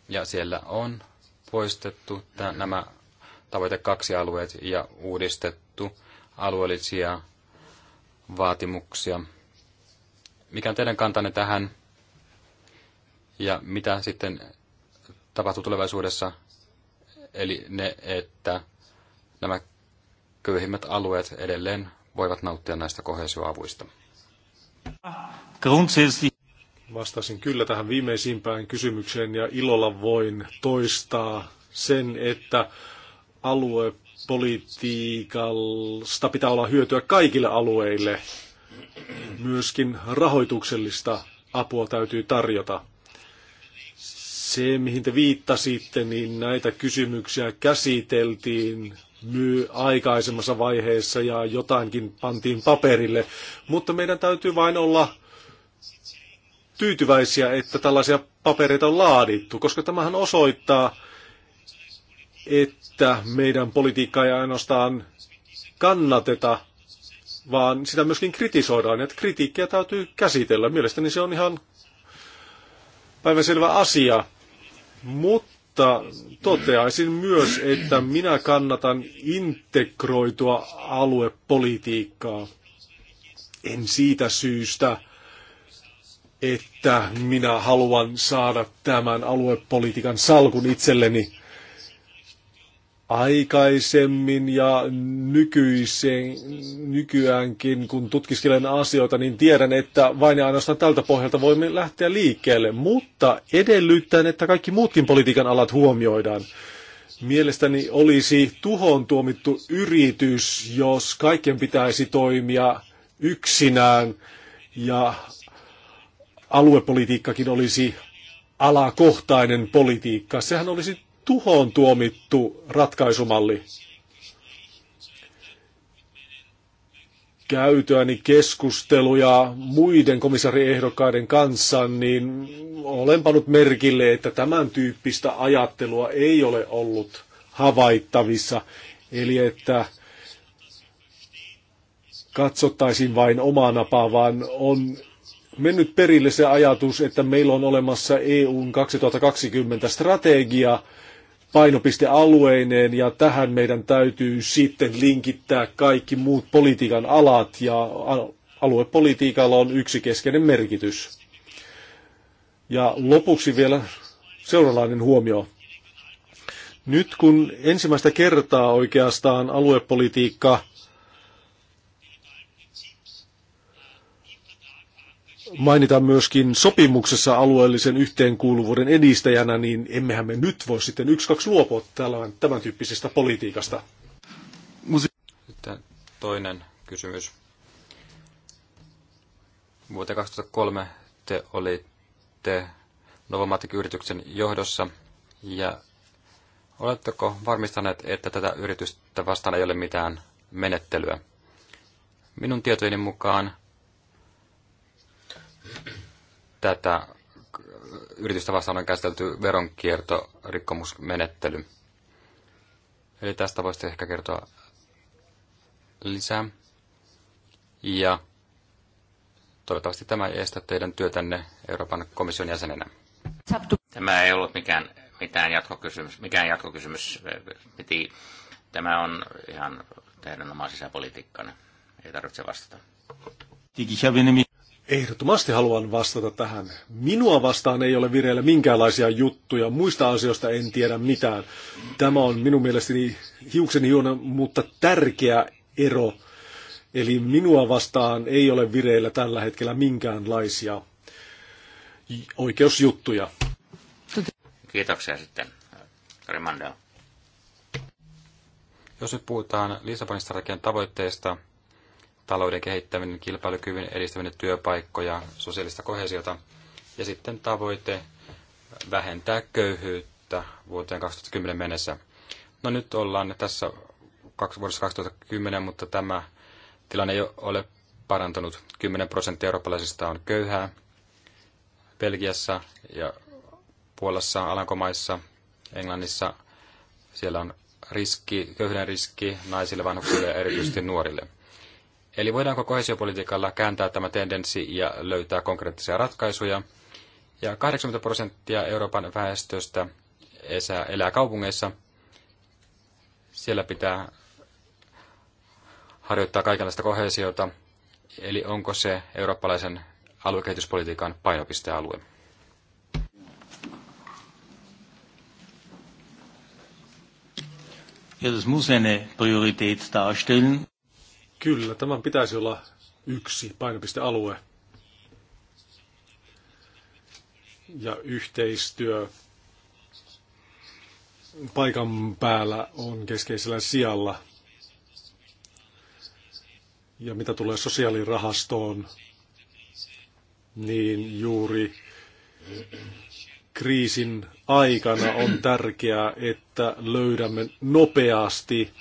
Ja siellä on poistettu nämä tavoite kaksi alueet ja uudistettu alueellisia vaatimuksia. Mikä on teidän kantanne tähän ja mitä sitten tapahtuu tulevaisuudessa? Eli ne, että nämä köyhimmät alueet edelleen voivat nauttia näistä kohesioavuista. Vastasin kyllä tähän viimeisimpään kysymykseen ja ilolla voin toistaa sen, että aluepolitiikasta pitää olla hyötyä kaikille alueille. Myöskin rahoituksellista apua täytyy tarjota. Se, mihin te viittasitte, niin näitä kysymyksiä käsiteltiin myy aikaisemmassa vaiheessa ja jotainkin pantiin paperille, mutta meidän täytyy vain olla tyytyväisiä, että tällaisia papereita on laadittu, koska tämähän osoittaa, että meidän politiikkaa ei ainoastaan kannateta, vaan sitä myöskin kritisoidaan, että kritiikkiä täytyy käsitellä. Mielestäni se on ihan päivänselvä asia, mutta mutta toteaisin myös, että minä kannatan integroitua aluepolitiikkaa. En siitä syystä, että minä haluan saada tämän aluepolitiikan salkun itselleni aikaisemmin ja nykyiseen, nykyäänkin, kun tutkiskelen asioita, niin tiedän, että vain ja ainoastaan tältä pohjalta voimme lähteä liikkeelle, mutta edellyttäen, että kaikki muutkin politiikan alat huomioidaan. Mielestäni olisi tuhon tuomittu yritys, jos kaiken pitäisi toimia yksinään ja aluepolitiikkakin olisi alakohtainen politiikka. Sehän olisi tuhoon tuomittu ratkaisumalli. käytyäni keskusteluja muiden komissariehdokkaiden kanssa, niin olen pannut merkille, että tämän tyyppistä ajattelua ei ole ollut havaittavissa. Eli että katsottaisiin vain omaa napaa, vaan on mennyt perille se ajatus, että meillä on olemassa EUn 2020 strategia, painopistealueineen ja tähän meidän täytyy sitten linkittää kaikki muut politiikan alat ja aluepolitiikalla on yksi keskeinen merkitys. Ja lopuksi vielä seuraavainen huomio. Nyt kun ensimmäistä kertaa oikeastaan aluepolitiikka mainitaan myöskin sopimuksessa alueellisen yhteenkuuluvuuden edistäjänä, niin emmehän me nyt voi sitten yksi kaksi luopua tämän, tämän tyyppisestä politiikasta. Sitten toinen kysymys. Vuoteen 2003 te olitte Novomatic-yrityksen johdossa ja oletteko varmistaneet, että tätä yritystä vastaan ei ole mitään menettelyä? Minun tietojeni mukaan tätä yritystä vastaan on käsitelty veronkiertorikkomusmenettely. Eli tästä voisi ehkä kertoa lisää. Ja toivottavasti tämä ei estä teidän työtänne Euroopan komission jäsenenä. Tämä ei ollut mikään mitään jatkokysymys. Mikään jatkokysymys piti. Tämä on ihan teidän oma sisäpolitiikkanne. Ei tarvitse vastata. Ehdottomasti haluan vastata tähän. Minua vastaan ei ole vireillä minkäänlaisia juttuja. Muista asioista en tiedä mitään. Tämä on minun mielestäni hiuksen hiona, mutta tärkeä ero. Eli minua vastaan ei ole vireillä tällä hetkellä minkäänlaisia oikeusjuttuja. Kiitoksia sitten, Remandel. Jos nyt puhutaan Lissabonin strategian tavoitteista, talouden kehittäminen, kilpailukyvyn edistäminen, työpaikkoja, sosiaalista kohesiota ja sitten tavoite vähentää köyhyyttä vuoteen 2010 mennessä. No nyt ollaan tässä vuodessa 2010, mutta tämä tilanne ei ole parantunut. 10 prosenttia eurooppalaisista on köyhää. Belgiassa ja Puolassa, Alankomaissa, Englannissa siellä on riski, köyhyyden riski naisille, vanhuksille ja erityisesti nuorille. Eli voidaanko kohesiopolitiikalla kääntää tämä tendenssi ja löytää konkreettisia ratkaisuja? Ja 80 prosenttia Euroopan väestöstä elää kaupungeissa. Siellä pitää harjoittaa kaikenlaista kohesiota. Eli onko se eurooppalaisen aluekehityspolitiikan painopistealue? Ja, das muss eine Priorität darstellen. Kyllä, tämän pitäisi olla yksi painopistealue. Ja yhteistyö paikan päällä on keskeisellä sijalla. Ja mitä tulee sosiaalirahastoon, niin juuri kriisin aikana on tärkeää, että löydämme nopeasti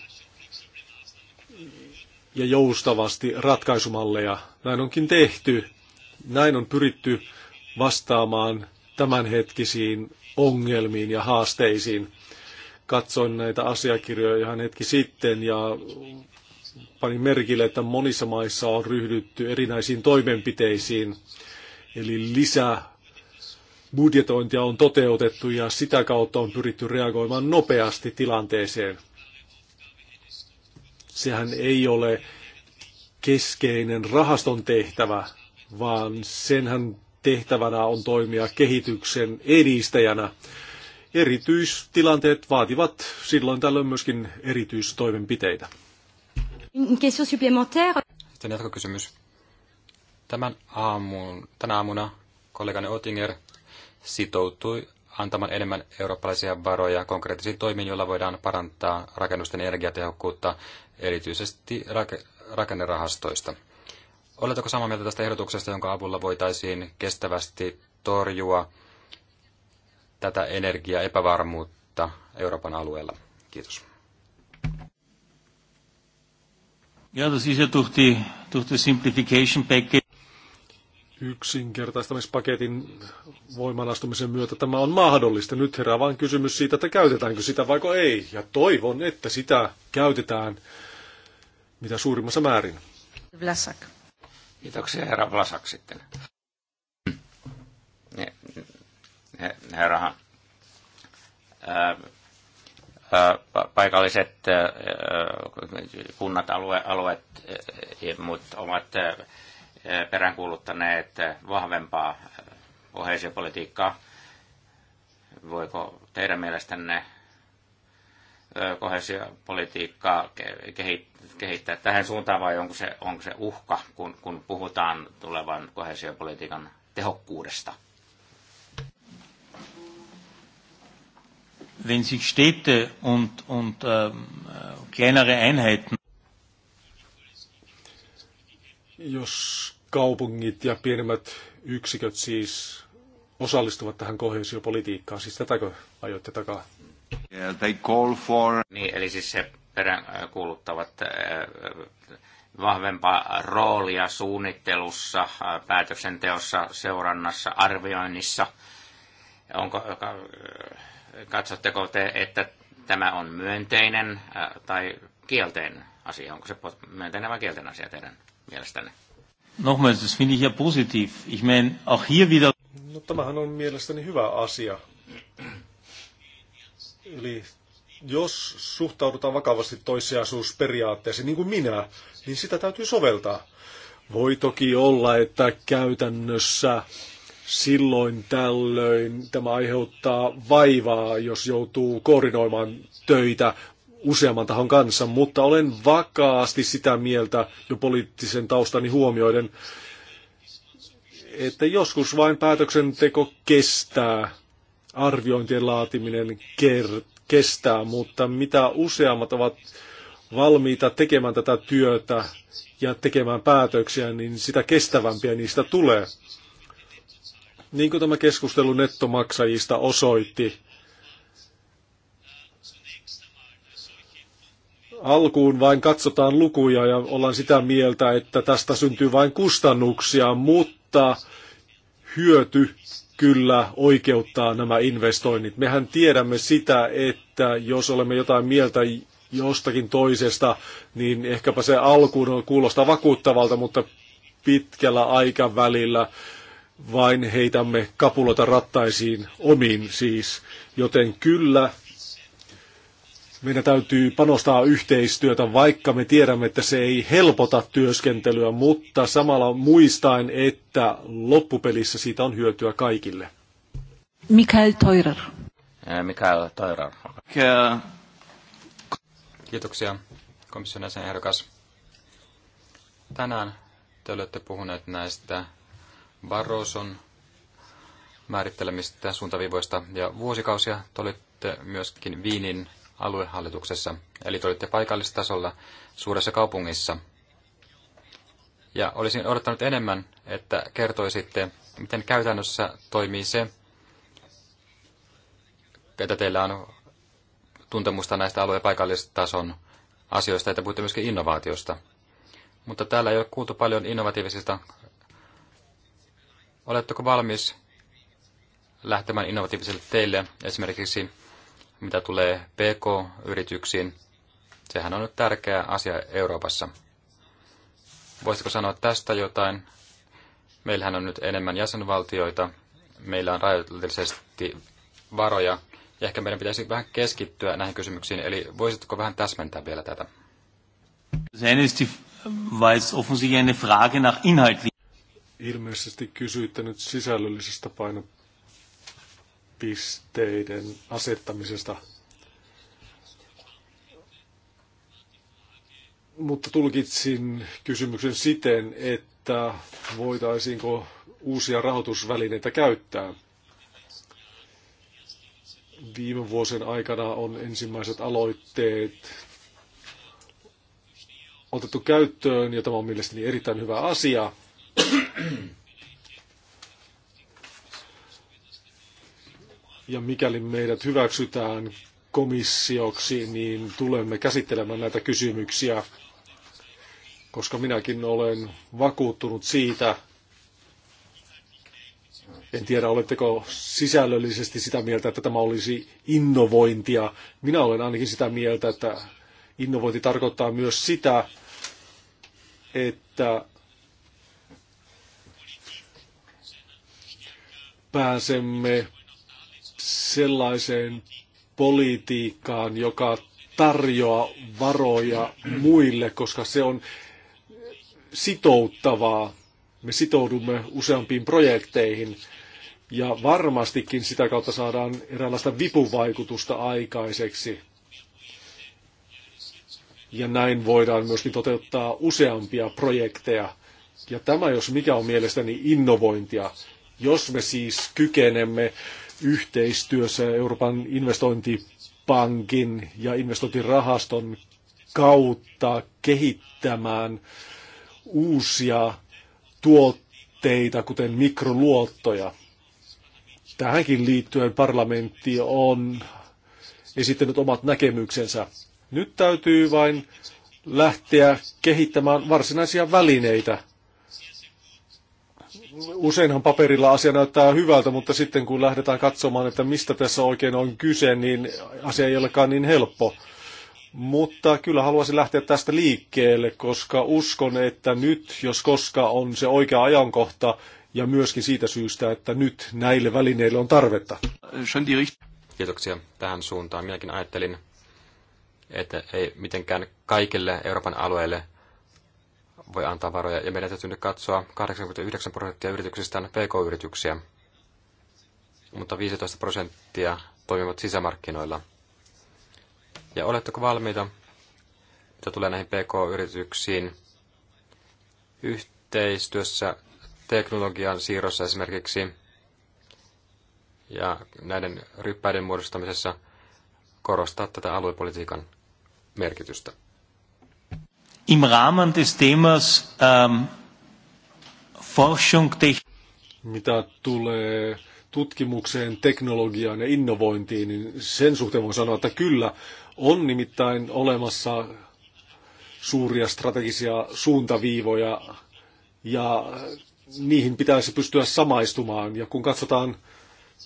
ja joustavasti ratkaisumalleja. Näin onkin tehty. Näin on pyritty vastaamaan tämänhetkisiin ongelmiin ja haasteisiin. Katsoin näitä asiakirjoja ihan hetki sitten ja panin merkille, että monissa maissa on ryhdytty erinäisiin toimenpiteisiin. Eli lisää budjetointia on toteutettu ja sitä kautta on pyritty reagoimaan nopeasti tilanteeseen sehän ei ole keskeinen rahaston tehtävä, vaan senhän tehtävänä on toimia kehityksen edistäjänä. Erityistilanteet vaativat silloin tällöin myöskin erityistoimenpiteitä. Sitten jatkokysymys. Tämän aamun, tänä aamuna kollegani Otinger sitoutui antamaan enemmän eurooppalaisia varoja konkreettisiin toimiin, joilla voidaan parantaa rakennusten energiatehokkuutta erityisesti rakennerahastoista. Oletteko samaa mieltä tästä ehdotuksesta, jonka avulla voitaisiin kestävästi torjua tätä energiaepävarmuutta Euroopan alueella? Kiitos. Ja, das ist ja durch die, durch die simplification package. Yksinkertaistamispaketin voimanastumisen myötä tämä on mahdollista. Nyt herää vain kysymys siitä, että käytetäänkö sitä vaiko ei. Ja toivon, että sitä käytetään mitä suurimmassa määrin. Vlasak. Kiitoksia herra Vlasak sitten. Herrahan. paikalliset kunnat, alueet ja muut ovat peräänkuuluttaneet vahvempaa kohesiopolitiikkaa. Voiko teidän mielestänne kohesiopolitiikkaa kehittää tähän suuntaan vai onko se, onko se uhka, kun, kun puhutaan tulevan kohesiopolitiikan tehokkuudesta? Wenn sich Städte und, und ähm, äh, kleinere Einheiten jos kaupungit ja pienemmät yksiköt siis osallistuvat tähän kohesiopolitiikkaan, siis tätäkö ajoitte takaa? they call for... Niin, eli siis se peräänkuuluttavat äh, äh, vahvempaa roolia suunnittelussa, äh, päätöksenteossa, seurannassa, arvioinnissa. Onko, katsotteko te, että tämä on myönteinen tai kielteinen asia? Onko se myönteinen vai kielteinen asia teidän mielestänne? Nochmals, das finde ich ja positiv. Ich meine, auch hier wieder... No tämähän on mielestäni hyvä asia, Eli jos suhtaudutaan vakavasti toissijaisuusperiaatteeseen, niin kuin minä, niin sitä täytyy soveltaa. Voi toki olla, että käytännössä silloin tällöin tämä aiheuttaa vaivaa, jos joutuu koordinoimaan töitä useamman tahon kanssa, mutta olen vakaasti sitä mieltä jo poliittisen taustani huomioiden, että joskus vain päätöksenteko kestää arviointien laatiminen kestää, mutta mitä useammat ovat valmiita tekemään tätä työtä ja tekemään päätöksiä, niin sitä kestävämpiä niistä tulee. Niin kuin tämä keskustelu nettomaksajista osoitti, alkuun vain katsotaan lukuja ja ollaan sitä mieltä, että tästä syntyy vain kustannuksia, mutta hyöty kyllä oikeuttaa nämä investoinnit. Mehän tiedämme sitä, että jos olemme jotain mieltä jostakin toisesta, niin ehkäpä se alkuun kuulostaa vakuuttavalta, mutta pitkällä aikavälillä vain heitämme kapulota rattaisiin omiin siis. Joten kyllä meidän täytyy panostaa yhteistyötä, vaikka me tiedämme, että se ei helpota työskentelyä, mutta samalla muistaen, että loppupelissä siitä on hyötyä kaikille. Mikael Toirer. Äh, Mikael Toirer. Kiitoksia, komission jäsen ehdokas. Tänään te olette puhuneet näistä Barroson määrittelemistä suuntaviivoista ja vuosikausia te olitte myöskin Viinin aluehallituksessa, eli te olitte paikallistasolla suuressa kaupungissa. Ja olisin odottanut enemmän, että kertoisitte, miten käytännössä toimii se, että teillä on tuntemusta näistä alue- ja paikallistason asioista, että puhutte myöskin innovaatiosta. Mutta täällä ei ole kuultu paljon innovatiivisista. Oletteko valmis lähtemään innovatiiviselle teille esimerkiksi mitä tulee PK-yrityksiin. Sehän on nyt tärkeä asia Euroopassa. Voisitko sanoa tästä jotain? Meillähän on nyt enemmän jäsenvaltioita, meillä on rajoitellisesti varoja, ja ehkä meidän pitäisi vähän keskittyä näihin kysymyksiin, eli voisitko vähän täsmentää vielä tätä? Ilmeisesti kysyitte nyt sisällöllisestä painopisteestä pisteiden asettamisesta. Mutta tulkitsin kysymyksen siten, että voitaisiinko uusia rahoitusvälineitä käyttää. Viime vuosien aikana on ensimmäiset aloitteet otettu käyttöön, ja tämä on mielestäni erittäin hyvä asia. Ja mikäli meidät hyväksytään komissioksi, niin tulemme käsittelemään näitä kysymyksiä, koska minäkin olen vakuuttunut siitä, en tiedä, oletteko sisällöllisesti sitä mieltä, että tämä olisi innovointia. Minä olen ainakin sitä mieltä, että innovointi tarkoittaa myös sitä, että pääsemme sellaiseen politiikkaan, joka tarjoaa varoja muille, koska se on sitouttavaa. Me sitoudumme useampiin projekteihin ja varmastikin sitä kautta saadaan eräänlaista vipuvaikutusta aikaiseksi. Ja näin voidaan myöskin toteuttaa useampia projekteja. Ja tämä, jos mikä on mielestäni innovointia, jos me siis kykenemme äh, yhteistyössä Euroopan investointipankin ja investointirahaston kautta kehittämään uusia tuotteita, kuten mikroluottoja. Tähänkin liittyen parlamentti on esittänyt omat näkemyksensä. Nyt täytyy vain lähteä kehittämään varsinaisia välineitä useinhan paperilla asia näyttää hyvältä, mutta sitten kun lähdetään katsomaan, että mistä tässä oikein on kyse, niin asia ei olekaan niin helppo. Mutta kyllä haluaisin lähteä tästä liikkeelle, koska uskon, että nyt, jos koska on se oikea ajankohta, ja myöskin siitä syystä, että nyt näille välineille on tarvetta. Kiitoksia tähän suuntaan. Minäkin ajattelin, että ei mitenkään kaikille Euroopan alueille voi antaa varoja, ja meidän täytyy nyt katsoa 89 prosenttia yrityksistä on pk-yrityksiä, mutta 15 prosenttia toimivat sisämarkkinoilla. Ja oletteko valmiita, mitä tulee näihin pk-yrityksiin, yhteistyössä teknologian siirrossa esimerkiksi ja näiden ryppäiden muodostamisessa korostaa tätä aluepolitiikan merkitystä? Im Rahmen des Themas ähm, Forschung, Mitä tulee tutkimukseen, teknologiaan ja innovointiin, niin sen suhteen voi sanoa, että kyllä, on nimittäin olemassa suuria strategisia suuntaviivoja ja niihin pitäisi pystyä samaistumaan. Ja kun katsotaan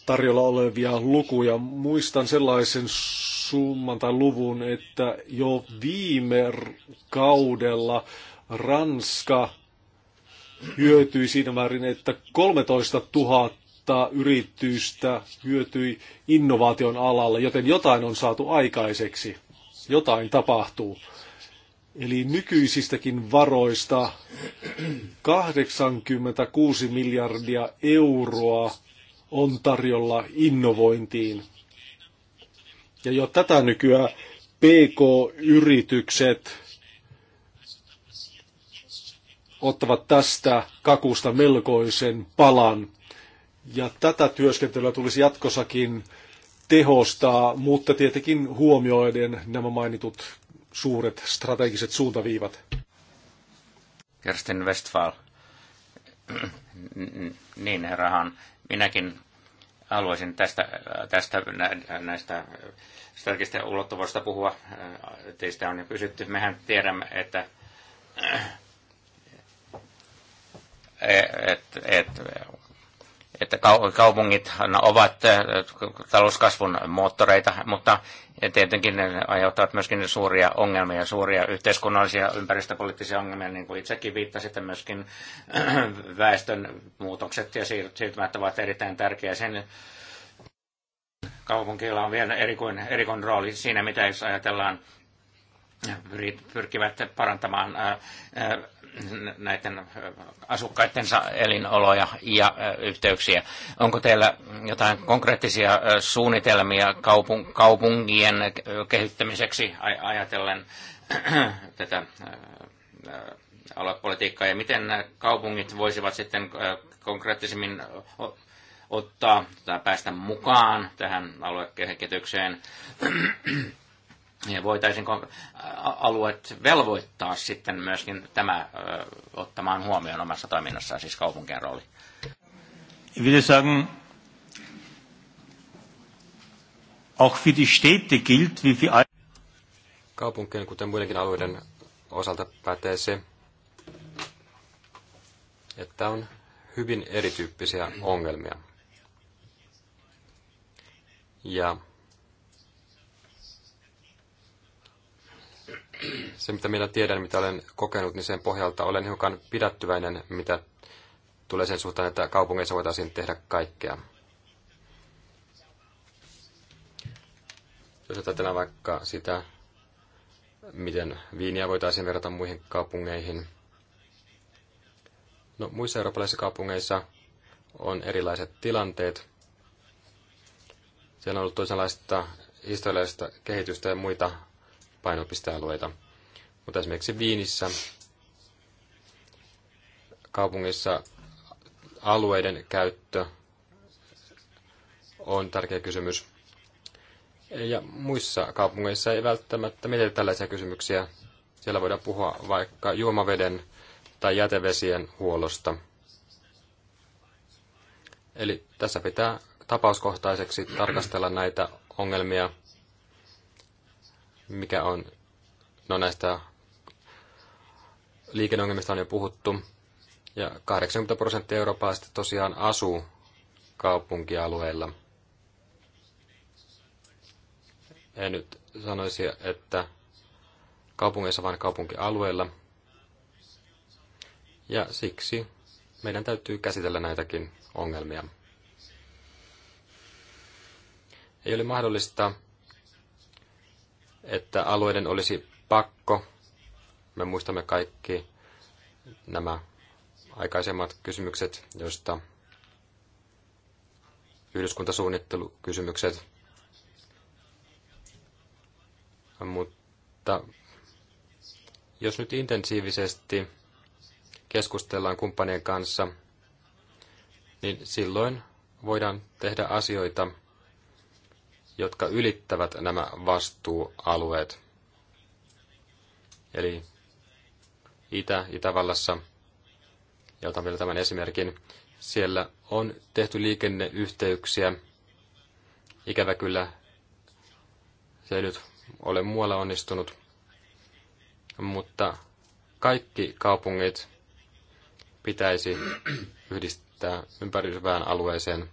tarjolla olevia lukuja, muistan sellaisen summan tai luvun, että jo viime kaudella Ranska hyötyi siinä määrin, että 13 000 yritystä hyötyi innovaation alalla, joten jotain on saatu aikaiseksi. Jotain tapahtuu. Eli nykyisistäkin varoista 86 miljardia euroa on tarjolla innovointiin. Ja jo tätä nykyään PK-yritykset ottavat tästä kakusta melkoisen palan. Ja tätä työskentelyä tulisi jatkossakin tehostaa, mutta tietenkin huomioiden nämä mainitut suuret strategiset suuntaviivat. Kerstin Westfall. niin, herrahan. Minäkin Haluaisin tästä, tästä näistä strategisten ulottuvuudesta puhua. Teistä on jo kysytty. Mehän tiedämme, että e, et, et, että kaupungit ovat äh, talouskasvun moottoreita, mutta tietenkin ne aiheuttavat myöskin suuria ongelmia, suuria yhteiskunnallisia ympäristöpoliittisia ongelmia, niin kuin itsekin viittasitte myöskin väestön muutokset ja siirtymät ovat erittäin tärkeä sen kaupunkilla on vielä erikoin, erikoin rooli siinä, mitä jos ajatellaan pyrkivät parantamaan äh, äh, näiden asukkaittensa elinoloja ja yhteyksiä. Onko teillä jotain konkreettisia suunnitelmia kaupungien kehittämiseksi ajatellen tätä aluepolitiikkaa ja miten kaupungit voisivat sitten konkreettisemmin ottaa tai päästä mukaan tähän aluekehitykseen? voitaisiinko äh, alueet velvoittaa sitten myöskin tämä äh, ottamaan huomioon omassa toiminnassaan, siis kaupunkien rooli? Würde sagen, auch für die Städte gilt, wie für Kaupunkien, kuten muidenkin alueiden osalta pätee se, että on hyvin erityyppisiä ongelmia. Ja se, mitä minä tiedän, mitä olen kokenut, niin sen pohjalta olen hiukan pidättyväinen, mitä tulee sen suhteen, että kaupungeissa voitaisiin tehdä kaikkea. Jos ajatellaan vaikka sitä, miten viiniä voitaisiin verrata muihin kaupungeihin. No, muissa eurooppalaisissa kaupungeissa on erilaiset tilanteet. Siellä on ollut toisenlaista historiallista kehitystä ja muita painopistealueita. Mutta esimerkiksi Viinissä kaupungissa alueiden käyttö on tärkeä kysymys. Ja muissa kaupungeissa ei välttämättä mietitä tällaisia kysymyksiä. Siellä voidaan puhua vaikka juomaveden tai jätevesien huollosta. Eli tässä pitää tapauskohtaiseksi tarkastella näitä ongelmia mikä on, no näistä liikenneongelmista on jo puhuttu, ja 80 prosenttia eurooppalaisista tosiaan asuu kaupunkialueilla. En nyt sanoisi, että kaupungeissa vaan kaupunkialueilla. Ja siksi meidän täytyy käsitellä näitäkin ongelmia. Ei ole mahdollista että alueiden olisi pakko, me muistamme kaikki nämä aikaisemmat kysymykset, joista yhdyskuntasuunnittelukysymykset, mutta jos nyt intensiivisesti keskustellaan kumppanien kanssa, niin silloin voidaan tehdä asioita, jotka ylittävät nämä vastuualueet. Eli Itä, Itävallassa, ja otan vielä tämän esimerkin, siellä on tehty liikenneyhteyksiä. Ikävä kyllä se ei nyt ole muualla onnistunut, mutta kaikki kaupungit pitäisi yhdistää ympäröivään alueeseen.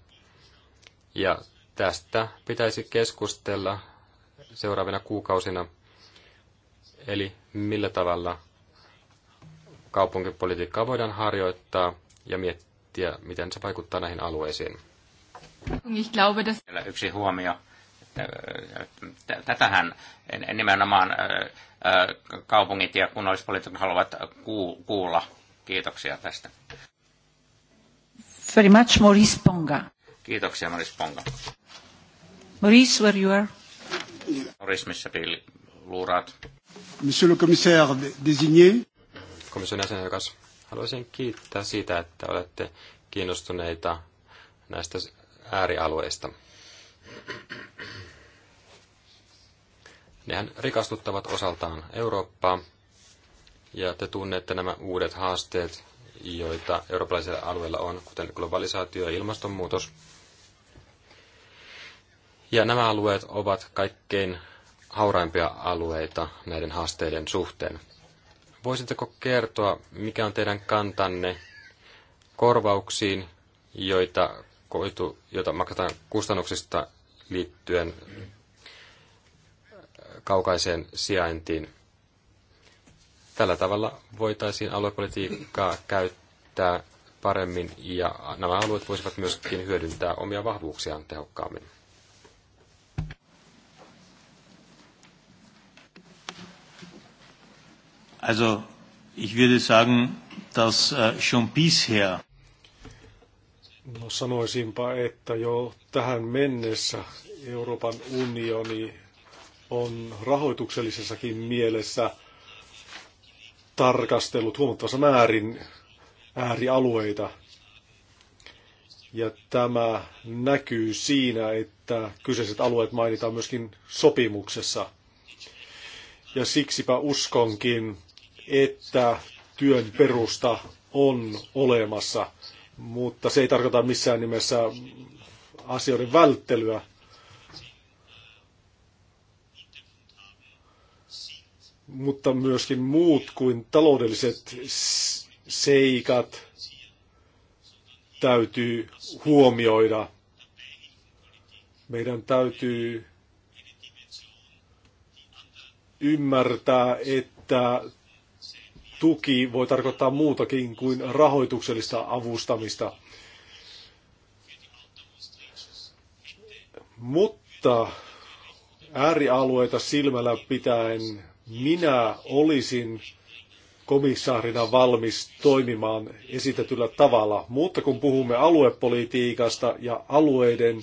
Ja tästä pitäisi keskustella seuraavina kuukausina, eli millä tavalla kaupunkipolitiikkaa voidaan harjoittaa ja miettiä, miten se vaikuttaa näihin alueisiin. Yksi huomio. Tätähän nimenomaan kaupungit ja kunnallispolitiikat haluavat kuulla. Kiitoksia tästä. Very much, Maurice Ponga. Kiitoksia, Maurice Ponga. Maurice, where you are? Maurice, Monsieur le commissaire désigné. Komission jäsenehdokas, haluaisin kiittää siitä, että olette kiinnostuneita näistä äärialueista. Nehän rikastuttavat osaltaan Eurooppaa, ja te tunnette nämä uudet haasteet, joita eurooppalaisilla alueilla on, kuten globalisaatio ja ilmastonmuutos – ja nämä alueet ovat kaikkein hauraimpia alueita näiden haasteiden suhteen. Voisitteko kertoa, mikä on teidän kantanne korvauksiin, joita, koitu, joita maksetaan kustannuksista liittyen äh, kaukaiseen sijaintiin? Tällä tavalla voitaisiin aluepolitiikkaa käyttää paremmin ja nämä alueet voisivat myöskin hyödyntää omia vahvuuksiaan tehokkaammin. Also ich würde sagen, dass äh, schon bisher No sanoisinpa, että jo tähän mennessä Euroopan unioni on rahoituksellisessakin mielessä tarkastellut huomattavassa määrin äärialueita. Ja tämä näkyy siinä, että kyseiset alueet mainitaan myöskin sopimuksessa. Ja siksipä uskonkin, että työn perusta on olemassa, mutta se ei tarkoita missään nimessä asioiden välttelyä. Mutta myöskin muut kuin taloudelliset seikat täytyy huomioida. Meidän täytyy ymmärtää, että tuki voi tarkoittaa muutakin kuin rahoituksellista avustamista. Mutta äärialueita silmällä pitäen minä olisin komissaarina valmis toimimaan esitetyllä tavalla. Mutta kun puhumme aluepolitiikasta ja alueiden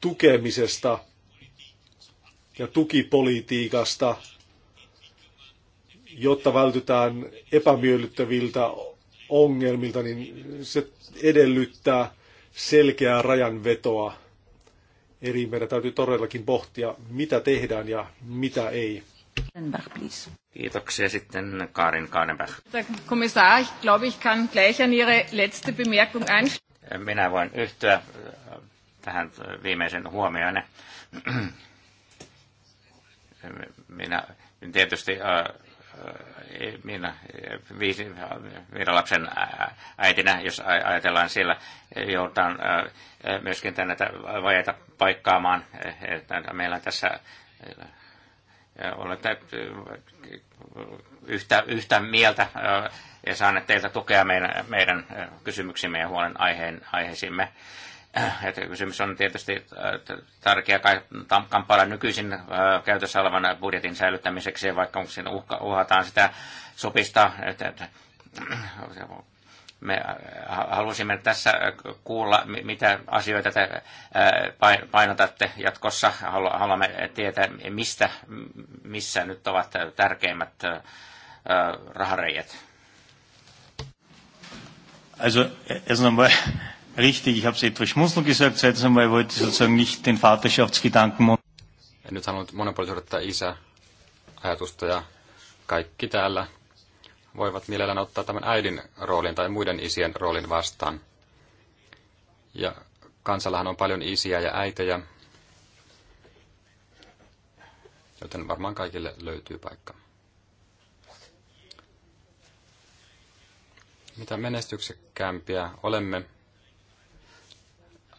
tukemisesta ja tukipolitiikasta, jotta vältytään epämiellyttäviltä ongelmilta, niin se edellyttää selkeää rajanvetoa. Eli meidän täytyy todellakin pohtia, mitä tehdään ja mitä ei. Kiitoksia sitten Karin Kadenbach. Kommissar, ich glaube, ich kann gleich an Ihre letzte Bemerkung Minä voin yhtyä äh, tähän viimeisen huomioon. Minä tietysti äh, minä viisi, viiden lapsen äitinä, jos ajatellaan siellä, joudutaan myöskin tänne vajeita paikkaamaan. Meillä tässä olette yhtä, yhtä mieltä ja saaneet teiltä tukea meidän, meidän kysymyksimme ja huolen aiheen, aiheisimme. Äh, että kysymys on tietysti äh, tärkeä kamppailla nykyisin äh, käytössä olevan budjetin säilyttämiseksi, vaikka siinä uhka, uhataan sitä sopista. Että, että, me halusimme tässä kuulla, mitä asioita te painotatte jatkossa. Haluamme tietää, mistä, missä nyt ovat tärkeimmät rahareijät. Also, erst nochmal, richtig, ich habe es etwas eh schmunzeln gesagt. Zweitens einmal wollte ich sozusagen nicht den Vaterschaftsgedanken. En nyt halunnut monopolisoida tätä isä-ajatusta ja kaikki täällä voivat mielellään ottaa tämän äidin roolin tai muiden isien roolin vastaan. Ja kansallahan on paljon isiä ja äitejä, joten varmaan kaikille löytyy paikka. Mitä menestyksekkäämpiä olemme,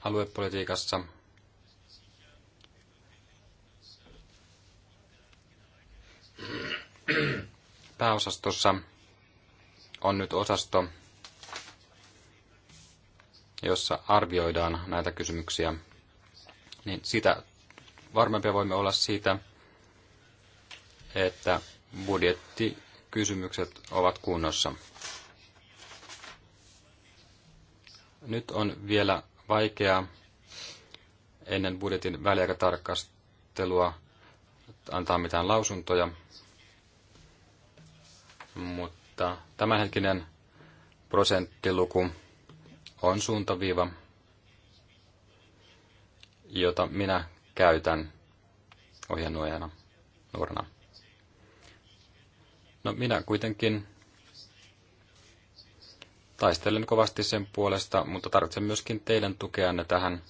aluepolitiikassa. Pääosastossa on nyt osasto, jossa arvioidaan näitä kysymyksiä, niin sitä varmempia voimme olla siitä, että budjettikysymykset ovat kunnossa. Nyt on vielä vaikeaa ennen budjetin väliaikatarkastelua antaa mitään lausuntoja, mutta tämänhetkinen prosenttiluku on suuntaviiva, jota minä käytän ohjenuojana nuorena. No minä kuitenkin Taistelen kovasti sen puolesta, mutta tarvitsen myöskin teidän tukeanne tähän,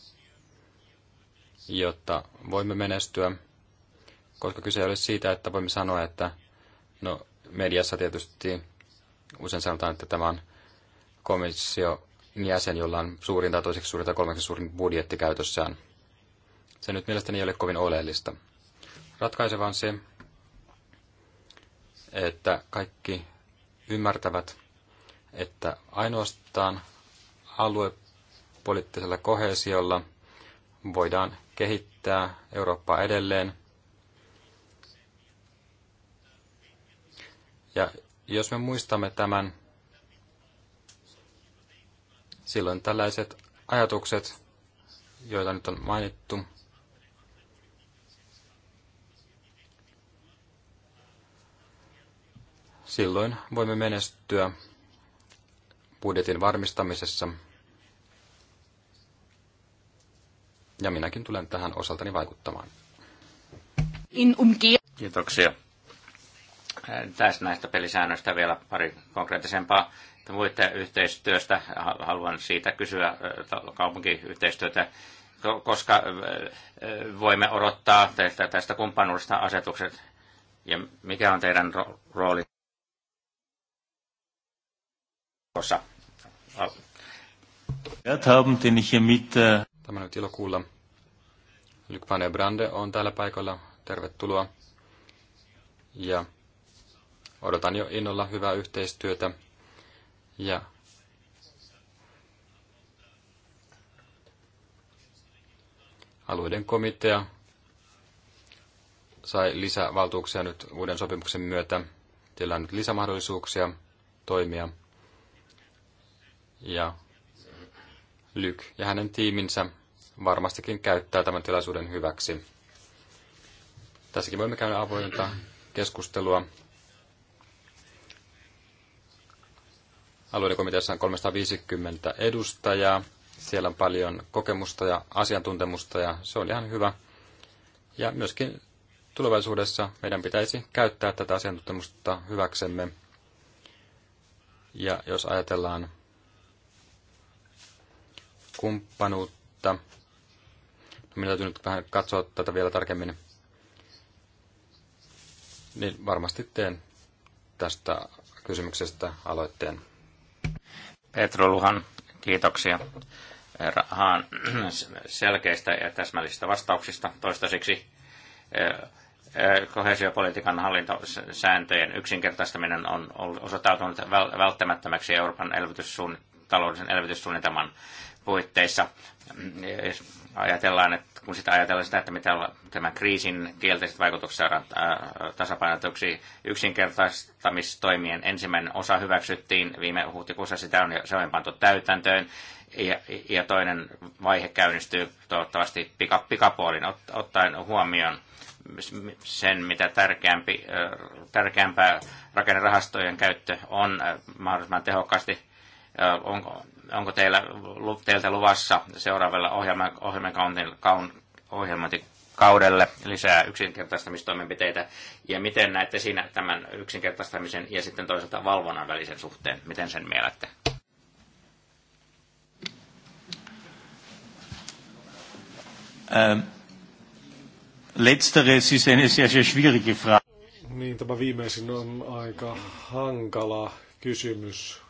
jotta voimme menestyä, koska kyse ole siitä, että voimme sanoa, että no, mediassa tietysti usein sanotaan, että tämä on komissio jäsen, jolla on suurin tai toiseksi suurin tai kolmeksi suurin budjetti käytössään. Se nyt mielestäni ei ole kovin oleellista. Ratkaiseva on se, että kaikki ymmärtävät, että ainoastaan aluepoliittisella kohesiolla voidaan kehittää Eurooppaa edelleen. Ja jos me muistamme tämän, silloin tällaiset ajatukset, joita nyt on mainittu, silloin voimme menestyä budjetin varmistamisessa. Ja minäkin tulen tähän osaltani vaikuttamaan. Kiitoksia. Tässä näistä pelisäännöistä vielä pari konkreettisempaa. Te voitte yhteistyöstä, haluan siitä kysyä kaupunkiyhteistyötä, koska voimme odottaa teiltä tästä kumppanuudesta asetukset ja mikä on teidän rooli Äh, Tämä on nyt ilo kuulla. Luc Brande on täällä paikalla. Tervetuloa. Ja odotan jo innolla hyvää yhteistyötä. Ja alueiden komitea sai lisävaltuuksia nyt uuden sopimuksen myötä. Teillä on nyt lisämahdollisuuksia toimia ja Lyk ja hänen tiiminsä varmastikin käyttää tämän tilaisuuden hyväksi. Tässäkin voimme käydä avointa keskustelua. Alueiden komiteassa on 350 edustajaa. Siellä on paljon kokemusta ja asiantuntemusta ja se on ihan hyvä. Ja myöskin tulevaisuudessa meidän pitäisi käyttää tätä asiantuntemusta hyväksemme. Ja jos ajatellaan kumppanuutta. No, minä täytyy nyt vähän katsoa tätä vielä tarkemmin. Niin varmasti teen tästä kysymyksestä aloitteen. Petro Luhan, kiitoksia Rahan selkeistä ja täsmällisistä vastauksista toistaiseksi. Eh, eh, kohesiopolitiikan hallintosääntöjen yksinkertaistaminen on osoittautunut välttämättömäksi Euroopan elvytyssuun, taloudellisen elvytyssuunnitelman puitteissa. Mm, ajatellaan, että kun sitä ajatellaan sitä, että mitä tämän kriisin kielteiset vaikutukset saadaan äh, tasapainotuksi, yksinkertaistamistoimien ensimmäinen osa hyväksyttiin viime huhtikuussa, sitä on jo se on pantu täytäntöön, ja, ja toinen vaihe käynnistyy toivottavasti pika, pikapuolin ot, ottaen huomioon sen, mitä tärkeämpi, äh, tärkeämpää rakennerahastojen käyttö on äh, mahdollisimman tehokkaasti Onko, onko teillä, teiltä luvassa seuraavalla ohjelman, ohjelman kaun, ohjelmointikaudelle lisää yksinkertaistamistoimenpiteitä, ja miten näette siinä tämän yksinkertaistamisen ja sitten toisaalta valvonnan välisen suhteen, miten sen mielette? Ähm. Letzteres ist eine sehr, sehr schwierige Frage. Niin, tämä viimeisin on aika hankala kysymys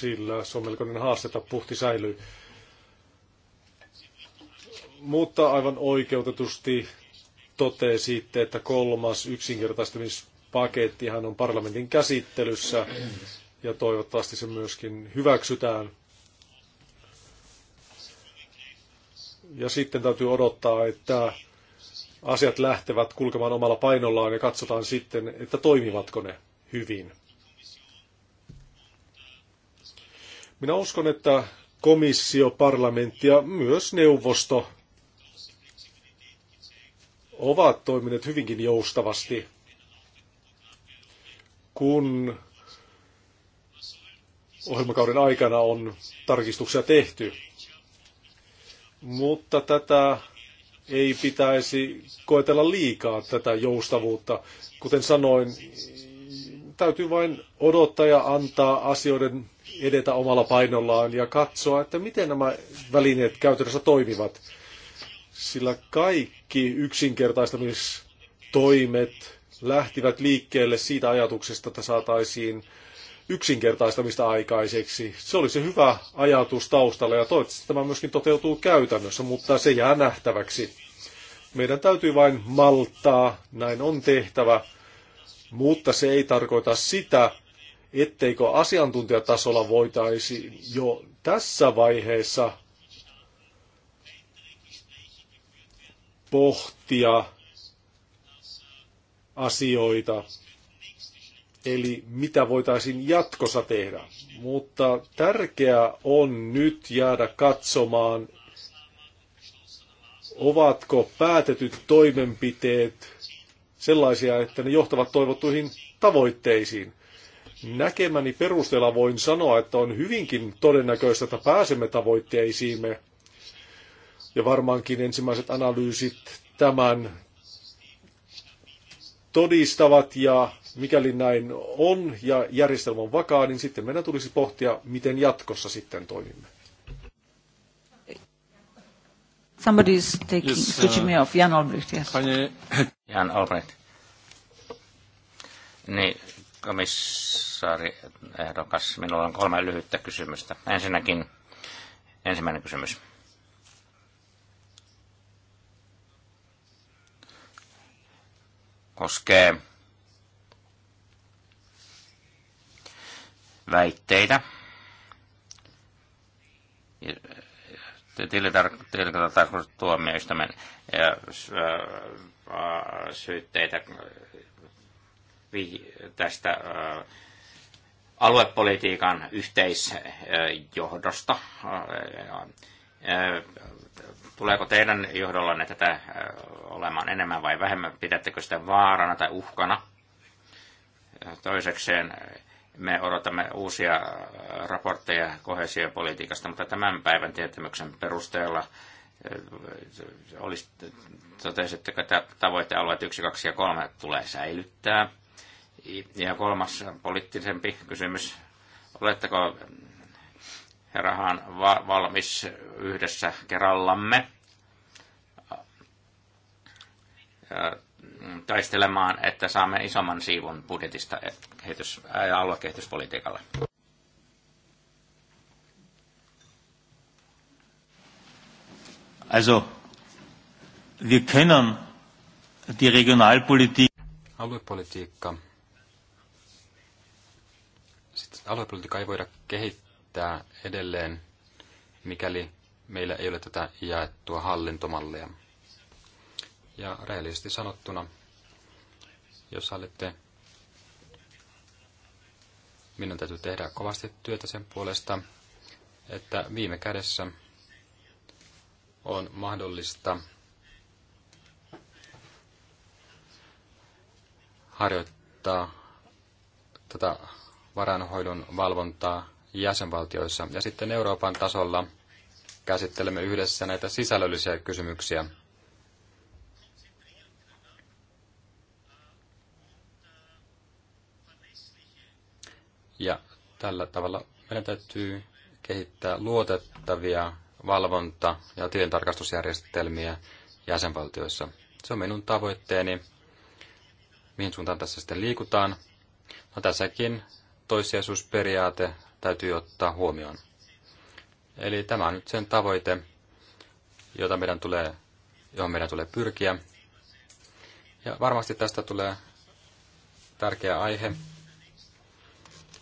sillä se on melkoinen haaste, että puhti säilyy. Mutta aivan oikeutetusti totesitte, että kolmas yksinkertaistamispakettihan on parlamentin käsittelyssä ja toivottavasti se myöskin hyväksytään. Ja sitten täytyy odottaa, että asiat lähtevät kulkemaan omalla painollaan ja katsotaan sitten, että toimivatko ne hyvin. Minä uskon, että komissio, parlamentti ja myös neuvosto ovat toimineet hyvinkin joustavasti, kun ohjelmakauden aikana on tarkistuksia tehty. Mutta tätä ei pitäisi koetella liikaa tätä joustavuutta. Kuten sanoin, täytyy vain odottaa ja antaa asioiden edetä omalla painollaan ja katsoa, että miten nämä välineet käytännössä toimivat. Sillä kaikki yksinkertaistamistoimet lähtivät liikkeelle siitä ajatuksesta, että saataisiin yksinkertaistamista aikaiseksi. Se oli se hyvä ajatus taustalla ja toivottavasti tämä myöskin toteutuu käytännössä, mutta se jää nähtäväksi. Meidän täytyy vain malttaa, näin on tehtävä, mutta se ei tarkoita sitä, etteikö asiantuntijatasolla voitaisi jo tässä vaiheessa pohtia asioita, eli mitä voitaisiin jatkossa tehdä. Mutta tärkeää on nyt jäädä katsomaan, ovatko päätetyt toimenpiteet sellaisia, että ne johtavat toivottuihin tavoitteisiin. Näkemäni perusteella voin sanoa, että on hyvinkin todennäköistä, että pääsemme tavoitteisiimme. Ja varmaankin ensimmäiset analyysit tämän todistavat ja mikäli näin on ja järjestelmä on vakaa, niin sitten meidän tulisi pohtia, miten jatkossa sitten toimimme. Somebody is taking, yes, uh, switching me off. Jan Olbricht, yes. Jan Olbricht. Niin, komissaari ehdokas, minulla on kolme lyhyttä kysymystä. Ensinnäkin ensimmäinen kysymys. Koskee väitteitä. ja syytteitä tästä aluepolitiikan yhteisjohdosta. Tuleeko teidän johdollanne tätä olemaan enemmän vai vähemmän? Pidättekö sitä vaarana tai uhkana? Toisekseen me odotamme uusia raportteja kohesiopolitiikasta, mutta tämän päivän tietämyksen perusteella olisi, totesitteko, että tavoitealueet 1, 2 ja 3 tulee säilyttää – ja kolmas poliittisempi kysymys. Oletteko herrahan va- valmis yhdessä kerrallamme mm, taistelemaan, että saamme isomman siivun budjetista eh, kehitys- ja eh, aluekehityspolitiikalle? Also, wir können die Regionalpolitik... Aluepolitiikka aluepolitiikkaa ei voida kehittää edelleen, mikäli meillä ei ole tätä jaettua hallintomallia. Ja rehellisesti sanottuna, jos hallitte, minun täytyy tehdä kovasti työtä sen puolesta, että viime kädessä on mahdollista harjoittaa tätä varainhoidon valvontaa jäsenvaltioissa. Ja sitten Euroopan tasolla käsittelemme yhdessä näitä sisällöllisiä kysymyksiä. Ja tällä tavalla meidän täytyy kehittää luotettavia valvonta- ja tilintarkastusjärjestelmiä jäsenvaltioissa. Se on minun tavoitteeni. Mihin suuntaan tässä sitten liikutaan? No tässäkin toissijaisuusperiaate täytyy ottaa huomioon. Eli tämä on nyt sen tavoite, jota meidän tulee, johon meidän tulee pyrkiä. Ja varmasti tästä tulee tärkeä aihe.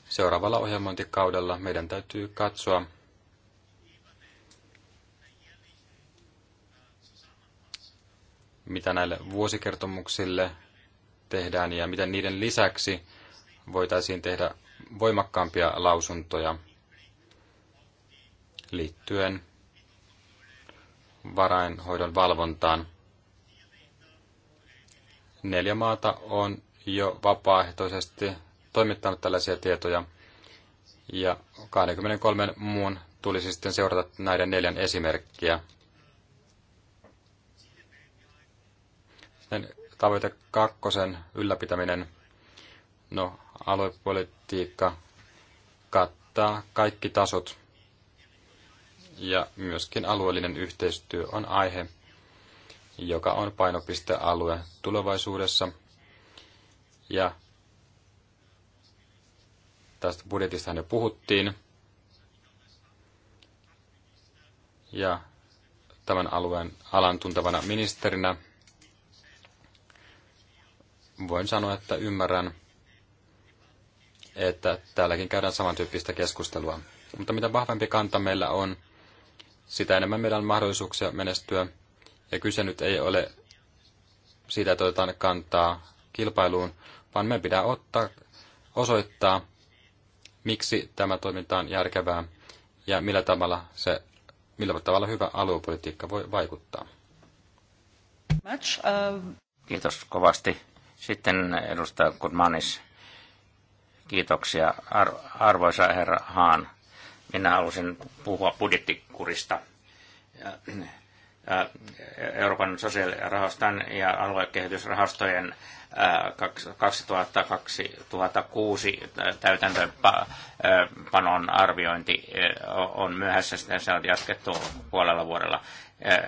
Seuraavalla ohjelmointikaudella meidän täytyy katsoa, mitä näille vuosikertomuksille tehdään ja miten niiden lisäksi voitaisiin tehdä voimakkaampia lausuntoja liittyen varainhoidon valvontaan. Neljä maata on jo vapaaehtoisesti toimittanut tällaisia tietoja, ja 23 muun tulisi sitten seurata näiden neljän esimerkkiä. tavoite kakkosen ylläpitäminen. No, aluepolitiikka kattaa kaikki tasot ja myöskin alueellinen yhteistyö on aihe, joka on painopistealue tulevaisuudessa. Ja tästä budjetista jo puhuttiin. Ja tämän alueen alan tuntavana ministerinä voin sanoa, että ymmärrän, että täälläkin käydään samantyyppistä keskustelua. Mutta mitä vahvempi kanta meillä on, sitä enemmän meillä on mahdollisuuksia menestyä. Ja kyse nyt ei ole siitä, että otetaan kantaa kilpailuun, vaan meidän pitää ottaa, osoittaa, miksi tämä toiminta on järkevää ja millä tavalla, se, millä tavalla hyvä aluepolitiikka voi vaikuttaa. Uh, Kiitos kovasti. Sitten edustaja Kudmanis. Kiitoksia, arvoisa herra Haan. Minä halusin puhua budjettikurista. Euroopan sosiaalirahaston ja aluekehitysrahastojen 2006 täytäntöpanon arviointi on myöhässä, sitten se on jatkettu puolella vuodella.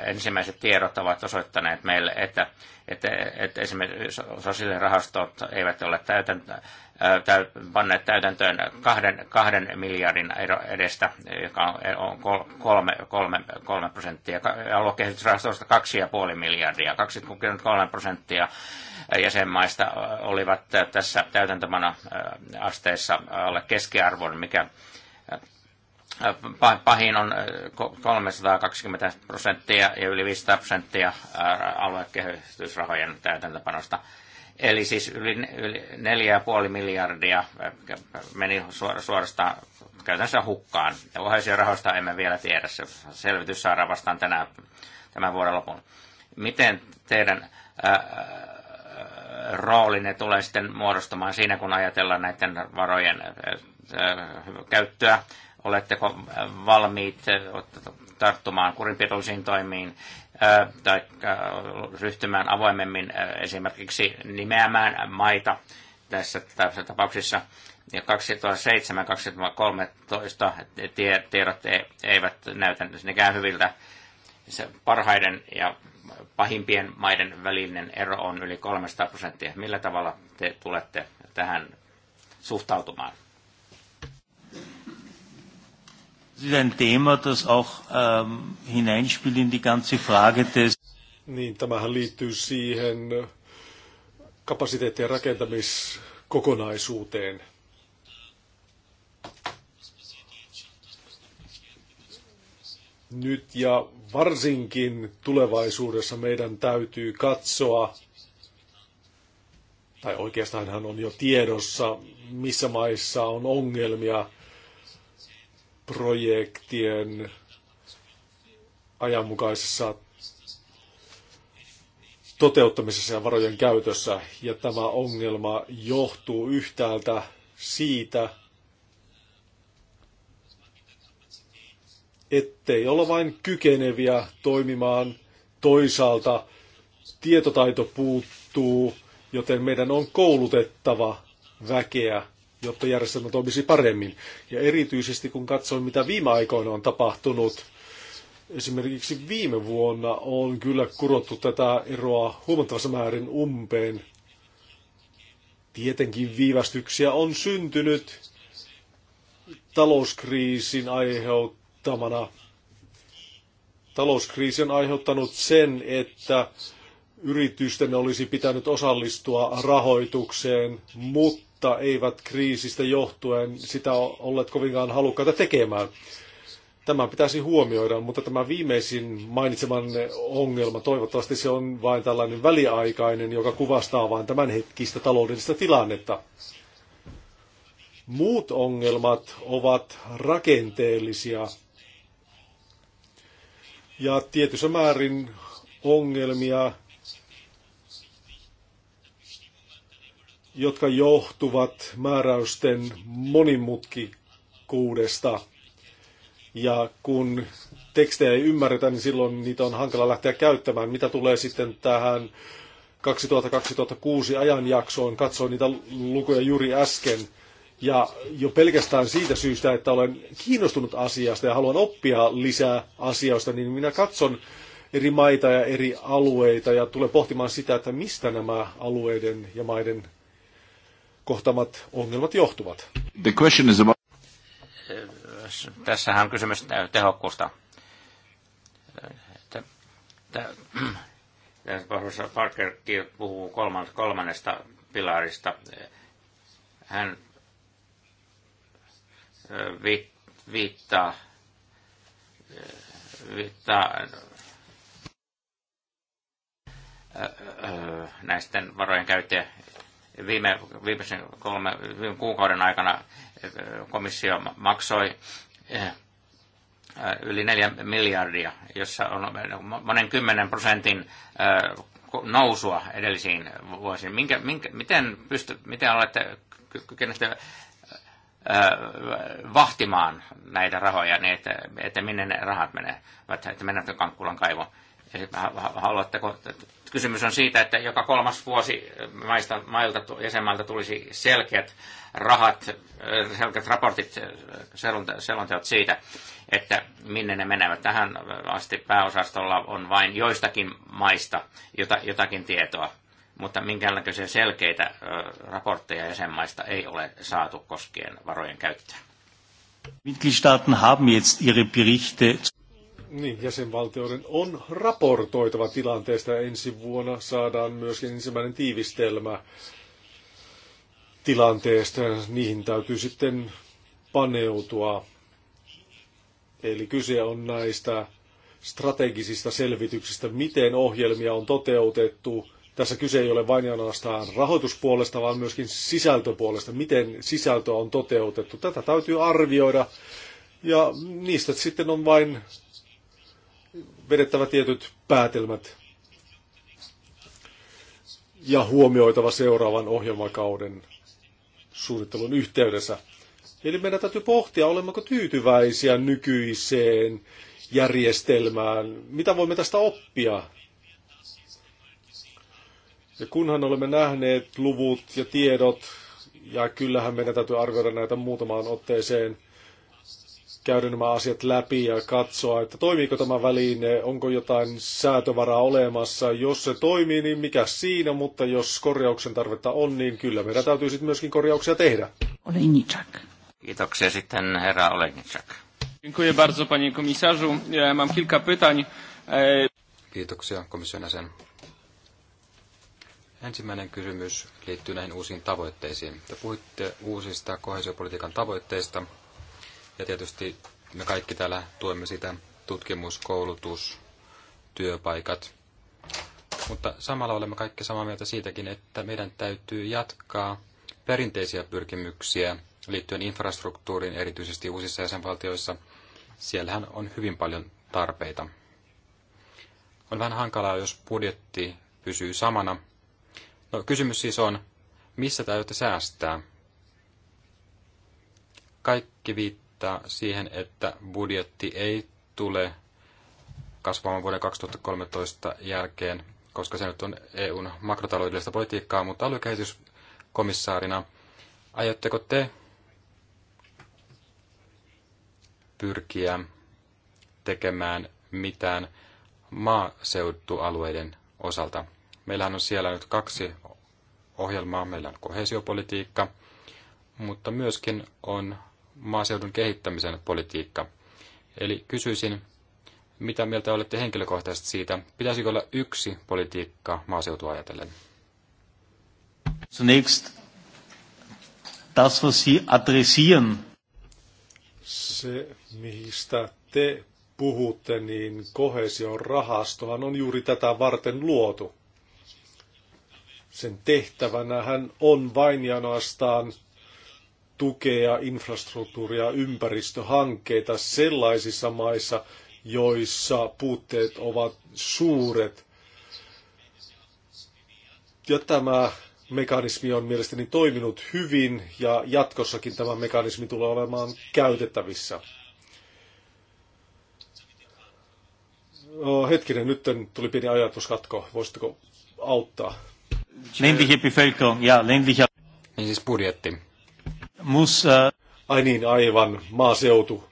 Ensimmäiset tiedot ovat osoittaneet meille, että, että, että esimerkiksi sosiaalirahastot eivät ole täytäntöön panneet täytäntöön kahden, kahden miljardin edestä, joka on kolme, kolme, kolme prosenttia, aluekehitysrahastosta kaksi ja puoli miljardia, 23 prosenttia jäsenmaista olivat tässä täytäntömana asteessa alle keskiarvon, mikä pahin on 320 prosenttia ja yli 500 prosenttia aluekehitysrahojen täytäntöpanosta Eli siis yli, yli 4,5 miljardia äh, meni suorastaan käytännössä hukkaan. Ja ohjaisia rahoista emme vielä tiedä. Se selvitys saadaan vastaan tänä, tämän vuoden lopun. Miten teidän ää, äh, äh, roolinne tulee sitten muodostumaan siinä, kun ajatellaan näiden varojen ää, käyttöä? Oletteko valmiit tarttumaan kurinpidollisiin toimiin tai ryhtymään avoimemmin esimerkiksi nimeämään maita tässä, tässä tapauksessa. Ja 2007-2013 tiedot e, eivät näytä nekään hyviltä. Se parhaiden ja pahimpien maiden välinen ero on yli 300 prosenttia. Millä tavalla te tulette tähän suhtautumaan? ist ein Thema, das auch ähm, hineinspielt in die ganze Frage des... Niin, tämähän liittyy siihen kapasiteettien rakentamiskokonaisuuteen. Nyt ja varsinkin tulevaisuudessa meidän täytyy katsoa, tai oikeastaan hän on jo tiedossa, missä maissa on ongelmia – projektien ajanmukaisessa toteuttamisessa ja varojen käytössä. Ja tämä ongelma johtuu yhtäältä siitä, ettei olla vain kykeneviä toimimaan. Toisaalta tietotaito puuttuu, joten meidän on koulutettava väkeä jotta järjestelmä toimisi paremmin. Ja erityisesti kun katsoin, mitä viime aikoina on tapahtunut, esimerkiksi viime vuonna on kyllä kurottu tätä eroa huomattavassa määrin umpeen. Tietenkin viivästyksiä on syntynyt talouskriisin aiheuttamana. Talouskriisi on aiheuttanut sen, että yritysten olisi pitänyt osallistua rahoitukseen, mutta mutta eivät kriisistä johtuen sitä olleet kovinkaan halukkaita tekemään. Tämä pitäisi huomioida, mutta tämä viimeisin mainitseman ongelma, toivottavasti se on vain tällainen väliaikainen, joka kuvastaa vain tämänhetkistä taloudellista tilannetta. Muut ongelmat ovat rakenteellisia ja tietyssä määrin ongelmia jotka johtuvat määräysten monimutkikuudesta. Ja kun tekstejä ei ymmärretä, niin silloin niitä on hankala lähteä käyttämään. Mitä tulee sitten tähän 2000-2006 ajanjaksoon, katsoin niitä lukuja juuri äsken. Ja jo pelkästään siitä syystä, että olen kiinnostunut asiasta ja haluan oppia lisää asioista, niin minä katson eri maita ja eri alueita ja tulen pohtimaan sitä, että mistä nämä alueiden ja maiden kohtaamat ongelmat johtuvat. The question is about... Tässähän on kysymys tehokkuusta. Professor Parker puhuu kolmannesta pilarista. Hän viittaa, viittaa näisten varojen käyttäjä Viime, viimeisen kolme viime kuukauden aikana eh, komissio maksoi eh, eh, yli neljä miljardia, jossa on monen kymmenen prosentin nousua edellisiin vuosiin. Minkä, minkä, miten, pysty, miten olette kykeneet vahtimaan näitä rahoja niin, että, että minne ne rahat menevät, että menevät kankkulan kaivoon? Haluatteko, kysymys on siitä, että joka kolmas vuosi maista, mailta, jäsenmailta tulisi selkeät rahat, selkeät raportit, selonteot siitä, että minne ne menevät. Tähän asti pääosastolla on vain joistakin maista jotakin tietoa, mutta minkäänlaisia selkeitä raportteja jäsenmaista ei ole saatu koskien varojen käyttöä. Mitgliedstaaten haben jetzt ihre Berichte niin, jäsenvaltioiden on raportoitava tilanteesta. Ensi vuonna saadaan myöskin ensimmäinen tiivistelmä tilanteesta. Niihin täytyy sitten paneutua. Eli kyse on näistä strategisista selvityksistä, miten ohjelmia on toteutettu. Tässä kyse ei ole vain ainoastaan rahoituspuolesta, vaan myöskin sisältöpuolesta, miten sisältöä on toteutettu. Tätä täytyy arvioida ja niistä sitten on vain vedettävä tietyt päätelmät ja huomioitava seuraavan ohjelmakauden suunnittelun yhteydessä. Eli meidän täytyy pohtia, olemmeko tyytyväisiä nykyiseen järjestelmään, mitä voimme tästä oppia. Ja kunhan olemme nähneet luvut ja tiedot, ja kyllähän meidän täytyy arvioida näitä muutamaan otteeseen, käydä nämä asiat läpi ja katsoa, että toimiiko tämä väline, onko jotain säätövaraa olemassa. Jos se toimii, niin mikä siinä, mutta jos korjauksen tarvetta on, niin kyllä meidän täytyy sitten myöskin korjauksia tehdä. Olejniczak. Kiitoksia sitten herra Olejniczak. Dziękuję bardzo panie komisarzu. Mam kilka pytań. E, Kiitoksia komission jäsen. Ensimmäinen kysymys liittyy näihin uusiin tavoitteisiin. Te puhuitte uusista kohesiopolitiikan tavoitteista, ja tietysti me kaikki täällä tuemme sitä tutkimus, koulutus, työpaikat. Mutta samalla olemme kaikki samaa mieltä siitäkin, että meidän täytyy jatkaa perinteisiä pyrkimyksiä liittyen infrastruktuuriin, erityisesti uusissa jäsenvaltioissa. Siellähän on hyvin paljon tarpeita. On vähän hankalaa, jos budjetti pysyy samana. No, kysymys siis on, missä täytyy säästää? Kaikki viittaa viittaa siihen, että budjetti ei tule kasvamaan vuoden 2013 jälkeen, koska se nyt on EUn makrotaloudellista politiikkaa, mutta aluekehityskomissaarina, aiotteko te pyrkiä tekemään mitään maaseutualueiden osalta? Meillähän on siellä nyt kaksi ohjelmaa. Meillä on kohesiopolitiikka, mutta myöskin on maaseudun kehittämisen politiikka. Eli kysyisin, mitä mieltä olette henkilökohtaisesti siitä? Pitäisikö olla yksi politiikka maaseutua ajatellen? Zunächst das, was Sie adressieren. Se, mistä te puhutte, niin kohesion rahastohan on juuri tätä varten luotu. Sen tehtävänä hän on vain ja ainoastaan tukea infrastruktuuria ja ympäristöhankkeita sellaisissa maissa, joissa puutteet ovat suuret. Ja tämä mekanismi on mielestäni toiminut hyvin ja jatkossakin tämä mekanismi tulee olemaan käytettävissä. Oh, hetkinen, nyt tuli pieni ajatuskatko. Voisitteko auttaa? Ländliche Bevölkerung, ja ländlicher... Niin siis budjetti Musa. Ai niin, aivan, maaseutu.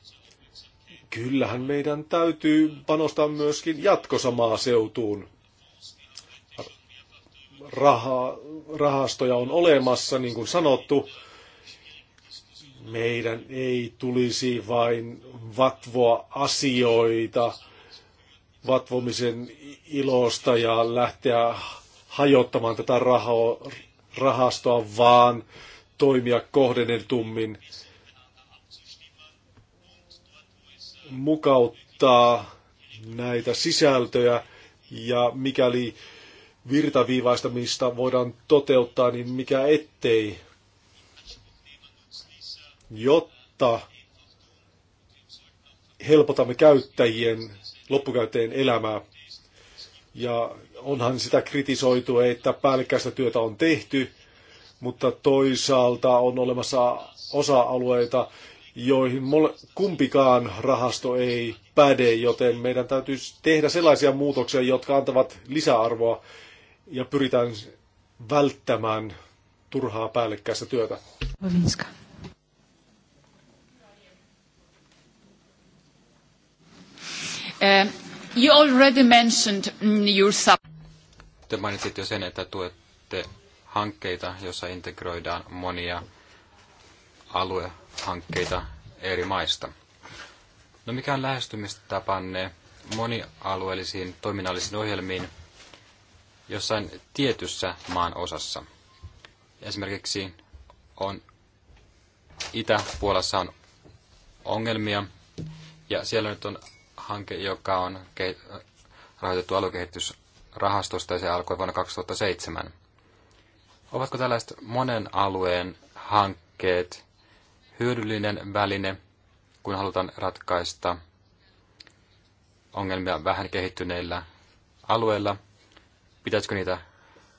Kyllähän meidän täytyy panostaa myöskin jatkossa maaseutuun. Raha, rahastoja on olemassa, niin kuin sanottu. Meidän ei tulisi vain vatvoa asioita vatvomisen ilosta ja lähteä hajottamaan tätä raho, rahastoa, vaan toimia kohdennetummin, mukauttaa näitä sisältöjä ja mikäli virtaviivaistamista voidaan toteuttaa, niin mikä ettei, jotta helpotamme käyttäjien, loppukäyttäjien elämää. Ja onhan sitä kritisoitu, että päällekkäistä työtä on tehty, mutta toisaalta on olemassa osa-alueita, joihin kumpikaan rahasto ei päde, joten meidän täytyy tehdä sellaisia muutoksia, jotka antavat lisäarvoa ja pyritään välttämään turhaa päällekkäistä työtä. Olinska. Uh, eh, you already mentioned mm, your sub- Te mainitsit jo sen, että tuette hankkeita, joissa integroidaan monia aluehankkeita eri maista. No mikä on lähestymistapanne monialueellisiin toiminnallisiin ohjelmiin jossain tietyssä maan osassa? Esimerkiksi on Itä-Puolassa on ongelmia ja siellä nyt on hanke, joka on rahoitettu aluekehitysrahastosta ja se alkoi vuonna 2007. Ovatko tällaiset monen alueen hankkeet hyödyllinen väline, kun halutaan ratkaista ongelmia vähän kehittyneillä alueilla? Pitäisikö niitä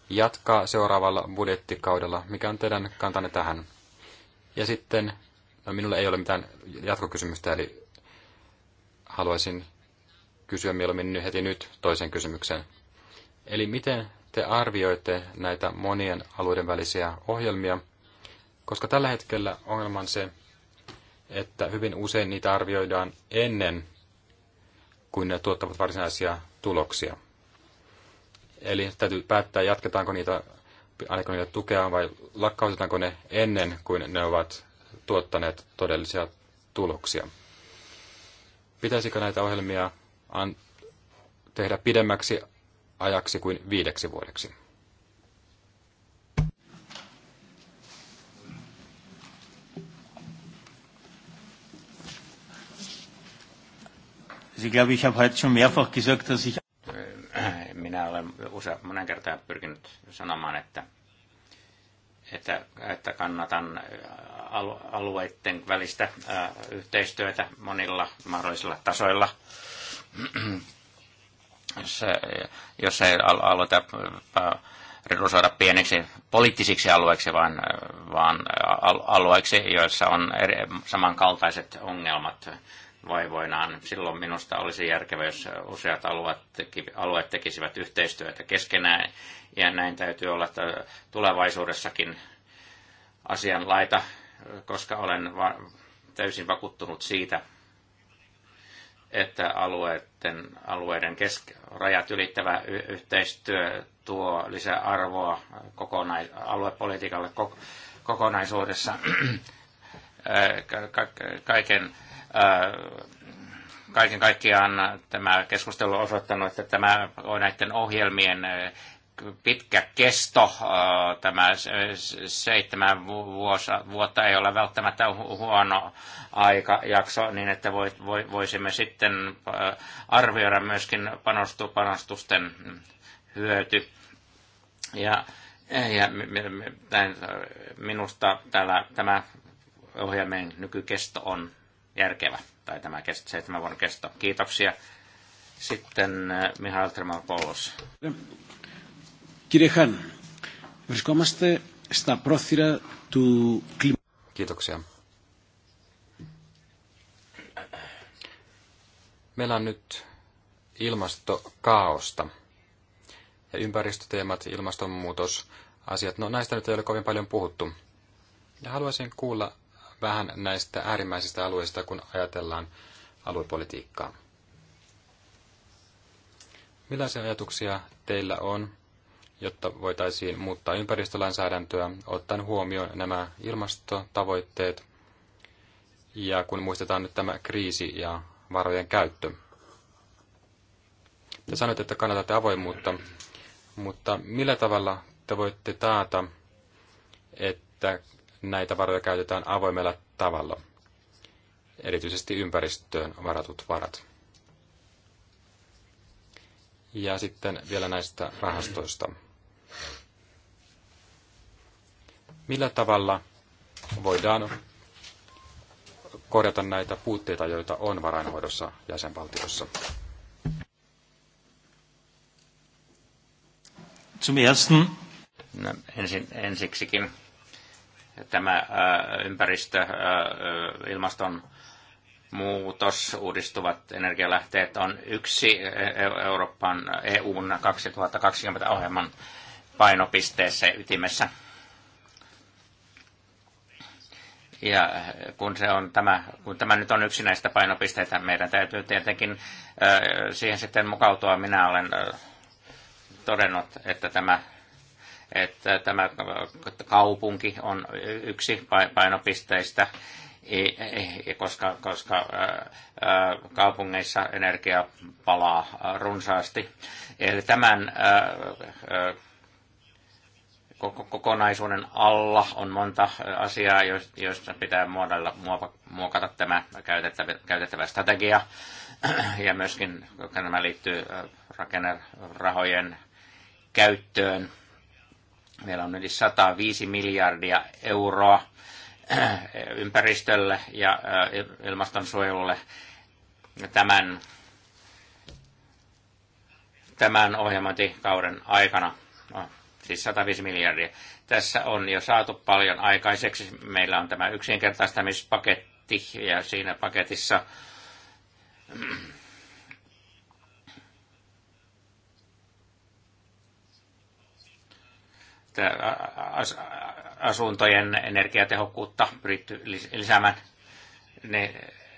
jatkaa seuraavalla budjettikaudella? Mikä on teidän kantanne tähän? Ja sitten, no minulla ei ole mitään jatkokysymystä, eli haluaisin kysyä mieluummin heti nyt toisen kysymyksen. Eli miten te arvioitte näitä monien alueiden välisiä ohjelmia? Koska tällä hetkellä ongelma on se, että hyvin usein niitä arvioidaan ennen kuin ne tuottavat varsinaisia tuloksia. Eli täytyy päättää, jatketaanko niitä, annetaanko niitä tukea vai lakkautetaanko ne ennen kuin ne ovat tuottaneet todellisia tuloksia. Pitäisikö näitä ohjelmia tehdä pidemmäksi ajaksi kuin viideksi vuodeksi. Minä olen usea, monen kertaan pyrkinyt sanomaan, että, että, että kannatan alueiden välistä yhteistyötä monilla mahdollisilla tasoilla se, jos ei aloita redusoida pieneksi poliittisiksi alueiksi, vaan, vaan alueiksi, joissa on eri, samankaltaiset ongelmat vaivoinaan. Silloin minusta olisi järkevää, jos useat alueet, alueet tekisivät yhteistyötä keskenään, ja näin täytyy olla tulevaisuudessakin asianlaita, koska olen täysin vakuuttunut siitä, että alueiden, alueiden kesk- rajat ylittävä y- yhteistyö tuo lisäarvoa kokonais, aluepolitiikalle kok- kokonaisuudessa ka- kaiken, kaiken kaikkiaan tämä keskustelu on osoittanut, että tämä on näiden ohjelmien pitkä kesto, äh, tämä seitsemän vuotta ei ole välttämättä huono aikajakso, niin että voisimme sitten äh, arvioida myöskin panostu, panostusten hyöty. Ja, ja äh, minusta täällä, tämä ohjelmien nykykesto on järkevä, tai tämä kesto, seitsemän vuoden kesto. Kiitoksia. Sitten Mihail Tremopoulos. Κύριε Χάν, βρισκόμαστε στα πρόθυρα του Kiitoksia. Meillä on nyt ilmastokaaosta. Ja ympäristöteemat, ilmastonmuutos, asiat, no näistä nyt ei ole kovin paljon puhuttu. Ja haluaisin kuulla vähän näistä äärimmäisistä alueista, kun ajatellaan aluepolitiikkaa. Millaisia ajatuksia teillä on jotta voitaisiin muuttaa ympäristölainsäädäntöä ottaen huomioon nämä ilmastotavoitteet ja kun muistetaan nyt tämä kriisi ja varojen käyttö. Te sanoitte, että kannatatte avoimuutta, mutta millä tavalla te voitte taata, että näitä varoja käytetään avoimella tavalla, erityisesti ympäristöön varatut varat? Ja sitten vielä näistä rahastoista. Millä tavalla voidaan korjata näitä puutteita, joita on varainhoidossa jäsenvaltioissa? ersten. No, ensin, ensiksikin tämä ä, äh, ympäristö, ä, äh, äh, ilmaston muutos, uudistuvat energialähteet on yksi e, e, Euroopan EUn 2020 ohjelman painopisteessä ytimessä. Ja kun, se on tämä, kun tämä nyt on yksi näistä painopisteitä, meidän täytyy tietenkin siihen sitten mukautua. Minä olen todennut, että tämä, että tämä kaupunki on yksi painopisteistä, koska, koska kaupungeissa energia palaa runsaasti. Eli tämän kokonaisuuden alla on monta asiaa, joista pitää muodella, muokata tämä käytettävä, käytettävä strategia. Ja myöskin nämä liittyy rakennerahojen käyttöön. Meillä on yli 105 miljardia euroa ympäristölle ja ilmastonsuojelulle tämän, tämän ohjelmointikauden aikana. No, siis 105 miljardia. Tässä on jo saatu paljon aikaiseksi. Meillä on tämä yksinkertaistamispaketti ja siinä paketissa asuntojen energiatehokkuutta pyritty lisäämään. Ne,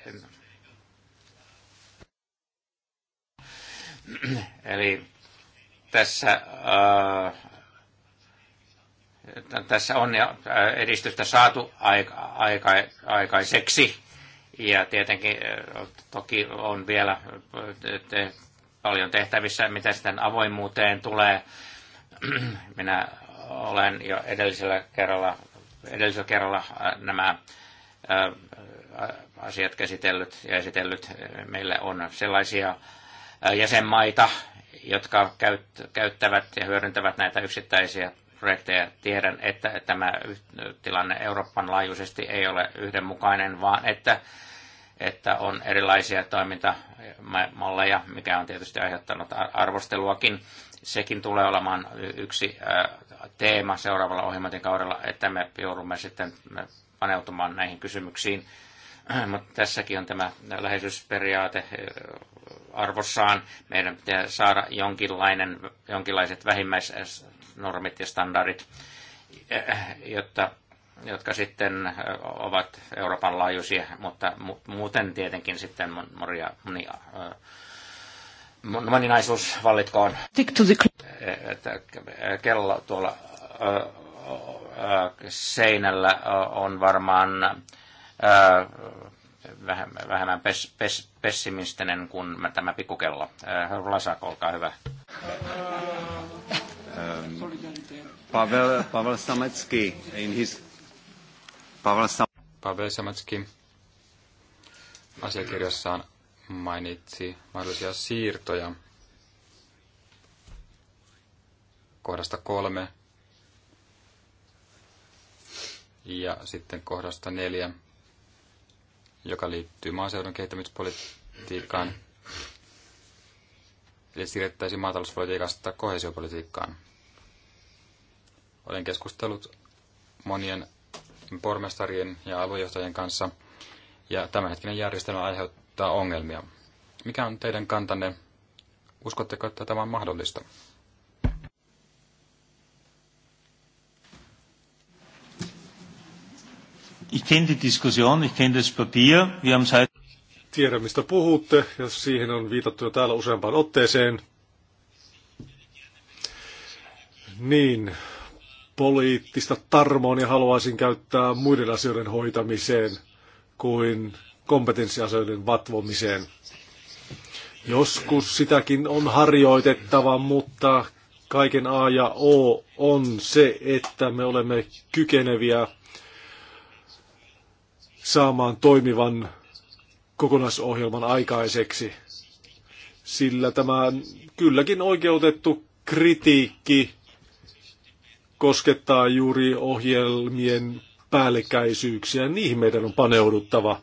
Eli tässä äh, tässä on äh, edistystä saatu aika, aika, aikaiseksi. Ja tietenkin äh, toki on vielä äh, paljon tehtävissä, mitä sitten avoimuuteen tulee. Minä olen jo edellisellä kerralla, edellisellä kerralla nämä asiat käsitellyt ja esitellyt. Meillä on sellaisia jäsenmaita, jotka käyttävät ja hyödyntävät näitä yksittäisiä projekteja. Tiedän, että tämä tilanne Euroopan laajuisesti ei ole yhdenmukainen, vaan että, että on erilaisia toimintamalleja, mikä on tietysti aiheuttanut arvosteluakin. Sekin tulee olemaan yksi teema seuraavalla ohjelmatin kaudella, että me joudumme sitten paneutumaan näihin kysymyksiin. Mutta tässäkin on tämä läheisyysperiaate arvossaan. Meidän pitää saada jonkinlainen, jonkinlaiset vähimmäis normit ja standardit, eh, jotta, jotka sitten eh, ovat Euroopan laajuisia, mutta muuten tietenkin sitten monia, monia eh, moninaisuus vallitkoon. Stick to the... Että kello tuolla seinällä on varmaan vähemmän pes, pes, pessimistinen kuin tämä pikkukello. Herra Lasak, olkaa hyvä. Pavel, Pavel Sametsky in his... Pavel, Sam... Pavel Sametsky asiakirjassaan mainitsi mahdollisia siirtoja kohdasta kolme ja sitten kohdasta neljä, joka liittyy maaseudun kehittämispolitiikkaan. Eli siirrettäisiin maatalouspolitiikasta kohesiopolitiikkaan. Olen keskustellut monien pormestarien ja aluejohtajien kanssa, ja tämänhetkinen järjestelmä aiheuttaa ongelmia. Mikä on teidän kantanne? Uskotteko, että tämä on mahdollista? Ich kenne die Diskussion, ich kenne das Papier. Wir haben seit Tiedän, mistä puhutte, ja siihen on viitattu jo täällä useampaan otteeseen. Niin, poliittista tarmoon haluaisin käyttää muiden asioiden hoitamiseen kuin kompetenssiasioiden vatvomiseen. Joskus sitäkin on harjoitettava, mutta kaiken A ja O on se, että me olemme kykeneviä saamaan toimivan kokonaisohjelman aikaiseksi. Sillä tämä kylläkin oikeutettu kritiikki koskettaa juuri ohjelmien päällekkäisyyksiä. Niihin meidän on paneuduttava.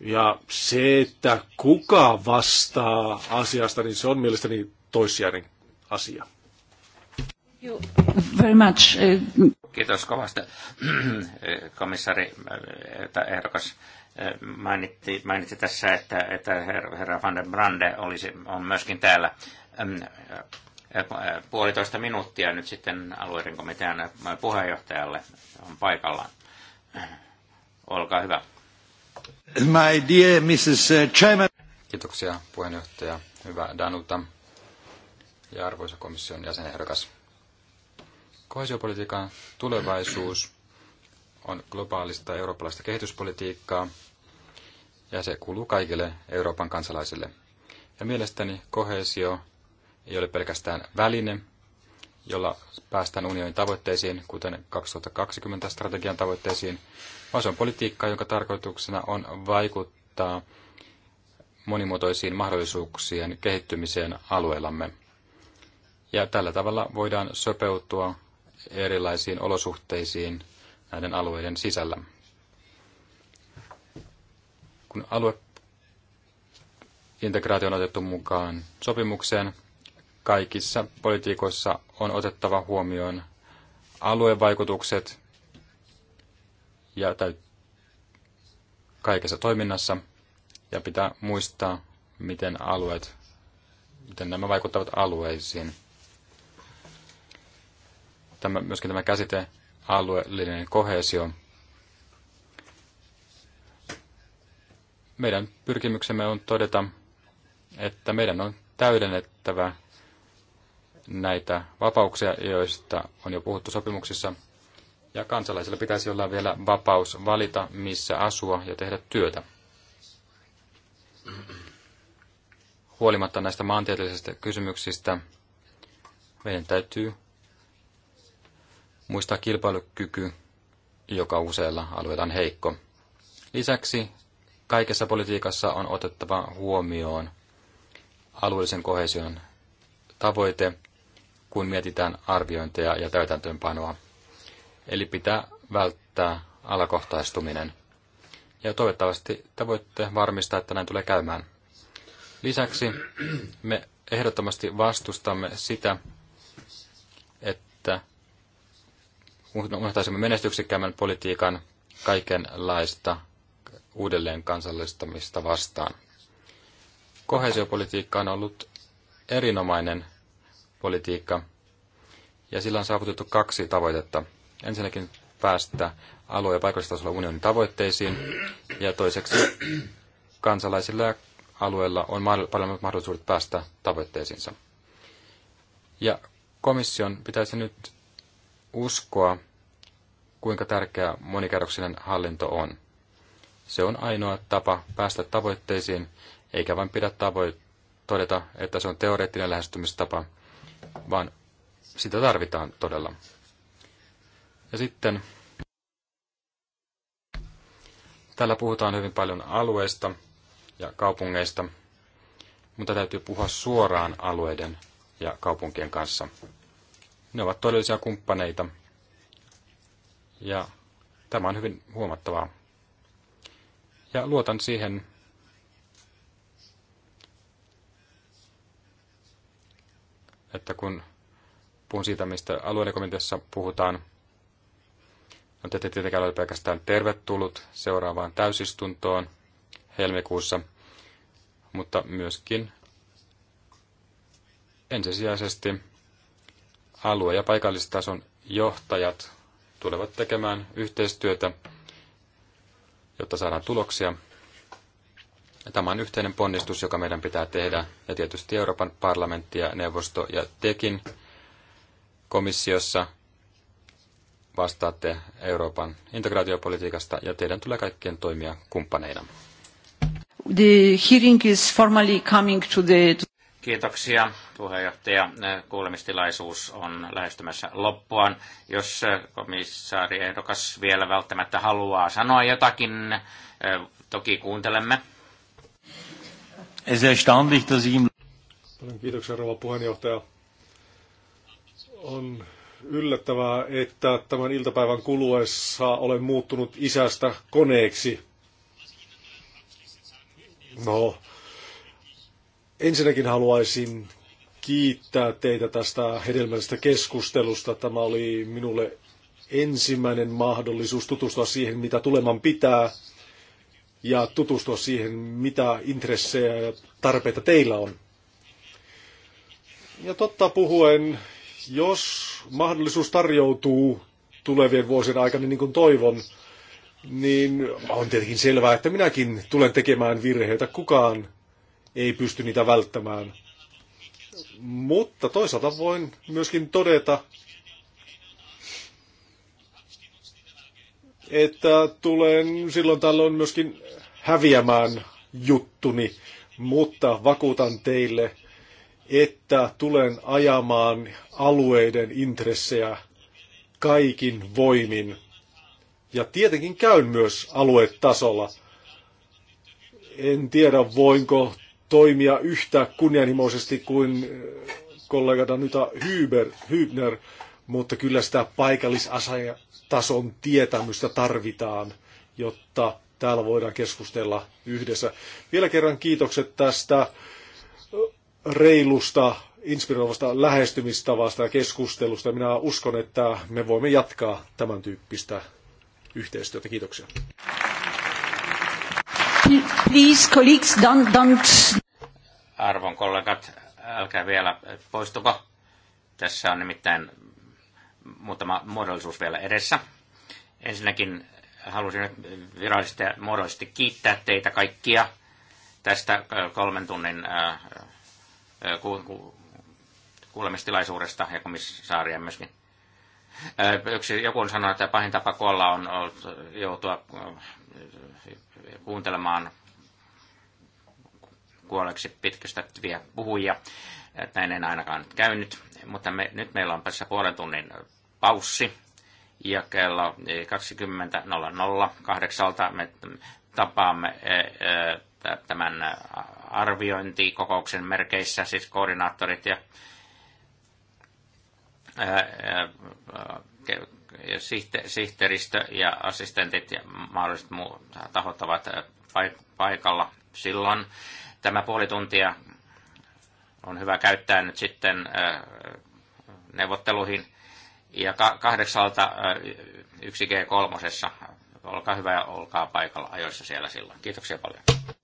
Ja se, että kuka vastaa asiasta, niin se on mielestäni toissijainen asia. Very much. Eh, Kiitos kovasti, komissari eh, tai ehdokas. Eh, mainitti, mainitsi tässä, että, että herra Van der Brande olisi, on myöskin täällä mm, puolitoista minuuttia nyt sitten alueiden komitean puheenjohtajalle on paikallaan. Olkaa hyvä. My dear Mrs. Uh, Chairman. Kiitoksia puheenjohtaja. Hyvä Danuta ja arvoisa komission jäsenehdokas. Kohesiopolitiikan tulevaisuus on globaalista eurooppalaista kehityspolitiikkaa ja se kuuluu kaikille Euroopan kansalaisille. Ja mielestäni kohesio ei ole pelkästään väline, jolla päästään unionin tavoitteisiin, kuten 2020 strategian tavoitteisiin, vaan se on politiikka, jonka tarkoituksena on vaikuttaa monimuotoisiin mahdollisuuksien kehittymiseen alueellamme. Ja tällä tavalla voidaan sopeutua erilaisiin olosuhteisiin näiden alueiden sisällä. Kun alue integraatio on otettu mukaan sopimukseen, kaikissa politiikoissa on otettava huomioon aluevaikutukset ja kaikessa toiminnassa ja pitää muistaa, miten alueet, miten nämä vaikuttavat alueisiin. Tämä, myöskin tämä käsite alueellinen kohesio. Meidän pyrkimyksemme on todeta, että meidän on täydennettävä näitä vapauksia, joista on jo puhuttu sopimuksissa. Ja kansalaisilla pitäisi olla vielä vapaus valita, missä asua ja tehdä työtä. Huolimatta näistä maantieteellisistä kysymyksistä, meidän täytyy muistaa kilpailukyky, joka useilla alueilla on heikko. Lisäksi kaikessa politiikassa on otettava huomioon alueellisen kohesion tavoite kun mietitään arviointeja ja täytäntöönpanoa. Eli pitää välttää alakohtaistuminen. Ja toivottavasti te voitte varmistaa, että näin tulee käymään. Lisäksi me ehdottomasti vastustamme sitä, että unohtaisimme menestyksekkäämmän politiikan kaikenlaista uudelleen kansallistamista vastaan. Kohesiopolitiikka on ollut erinomainen politiikka. Ja sillä on saavutettu kaksi tavoitetta. Ensinnäkin päästä alue- ja paikallistasolla unionin tavoitteisiin, ja toiseksi kansalaisilla ja alueilla on paljon mahdollisuudet päästä tavoitteisiinsa. Ja komission pitäisi nyt uskoa, kuinka tärkeä monikerroksinen hallinto on. Se on ainoa tapa päästä tavoitteisiin, eikä vain pidä tavoitteisiin todeta, että se on teoreettinen lähestymistapa, vaan sitä tarvitaan todella. Ja sitten täällä puhutaan hyvin paljon alueista ja kaupungeista, mutta täytyy puhua suoraan alueiden ja kaupunkien kanssa. Ne ovat todellisia kumppaneita ja tämä on hyvin huomattavaa. Ja luotan siihen, että kun puhun siitä, mistä alueiden komiteassa puhutaan, no te tietenkään ole pelkästään tervetullut seuraavaan täysistuntoon helmikuussa, mutta myöskin ensisijaisesti alue- ja paikallistason johtajat tulevat tekemään yhteistyötä, jotta saadaan tuloksia. Tämä on yhteinen ponnistus, joka meidän pitää tehdä, ja tietysti Euroopan parlamentti ja neuvosto ja tekin komissiossa vastaatte Euroopan integraatiopolitiikasta, ja teidän tulee kaikkien toimia kumppaneina. The hearing is formally coming to the... Kiitoksia puheenjohtaja. Kuulemistilaisuus on lähestymässä loppuaan. Jos komissaari ehdokas vielä välttämättä haluaa sanoa jotakin, eh, toki kuuntelemme. Es erstaunlich, dass ich im... kiitoksia, rouva puheenjohtaja. On yllättävää, että tämän iltapäivän kuluessa olen muuttunut isästä koneeksi. No, ensinnäkin haluaisin kiittää teitä tästä hedelmällisestä keskustelusta. Tämä oli minulle ensimmäinen mahdollisuus tutustua siihen, mitä tuleman pitää ja tutustua siihen, mitä intressejä ja tarpeita teillä on. Ja totta puhuen, jos mahdollisuus tarjoutuu tulevien vuosien aikana niin kuin toivon, niin on tietenkin selvää, että minäkin tulen tekemään virheitä. Kukaan ei pysty niitä välttämään. Mutta toisaalta voin myöskin todeta, että tulen silloin tällöin myöskin häviämään juttuni, mutta vakuutan teille, että tulen ajamaan alueiden intressejä kaikin voimin. Ja tietenkin käyn myös aluetasolla. En tiedä, voinko toimia yhtä kunnianhimoisesti kuin kollega Danuta Hübner, mutta kyllä sitä paikallisasiaa tason tietämystä tarvitaan, jotta täällä voidaan keskustella yhdessä. Vielä kerran kiitokset tästä reilusta, inspiroivasta lähestymistavasta ja keskustelusta. Minä uskon, että me voimme jatkaa tämän tyyppistä yhteistyötä. Kiitoksia. Please, colleagues, don't, don't. Arvon kollegat, älkää vielä poistuko. Tässä on nimittäin muutama muodollisuus vielä edessä. Ensinnäkin halusin virallisesti ja muodollisesti kiittää teitä kaikkia tästä äh, kolmen tunnin äh, äh, kuulemistilaisuudesta ja komissaaria myöskin. Yksi, joku on sanonut, että pahin tapa kuolla on joutua kuuntelemaan kuolleeksi pitkästä puhujia. Näin en ainakaan käynyt mutta me, nyt meillä on tässä puolen tunnin äh, paussi ja kello 20.00 eh, kahdeksalta me tapaamme eh, eh, tämän äh, arviointikokouksen merkeissä, siis koordinaattorit ja sihteeristö ja assistentit ja mahdolliset muut tahot ovat paikalla silloin. Tämä puoli tuntia on hyvä käyttää nyt sitten neuvotteluihin. Ja kahdeksalta yksi G3. Olkaa hyvä ja olkaa paikalla ajoissa siellä silloin. Kiitoksia paljon.